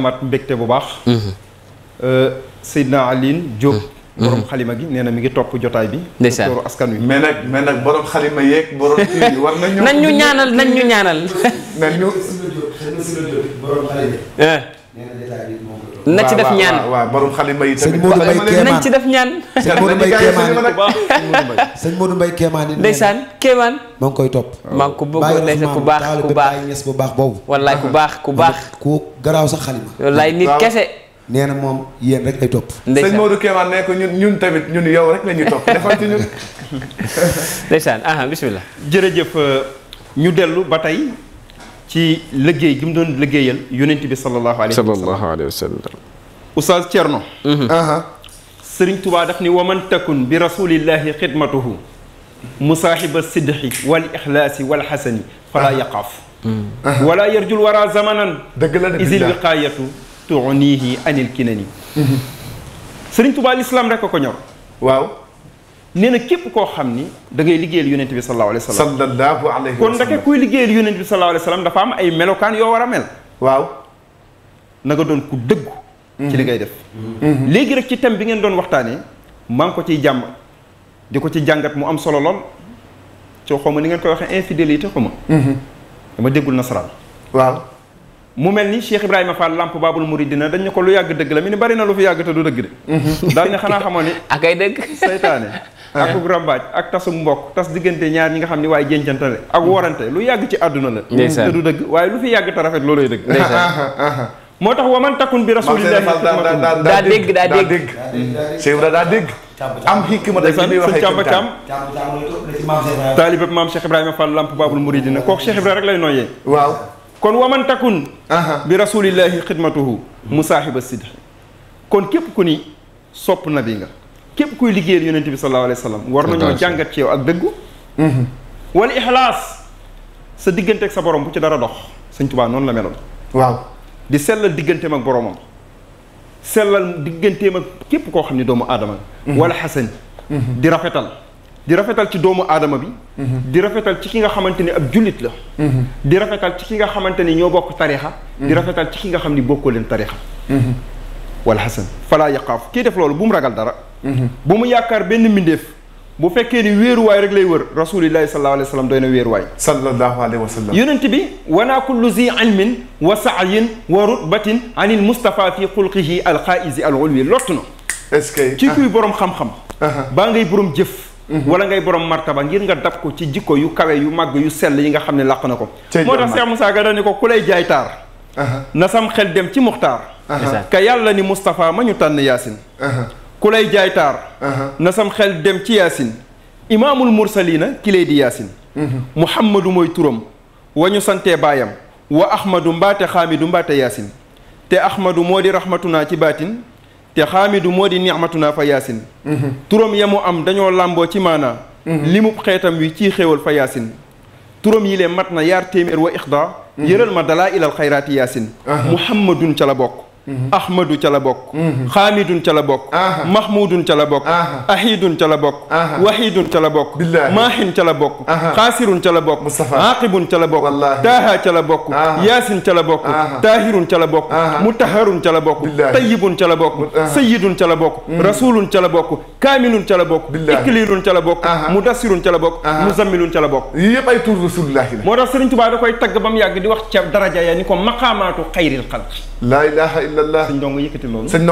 Speaker 8: Mm-hmm. borom xalima gi nee na mi ngi topp jotaay bi. ndeysaan turu askan wi. mais nag mais
Speaker 2: nag xalima yeeg borom kii bi war nañu. nañ ñu ñaanal nañ ñu
Speaker 3: eh. na ci def ñaan waaw
Speaker 2: waaw borom xalima yi tamit.
Speaker 3: Kéemaan nañ ci def ñaan. sëñ Modou Mbaye Kéemaan sëñ Modou Mbaye Kéemaan. ndeysaan Kéemaan. ngi koy topp. Oh. maa ngi ko bëgg ndeysaan ku baax ku baax bàyyi ñes bu baax boobu. wallaay ku baax ku baax. ku garaaw sax xalima. wallaay nit kese. nee na moom yéen rek lay topp. ndeysaan sëñ
Speaker 2: Modou Kéemaan ne ko ñun ñun tamit ñun yow rek la ñuy topp defal ci ñun.
Speaker 3: ndeysaan
Speaker 8: aha bismillah. jërëjëf euh, ñu dellu ba tey ci liggéey gi mu doon liggéeyal yonent bi sallallahu alayhi wa sallam. sallallahu alayhi wa sallam. Oustaz Thierno. Mhm. Sëriñ Tuubaa daf ni waman takun bi rasulillahi xidmatuhu musaahiba sidxi wal ixlaasi wal xasani. falaa yaqaaf. wala yarjul wara zamanan. dëgg la dëgg la isil wiqaayatu nii tunihi anil kinani sëriñ tubaa lislaam rek a ko ñor waaw nee na képp koo xam ni da ngay liggéeyal yonent bi sallallahu alayhi wa sallam sallallahu alayhi kon ndake kuy liggéeyal yonent bi sallallahu alayhi wa sallam dafa am ay melokaan yoo war a mel waaw na doon ku dëggu ci li ngay def mm-hmm. léegi rek ci thème bi ngeen doon waxtaanee maa ngi ko ciy jàmm di ko ci jàngat mu am solo lool ci xaw ma ni ngeen koy waxee infidélité xaw ma mm-hmm. dama déggul nasaraan waaw mu mel ni Cheikh Ibrahima Fall lamp baabul muridina dañ ne ko lu yàgg dëgg la mi ni bari na lu fi yàgg te du dëgg de mhm. daal ne xanaa xamoon ni ak ay dëgg saytaane ak ug rambaaj ak tasum mbokk tas diggante ñaar ñi nga xam ni waaye jéncantale ak mhm. warante lu yàgg ci àdduna la te du dëgg waaye lu fi yàgg te rafet looloy dëgg moo tax wa man takkun bi rasulillahi daa dégg daa dégg Cheikh Ibrahima daa dégg am xikma da ci waxee càmba càmm taalibe maam Cheikh Ibrahima Fall lamp baabul muridina kooku Cheikh Ibrahima rek lay nooyee waaw kon waman takun bi rasulillahi xidmatuhu musaahiba sidq kon képp ku ni sopp nabi nga képp kuy liggéeyal yonent bi sallallahu alayhi wa sallam war nañoo jàngat ci yow ak dëggu mhm. wala ixlaas sa diggante ak sa borom bu ci dara dox sëñ Tuubaa noonu la meloon waaw di sellal digganteem ak boromam sellal digganteem ak képp koo xam ne doomu aadama mhm. wala xasan mhm. di rafetal di rafetal ci doomu aadama bi mhm. di rafetal ci ki nga xamante ni ab jullit la mhm. di rafetal ci ki nga xamante ni ñoo bokk tarixa di mhm. rafetal ci ki nga xam ni bokkoo leen tarixa wala xasan falaa yaqaaf kii def loolu bu mu ragal dara bu mu yaakaar benn mbindeef bu fekkee ni wéeruwaay rek lay wër rasulillahi sallallahu alayhi wa sallam doy na wéeruwaay sallallahu alayhi wa sallam yonent bi wanaa kullu zi ilmin wa saayin wa rutbatin anil mustafa fi xulqihi alxaaisi al ulwi lottu na est-ce que ci ah. kuy borom xam-xam uh-huh. baa ngay borom jëf Mm-hmm. wala ngay borom martaba ngir nga dab ko ci jikko yu kawe yu màgg yu sell yi nga xam ne làq na ko moo tax Cheikh Moussa Ka dani ko ku lay jaay taar na sam xel dem ci muxtaar ka ni Moustapha ma ñu tànn yaasin ku lay jaay taar na sam dem ci yaasin imaamul mursalina ki lay di yaasin muhammadu mm-hmm. mooy turam wa ñu santee baayam wa ahmadu mbaate xaamidu mbaate yaasin te ahmadu moo di naa ci baatin te xaamidu moo di ni'matuna fa yaasin mhm. turam ya mu am dañoo làmboo ci maanaa mhm. limub xeetam wi ci xewal fa yaasin turam yi lee mat na yar téeméer wa ixda mhm. yëral ma dalaa ilal xayraati yaasin muhammadun ca la bokk ahmadou ca la bokk xaamidun ca la bokk mahmudun ca la bokk ahidun ca la bokk wahidun ca la bokk maahin ca la bokk xaasirun ca la bokk aaqibun ca la bokk taaha ca la bokk yaasin ca la bokk taahirun ca la bokk mutaharun ca la bokk tayyibun ca la bokk sayyidun ca la bokk rasulun ca la bokk kaamilun ca la bokk ikliilun ca la bokk mudassirun ca la bokk muzammilun ca la bokk yii yëpp ay tur rasulullahi la moo tax Sëriñ Tuubaa da koy tagg ba mu yàgg di wax ca daraja ya ni ko maqaamaatu xayril xalq illallah. sëñ ndongo yëkkati loolu. sëñ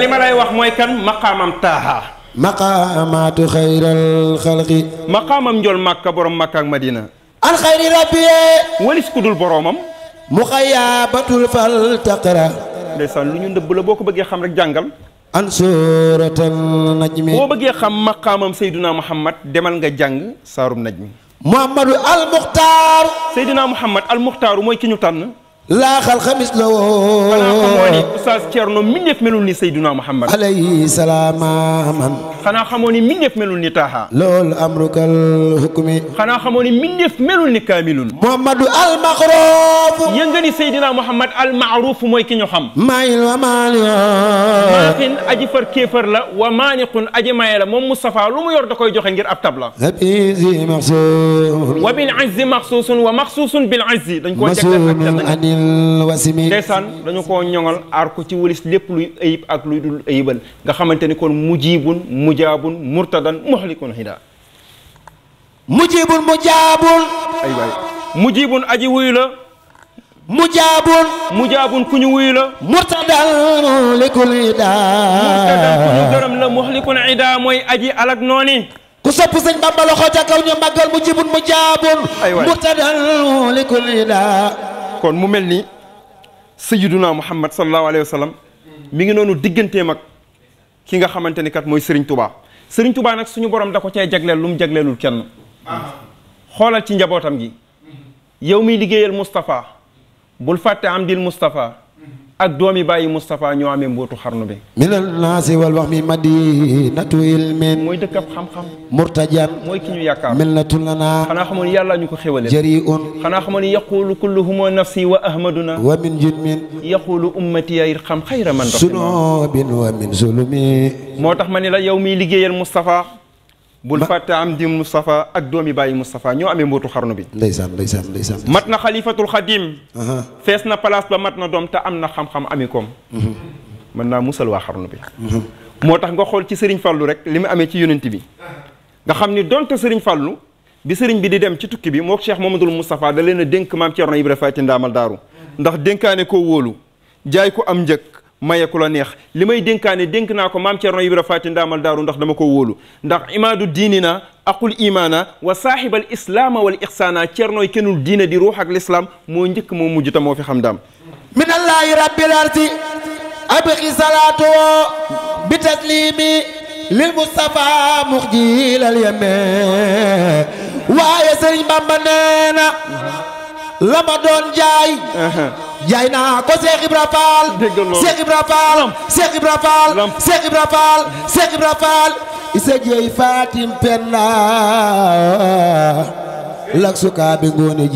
Speaker 8: li ma lay wax mooy kan maqaamam Taaha.
Speaker 3: maqaamaatu xayral xalqi.
Speaker 8: maqaamam njool Makka borom Makka Madina. alxayri rabbi. walis ku boromam. muxayaabatul fal taqra. lu ñu ndëbb la boo ko bëggee xam rek jàngal.
Speaker 3: an suratal najmi boo
Speaker 8: bëggee xam maqaamam Seydina Muhammad demal nga jàng saarum mi Muhammadu al Muxtaar Seydina Muhammad al Muxtaaru mooy ki ñu tànn
Speaker 3: laaxal xamis la woo. xanaa ko moo ni
Speaker 8: Oustaz Thierno mbindeef melul ni Seydina Muhammad.
Speaker 3: alayhi salaam man.
Speaker 8: xanaa xamoo ni mbindeef melul ni Taaha.
Speaker 3: loolu amrukal hukmi.
Speaker 8: xanaa xamoo ni mbindeef melul ni Kaamilun. Muhammadu al Maxruuf. yënga ni Seydina Muhammad al Maxruuf mooy ki ñu xam. maayil wa maali. maaxin aji far kéefar la wa maaniqun aji maye la moom Moustapha lu mu yor da koy joxe ngir ab tabla.
Speaker 3: abizi maxsuus. wa
Speaker 8: bil izzi maxsuusun wa maxsuusun bil izzi dañ koo jagleel
Speaker 3: ak wasimi ndeysaan
Speaker 8: dañu koo ñoŋal aar ko ci walis lépp luy ayib ak luy dul ayibal nga xamante ni kon mujibun mujaabun murtadan muhlikun hida mujibun mujaabun ay waay mujibun aji wuyu la mujaabun mujaabun ku ñu wuyu la murtadan likul hida murtadan
Speaker 3: aji alak nooni ku sopp sëñ Bamba loxo ca kaw ñu màggal mujibun mujaabun murtadan likul hida
Speaker 8: kon mu mel ni sayyiduna muhammad sallallahu alayhi wa sallam mi ngi noonu digganteem mag ki nga xamante ni kat mooy Serigne Touba Serigne tubaa nag suñu borom da ko cee jagleel lu mu jagleelul kenn xoolal ci njabootam gi yow mi liggéeyal Moustapha bul fàtte am dil Moustapha ak doomi bàyyi Moustapha ñoo amee mbootu xarnu bi
Speaker 3: minal naasi wal wax mi madinatu ilmin
Speaker 8: mooy dëkk ab xam-xam murtajan mooy ki ñu yaakaar
Speaker 3: milnatun lana
Speaker 8: xanaa xamoon yàlla ñu ko xéwale jëri un xanaa xamoon yaqulu kulluhuma nafsi wa ahmaduna wa min judmin yaqulu ummati yayit xam xayra man
Speaker 3: sunobin wa min zulumi
Speaker 8: moo tax ma ne la yow miy liggéeyal Moustapha bul fàtte am di Moustapha ak doom doomi bàyyi Moustapha ñoo amee mbootu xarnu bi ndeysaan
Speaker 3: ndeysaan ndeysaan
Speaker 8: mat na xalifatul xadim fees na place ba mat na doom te am na xam-xam ami koom mhm. mën naa musal waa xarnu bi mhm. moo tax nga xool ci sëriñ fàllu rek li mu amee ci yonent bi nga xam ni donte sëriñ fallu bi sëriñ bi di dem ci tukki bi moo Cheikh Mamadul Moustapha da leen a dénk maam Cerno Ibra Faati ndaamal daaru ndax dénkaane koo wóolu jaay ko am njëg maye ku neex li may dénkaane denk naa ko maam Cerno Ibra Faati ndaamal daaru ndax dama ko wóolu ndax imaadu diinina aqul imaana wa saahibal islaama wal ixsaana cernooy kennul diina di ruux ak lislaam moo njëkk moo mujj ta moo fi xam daam
Speaker 3: min allaahi rabbil ardi abqi salaatu bi taslimi lil mustafa muxjilal yeme waaye sëriñ bamba nee na la doon jaay jaay naa ko Cheikh Ibra Fall. dégg nga loolu Cheikh Ibra Fall. Cheikh Ibra Fall. Cheikh Ibra Fall. Cheikh Ibra Fall. Isa Jéy Fatim Penda lak sukaa bi ngoone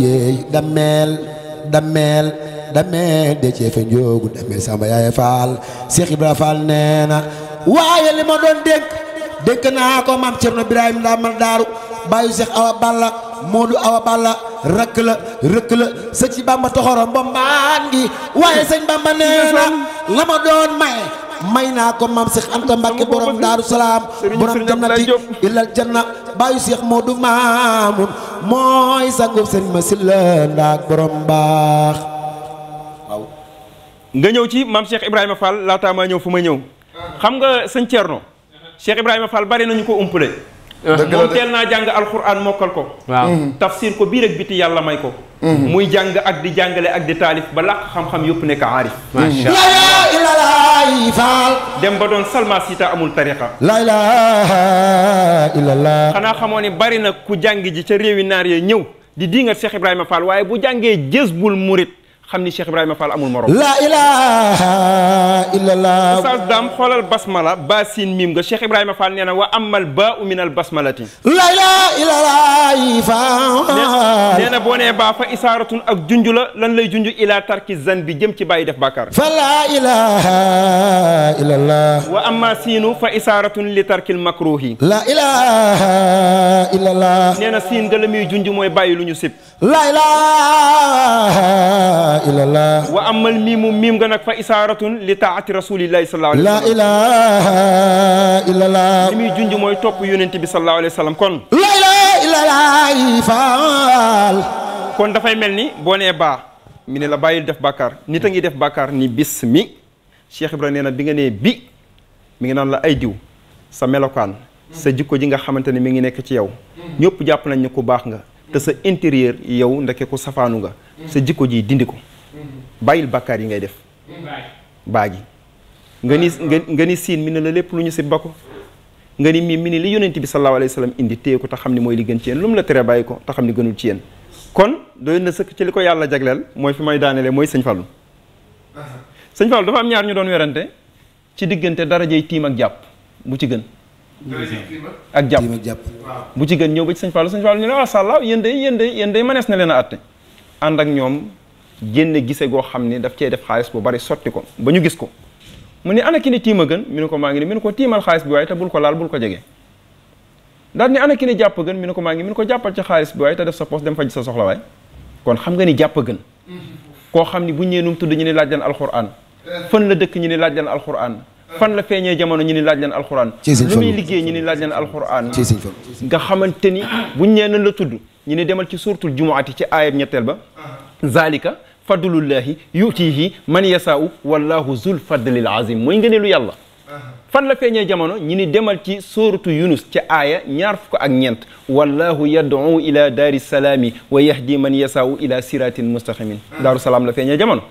Speaker 3: de ceefe njoogu dameel samba yaay faal Cheikh Ibra Fall nee na waaye li ma doon dénk dénk naa ko maam Cerno Birahim Ndamal Daaru bàyyu Cheikh Awa Balla Moodu Awa Balla rakk la rëkk la sëñ si bamba toxorom ba mbaan ngi waaye sëñ bamba nee na la ma doon maye may naa ko maam Cheikh Anta Mbacke borom Daaru Salaam borom jannati ilal janna baayu Cheikh Modou Mamoun mooy sangub sëñ ma silla ndaak borom baax
Speaker 8: nga ñëw ci maam Cheikh Ibrahima Fall laataa maa ñëw fu ma ñëw xam nga sëñ Thierno Cheikh Ibrahima Fall bari nañu ko umpale Euh, moom teel naa jàng alxuraan mokkal ko waaw mhm. tafsir ko bii rek biti yàlla may ko mhm. muy jàng ak di jàngale ak di taalif ba làq xam-xam yëpp nekk aarif macha allah mhm. dem ba doon salma sita amul tariqa
Speaker 3: la ilaha illallah
Speaker 8: xanaa xamoo ne bari na ku jàng ji ca réewi naar yee ñëw di di nga Cheikh Ibrahima Fall waaye bu jàngee jës bul murit xam ni Cheikh Ibrahima Fall amul morom. la
Speaker 3: ilaha illallah. Oustaz
Speaker 8: Dame basmala ba siin miim nga Cheikh Ibrahima Fall nee na wa amal ba uminal basmalati.
Speaker 3: la ilaha illallah. nee
Speaker 8: na boo nee baa fa isaaratun ak junj lan lay junj ila tarki zan bi jëm ci bàyyi def bàkkaar. fa la
Speaker 3: ilaha illallah. la ilaha
Speaker 8: illallah. nee la muy junj mooy bàyyi lu la ilaha. ilaha illallah wa amal miimu miim nga nag fa isaaratun li taati rasulillahi sallallahu alayhi wa sallam la
Speaker 3: ilaha illallah li muy junj
Speaker 8: mooy topp yonent bi sallallahu alayhi wa sallam kon
Speaker 3: la ilaha illallah faal
Speaker 8: kon dafay mel ni boo nee baa mi ne la bàyyil def bàkkaar nit a ngi def bàkkaar ni bis mi Cheikh Ibra nee na bi nga nee bi mi ngi naan la ay diw sa melokaan sa jikko ji nga xamante ne mi ngi nekk ci yow ñëpp jàpp nañ ne ku baax nga te sa intérieur yow ndeke ko safaanu nga mm-hmm. sa jikko ji dindi ko
Speaker 4: mm-hmm.
Speaker 8: bàyyil bàkkaar yi ngay def mm-hmm. baagi nga ni nga ni siin mi ne la lépp lu ñu si bako nga ni mii mi ni li yonent bi sallallahu alayhi wa indi téye ko te xam ne mooy li gën ci yéen lu mu la tere bàyyi ko te xam ne gënul ci yéen kon doy na sëkk ci li ko yàlla jagleel mooy fi may daanelee mooy sëñ Fallou
Speaker 4: uh-huh.
Speaker 8: sëñ Fallou dafa am ñaar ñu doon werante ci diggante darajey tiim ak jàpp bu ci gën ak jàpp ak bu ci gën ñëw ba ci sëñ Fallou sëñ Fallou ñu ne macha allah yéen de yéen de yéen de mënees na leen a atte ànd ak ñoom génne gise goo xam ni daf cee def xaalis bu bari sotti ko ba ñu gis ko mu ne ana ki ne tiim a gën mi ne ko maa ngi ne mi ne ko xaalis bi waaye te laal bul ko jege daal ni ana ki ne jàpp gën mi ne ko maa ngi mi ne ko jàppal ci xaalis bi waaye te def sa poos dem faj sa soxla waay kon xam nga ni jàpp gën mm-hmm. koo xam ni bu ñeenum tudd ñu ne laaj leen alxuraan fën la dëkk ñu ne laaj leen alxuraan fan la feeñee jamono ñu ni laaj leen al alxuraan lu muy liggéey ñu ni laaj leen alxuraan nga xamante ni buñ nee nan la tudd ñu ne demal ci suuratul jumuati ci aayab ñetteel ba zalika fadlullahi yutihi man yasaau wallahu zul fadlil azim mooy ngëneelu yàlla fan la feeñee jamono ñi ni demal ci sóoratu yunus ci aaya ñaar fukk ak ñeent wallahu yad'u ila daari salaami wa yahdi man yasaau ila siratin mustaqimin daaru salaam la feeñe jamono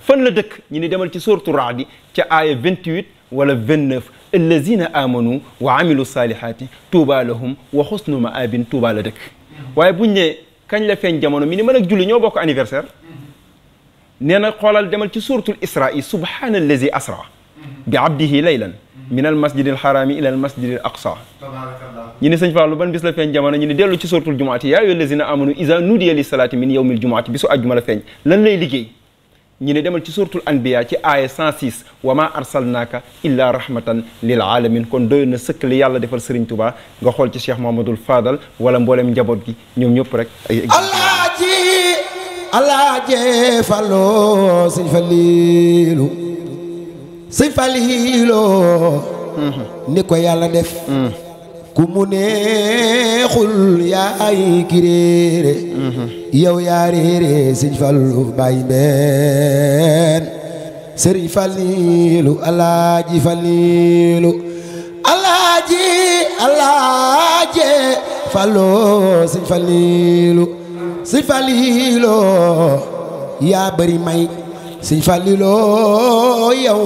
Speaker 8: fan la dëkk demal ci sóoratu raadi ca aaya 28 wala 29 allazina amanu wa amilu salihati tuuba lahum wa xusnu maabin tuuba la dëkk waaye buñ ne kañ la feeñ jamono mi ni mën ak julli ñoo bokk anniversaire nee na xoolal demal ci suratul isra'i subhaana allazi asra bi abdihi laylan min al masjid al xaraami ila al masjid al aqsa ñu ni sëñ Fallou ban bis la feeñ jamono ñu ni dellu ci suratul jumaati yaa ayyuha allazina amanu iza nudiya li salaati min yawmi al jumaati bisu àjjuma la feeñ lan lay liggéey ñu ne demal ci suratul anbiya ci aaya 106 wa ma arsalnaaka illa rahmatan lil alamin kon doy na sëkk li yàlla defal Serigne Touba nga xool ci Cheikh Mouhamadoul Fadal wala mboolem njaboot gi ñoom ñëpp rek
Speaker 3: alaaji alaaji falo mhm. ni ko yàlla def mhm. ku mu neexul yaay ki réere yow yaa réere sëñ Fallu Baay Mbeen sëriñ Fallilu alaaji Fallilu alaaji alaaje Fallu sëñ Fallilu sëñ Fallilu yaa bari may sëñ Fallilu yow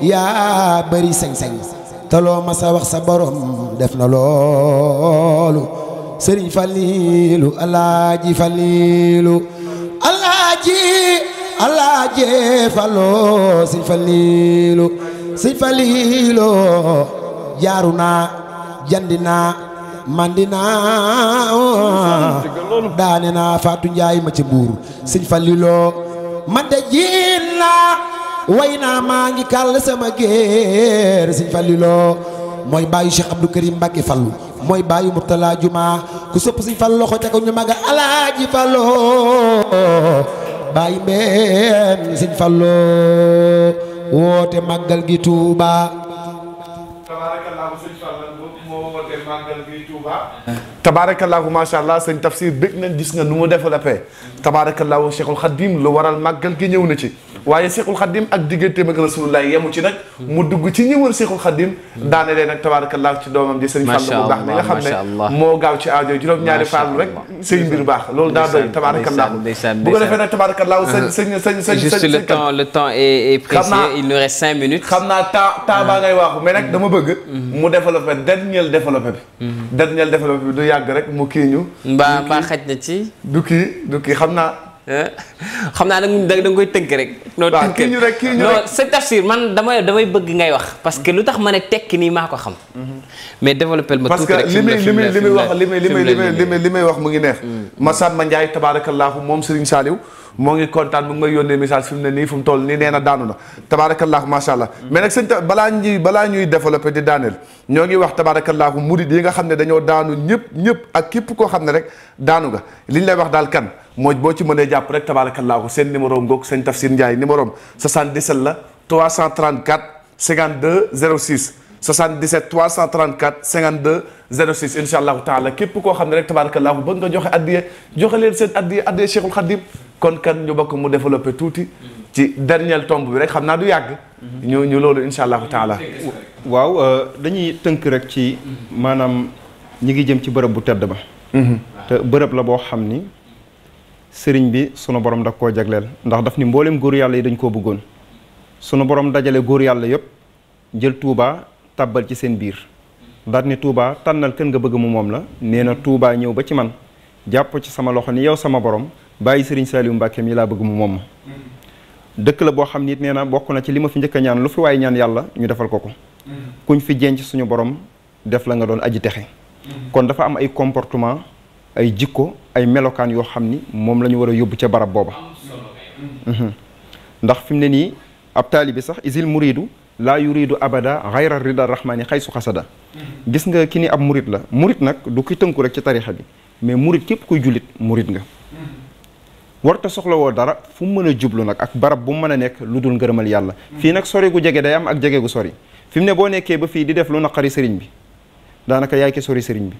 Speaker 3: yaa bari sañ te loo masa wax sa borom def na loolu sëriñ Faliilu alaaji Faliilu alaaji alaaji Falloo sëriñ Faliilu sëriñ Faliilu jaaru naa jandi naa mandi naa daane naa Faatu Njaay ma ci buur sëriñ Faliilu ma dejiin naa way naa maa ngi kàll sama géer sëñ Falliloo mooy baayu Cheikh Abdou Karim Mbacke Fallu mooy baayu Murtala ku sopp sëñ Fallu loxo ca ko ñu maga alaaji Falloo baayu mbeen sëñ Falloo woote màggal gi Touba.
Speaker 2: tabaarakallaahu macha allah sëñ tafsir bëgg nañ gis nga nu mu développé tabaarakallaahu cheikhul xadim lu waral màggal gi ñëw na ci waaye cheikhul xadim ak digganteem ak rasulullah yemu ci nag mu dugg ci ñëwal cheikhul xadim daane leen nag tabaarakallaahu ci doomam ji sëñ Fall bu baax mi nga xam ne moo gaaw ci aajo juróom ñaari Fall rek sëñ mbir baax loolu daa doy tabaarakallaahu bu ko defee nag tabaarakallaahu sëñ sëñ sëñ sëñ juste le
Speaker 1: temps le temps est précieux il xam naa
Speaker 2: temps temps baa ngay waaxu mais nag mm-hmm. mm-hmm. mu développé dernier développé bi mm-hmm. dernier bi yàgg rek mu kii ñu. mbaa mbaa xaj na ci. du kii du kii xam Eh? xam naa nag da nga koy tënk rek. noo tënk kii ñu rek kii ñu rek non sa
Speaker 1: tafsir man damay damay bëgg ngay wax. parce que lu tax ma ne tekki nii maa ko xam.
Speaker 2: Mhm. mais développé ma tuuti rek. parce que li wax li muy li muy li muy li muy wax mu ngi neex. Mm. Massamba Ndiaye tabaarakallaahu moom Serigne Saliou moo ngi kontaan mu ngi may yónnee message fi mu ne nii fu mu toll nii neena daanu na tabaarakallaahu macha allah. Mm. mais nag sëñ ta balaa ñuy balaa ñuy développé di daaneel ñoo ngi wax tabaarakallaahu murid yi nga xam ne dañoo daanu ñëpp ñëpp ak képp koo xam ne rek daanu nga liñ lay wax daal kan mooy boo ci mënee jàpp rek tabaarakallaahu seen numéro ngoog sëñ Tafsir Ndiaye numéro am 77 la 334 52 06 77 334 52 06 incha allahu taala képp koo xam ne rek tabaarakallaahu bëgg nga joxe addiye joxe leen seen addiye addiye Cheikhul Khadim kon kan ñu bokk mu développé tuuti ci dernier tomb bi rek xam naa du yàgg. ñu ñu loolu incha allahu taala. waaw euh, dañuy tënk rek ci
Speaker 8: maanaam ñi ngi jëm ci bërëb bu tedd ba. Mhm. te bërëb la boo xam ni. sëriñ bi sunu borom da koo jagleel ndax daf ni mboolem góor yàlla yi dañ koo bëggoon sunu boroom dajale góor yàlla yëpp jël Touba tàbbal ci seen biir daal ni Touba tànnal kën nga bëgg mu moom la nee na Touba ñëw ba ci man jàpp ci sama loxo ni yow sama borom bàyyi sëriñ Saliou Mbacke mi laa bëgg mu moom ma dëkk la boo xam ni nee na bokk na ci li ma fi njëkk ñaan lu fi waaye ñaan yàlla ñu defal ko ko kuñ fi jenc suñu borom def la nga doon aji texe kon dafa ay comportement ay jikko ay melokaan yoo xam ni moom lañu war a yóbbu ca barab booba mhm. ndax fi mu ne nii ab taalibi sax isil muridu laa yuridu abada xayra rida rahmaani xaysu xasada gis nga ki ni ab murit la murit nag du ki tënku rek ci tarixa bi mais murit képp kuy jullit murit nga warta soxlawoo dara fu mu mën a jublu nag ak barab bu mu mën a nekk lu dul ngërëmal yàlla fii nag sori gu jege day am ak jege gu sori fi mu ne boo nekkee ba fii di def lu naqari sëriñ bi daanaka yaay ke sori sëriñ bi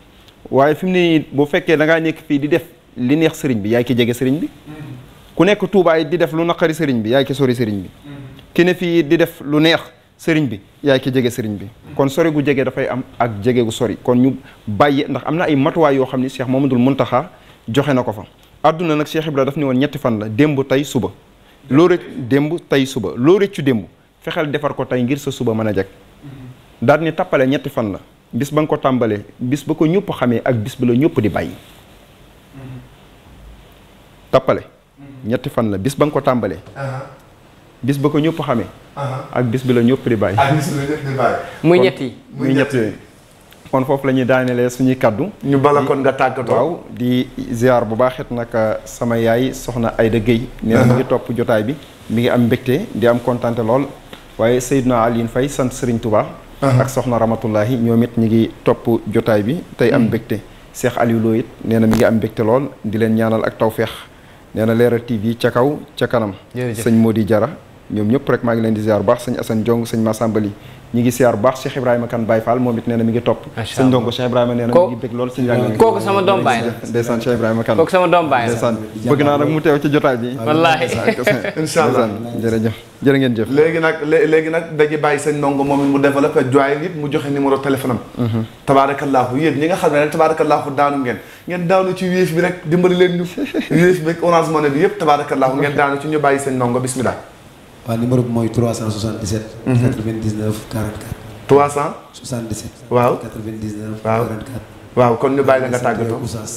Speaker 8: waaye fi mu ne bu fekkee da ngaa nekk fii di def li neex sëriñ bi yaay ki jege sëriñ bi mm-hmm. ku nekk tuubaay it di def lu naqari sëriñ bi yaay ki sori sëriñ bi mm-hmm. ki fii di def lu neex sëriñ bi yaay ki jege sëriñ bi mm-hmm. kon sori gu jege dafay am ak jege sori kon ñu bàyyi ndax am na ay matuwaay yoo xam ne ni Cheikh mun taxa joxe na ko fa àdduna nag bi Ibra daf ne woon ñetti fan la démb tey suba loo rëcc démb tey suba loo rëccu démb fexeel defar ko tey ngir sa suba mën a jeg daal ni tappale ñetti fan la bis ba nga ko tàmbalee bis ba ko ñëpp xamee ak bis bi la ñëpp di bàyyi tappale ñetti fan la bis ba nga ko tàmbalee bis ba ko ñëpp xamee ak bis bi la ñëpp di bàyyi muy ñett muy ñett yi foofu la ñuy daanelee suñuy kaddu ñu bala kon nga tàggatoo waaw di ziar bu baax baaxit nag uh, sama yaay soxna ay Guèye nee mu ngi topp jotaay bi mu ngi am mbégte di am kontaante lool waaye Seydina Alioune fay sant Serigne tubaa Uh-huh. ak soxna Ramatullahi ñoom it ñi ngi topp jotaay bi tey am mm. mbégte Cheikh Aliou it nee na mi ngi am mbégte lool di leen ñaanal ak tawféex nee na Leral TV ca kaw ca kanam sëñ di Jara ñoom ñëpp rek maa ngi leen di jaar baax sëñ Assane Diong sëñ sàmbali ñu ngi siyaar baax Cheikh Ibrahima Kane Baye Fall moom it nee mi ngi topp sëñ ndongo Cheikh Ibrahima nee na mi sama doom baay la bëgg naa nag mu
Speaker 2: teew ci jotaay bi
Speaker 1: wallaahi incha allah
Speaker 8: jërëjëf jërë ngeen jëf
Speaker 2: léegi nag léegi nag dañuy bàyyi sëñ ndongo moom mu développé joaay nit mu joxe numéro téléphone am mm-hmm. tabaarakallaahu yéen ñi nga xam ne rek tabaarakallaahu daanu ngeen ngeen daanu ci wéef bi rek dimbali leen ñu wéef bi orange money bi yëpp tabaarakallaahu
Speaker 3: waa numéro bi mooy 377. 99 44. 300. 77. waaw 99. waaw 44. waaw kon ñu bàyyi la nga tàggatoo Oustaz.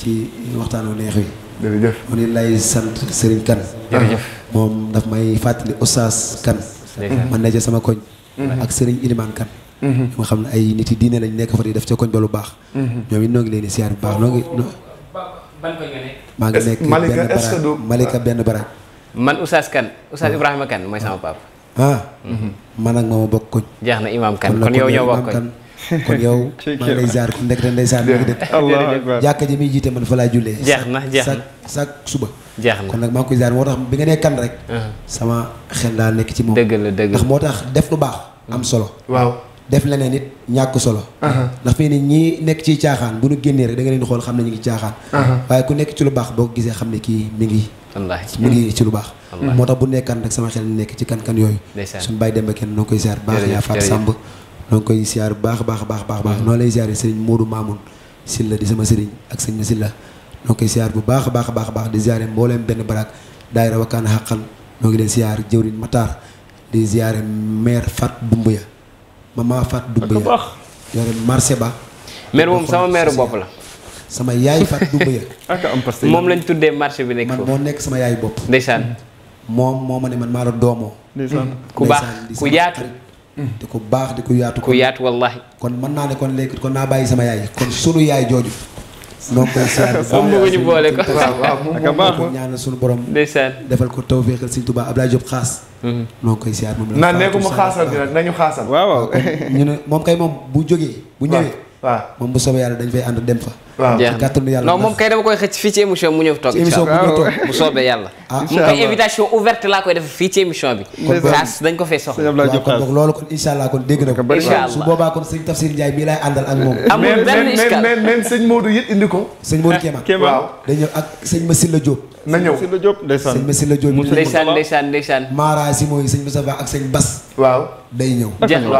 Speaker 3: ci waxtaan wu neex wi. jërëjëf mu ne lay sant Serigne Kane. jërëjëf moom daf may fàttali Oustaz Kane. man nekk sama koñ. Mhm. ak Serigne Ilimane Kane. ñu mhm. nga xam ne ay nit yi diine lañ nekk fa def ca koñ ba lu baax. Mhm. ñoom it noo ngi leen siyaar bu baax maa ngi nekk benn baraag Malika benn
Speaker 1: man Oustaz Kane Oustaz ah. Ibrahima Kane mooy sama ah. papa.
Speaker 3: ah. Mhm. man ak moom bokk koñ. jeex na Imaam Kane kon yow ñoo bokk koñ. kon yow maa ngi lay ziar ku nekk dañ lay jàkka ji muy jiite man fa laa jullee. jeex na jeex na chaque suba. jeex kon nag maa ngi koy ziar moo tax bi nga nee kan rek. Ah. sama xel daa nekk ci moom. dëgg la dëgg la ndax moo tax def lu baax am solo. waaw def leneen nit ñàkk solo. ndax fii nii ñii nekk ci caaxaan bu nu génnee rek da nga xool xam ne ñu ngi caaxaan. waaye ku nekk ci lu baax boo ko gisee xam ne kii mi ngi.
Speaker 1: ñu ngi ci
Speaker 3: lu baax moo tax bu nekkaan rek sama xel nekk ci kan-kan yooyu suñu bàyyi dem ba kenn noo koy ziar baax yaa faat sàmb noo koy ziar baax baax baax baax baax mm. noo lay ziare sëriñ Modou Mamoun Silla di sama sëriñ ak sëriñ na Silla noo koy ziar bu baax baax baax baax di ziare mbooleem benn baraak daayira wakkaan xaqan noo ngi leen ziar jëwriñ Matar di ziare maire Fat Doumbouya maman Fat Doumbouya ziare marché ba maire moom sama maire bopp la sama yaay fat du bëya
Speaker 1: moom lañ tuddee marché bi nekk foofu moo nekk sama yaay bopp
Speaker 3: ndeysaan moom moo ma ne man maa la doomoo ku baax ku di ko baax di ko yaatu ko yaatu wallahi kon mën naa ne kon kon naa bàyyi sama yaay kon sunu yaay jooju donc moom moo ñu boole ko waaw
Speaker 7: waaw moom moo ko
Speaker 3: ñaanal borom ndeysaan defal ko tawféexal Sëriñ Tuubaa Abdoulaye Diop xaas mm-hmm. noo koy siyaar moom la naan ne ko bi nag nañu ñu ne moom kay moom bu jógee bu ñëwee waaw moom bu soobee yàlla dañ fay ànd dem fa waaw ci kàttanu yàlla non moom
Speaker 1: kay dama koy xëcc fii ci émission mu ñëw toog toog bu soobee yàlla ah, koy invitation ouverte laa koy def fii ci émission bi saas
Speaker 2: dañ ko fay soxla
Speaker 1: waaw kon donc
Speaker 3: loolu kon incha allah kon dégg na ko su boobaa kon sëñ Tafsir Ndiaye bii laay àndal ak moom amul benn iskal même sëñ Modou it indi sëñ Modou Kéema waaw day ñëw ak sëñ Massila Diop na ñëw sëñ Basile Diop ndeysaan sëñ Basile Diop ndeysaan ndeysaan ndeysaan maara si mooy sëñ sa Ba ak sëñ Bas waaw day ñëw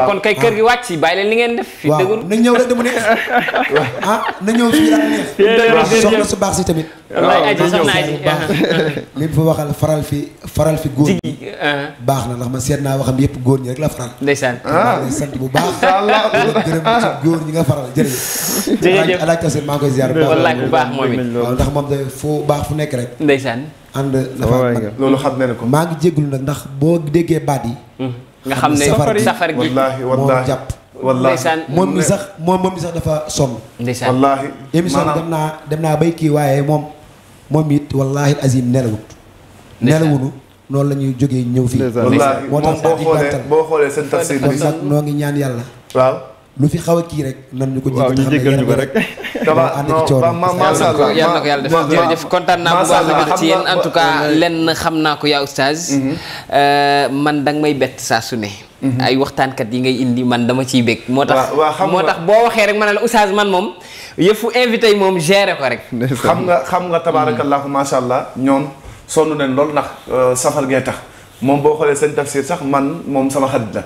Speaker 3: kon kay kër gi ah. wàcc yi bàyyi li ngeen def fi dëggul na ñëw rek dama neex ah na ñëw fii daal neex soxna su baax si tamit wallaay aji soxna waxal faral fi faral fi góor ñi ah. baax na ndax ma seet naa waxam yëpp góor ñi rek la faral ndeysaan ah. sant bu baax góor ñi nga faral jërëjëf jërëjëf alaaj maa koy ziar bu bu baax moom it ndax moom da fu baax fu nekk rek ndeysaan ànd nafaak oh loolu xam na ne ko maa ngi jégalu nag ndax boo déggee baat yi hmm. nga xam ne safar gi wallaahi wallaahi jàpp wallaahi moom mi sax moom moom mi sax dafa sonn ndeysaan wallaahi émission bi dem naa dem naa bay kii waaye moom moom it wallaahi azim nelawut nelawunu noonu la ñuy jógee ñëw fii moo tax
Speaker 2: boo xoolee seen
Speaker 1: tafsir bi sax
Speaker 3: noo ngi ñaan yàlla waaw lu fi xaw a kii rek nan ñu ko jégal ñu jégal ñu ko rek dama non macha allah yàlla yàlla def jërëjëf kontaan naa en
Speaker 1: tout cas lenn xam naa ko yaa oustaz mhm. euh, man danga may bett saa su ne mhm. ay waxtaankat yi ngay indi man dama ciy bég moo tax moo tax boo waxee
Speaker 2: rek ma ne la oustaz man moom yëfu invité yi moom géré ko rek xam nga xam nga tabaarakallahu macha mhm. allah ñoom sonn nañ lool ndax euh, safar gee tax moom boo xoolee sëñ tafsir sax man moom sama xarit la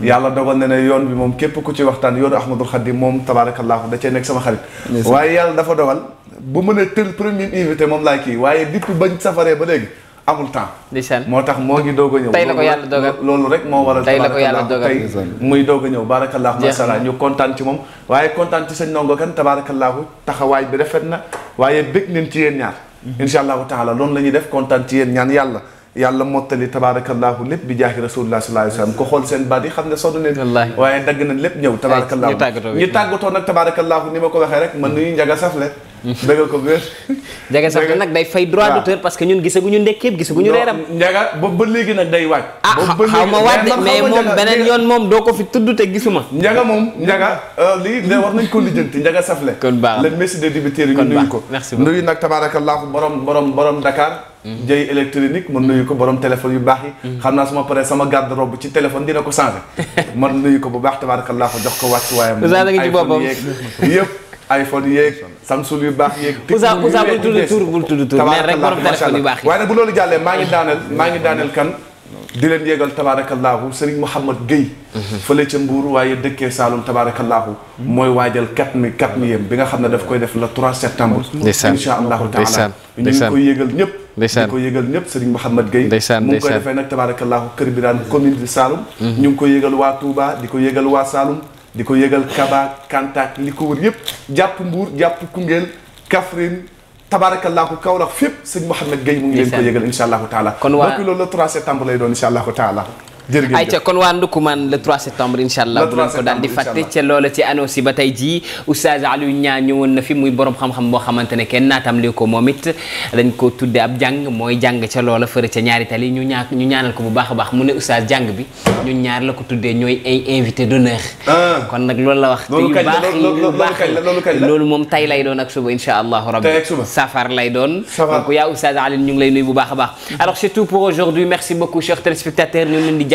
Speaker 2: yàlla dogal na ne yoon bi moom képp ku ci waxtaan yoonu ahmadul xadim moom tabaarakallaahu da cee nekk sama xarit waaye yàlla dafa dogal bu mën a tël premier invité moom laa kii waaye depuis bañ safaree ba léegi amul temps moo tax moo ngi doog a ñëw tey la ko yàlla dogal loolu rek moo waral tey la ko yàlla dogal tey muy doog a ñëw baarakallaahu macha allah ñu kontaan ci moom waaye kontaan ci sëñ Ndongo ka tabaarakallaahu taxawaay bi rafet na waaye bég nañ ci yéen ñaar mhm. insha allahu taala loolu la ñuy def kontaan ci yéen ñaan yàlla yàlla mottali tabaarakallaahu lépp bi jaahi rasulullah sallallahu alayhi wa sallam ko xool seen baat yi xam ne sonn leen waaye dagg nañ lépp ñëw tabaarakallaahu ñu tàggatoo nag tabaarakallaahu ni ma ko waxee rek man nuyu njaga safle dëgg ko gër.
Speaker 1: Ndiaga sax nag day fay droit
Speaker 2: parce que ñun gisaguñu ndekkeem gisaguñu reeram. Ndiaga ba ba léegi nag day waaj. ah xaw ma waaj de mais moom beneen yoon
Speaker 1: moom doo ko fi tudd te gisuma. Ndiaga moom Ndiaga
Speaker 2: euh, lii de war nañ ko lijjanti Ndiaga Safle. kon baax le messi de dibiteer ñu nuyu ko. merci beaucoup nuyu nag tabaarakallaahu borom borom borom Dakar. Mhm. jëy électronique man nuyu ko borom téléphone yu baax yi mhm. xam naa suma paree sama garde robe ci téléphone dina ko changé man nuyu ko bu baax tabaarakallaahu jox ko wàcc waayam. yëpp iPhone yeeg Samsung yu baax yeeg. Ousa Ousa bul tudd tur
Speaker 1: bul tudd tur mais rek borom téléphone yu baax yi.
Speaker 2: waaye nag bu loolu jàllee maa ngi daaneel maa ngi daaneel kan. di leen yéegal tabaarakallaahu Serigne Mouhamad Guèye. Mhm. fële ca Mbour waaye dëkkee Saalum tabaarakallaahu. Mhm. mooy waajal kat mi kat mi yem bi nga xam ne daf koy def le 3 septembre. ndeysaan incha allahu taala ñu ngi koy yéegal ñëpp. ndeysaan ñu ngi koy yéegal ñëpp Serigne Mouhamad Guèye. ndeysaan mu ngi koy defee nag tabaarakallaahu Kër Birane mhm. commune de Saalum. ñu ngi koy yéegal waa Touba di ko yéegal waa Saalum di ko yëgal Kaba Kantak li ko wër yëpp jàpp Mbour jàpp Koungheul Kaffrine tabaarakallaahu Kaolack fépp sëñ Mouhamed Gueye mu ngi leen ko yëgal incha allahu taala. kon waa donc loolu le lay doon incha allahu taala. jërëjëf ayca
Speaker 1: kon waa Ndoukoumane le 3 septembre incha bu leen ko daal di fàtte loola ci annonce ba tey jii oustaz Aliou Niang xam-xam boo xamante ne kenn naatam li ko moom it dañ ko tudde ab jàng mooy jàng ca loola fëra ca ñaari tali ñu ñaa ñu ñaanal ko bu baax a baax mu ne oustaz jàng bi ñun ñaar la ko tuddee ñooy ay invité d'honneur ah. kon nag loolu la wax te yu baax yu loolu moom tay lay doon ak suba incha allahu rabbi safar lay doon donc yaa oustaz Aliou ñu lay nuyu bu baax baax mm-hmm. alors c'est tout pour aujourd'hui merci beaucoup chers téléspectateurs ñu leen di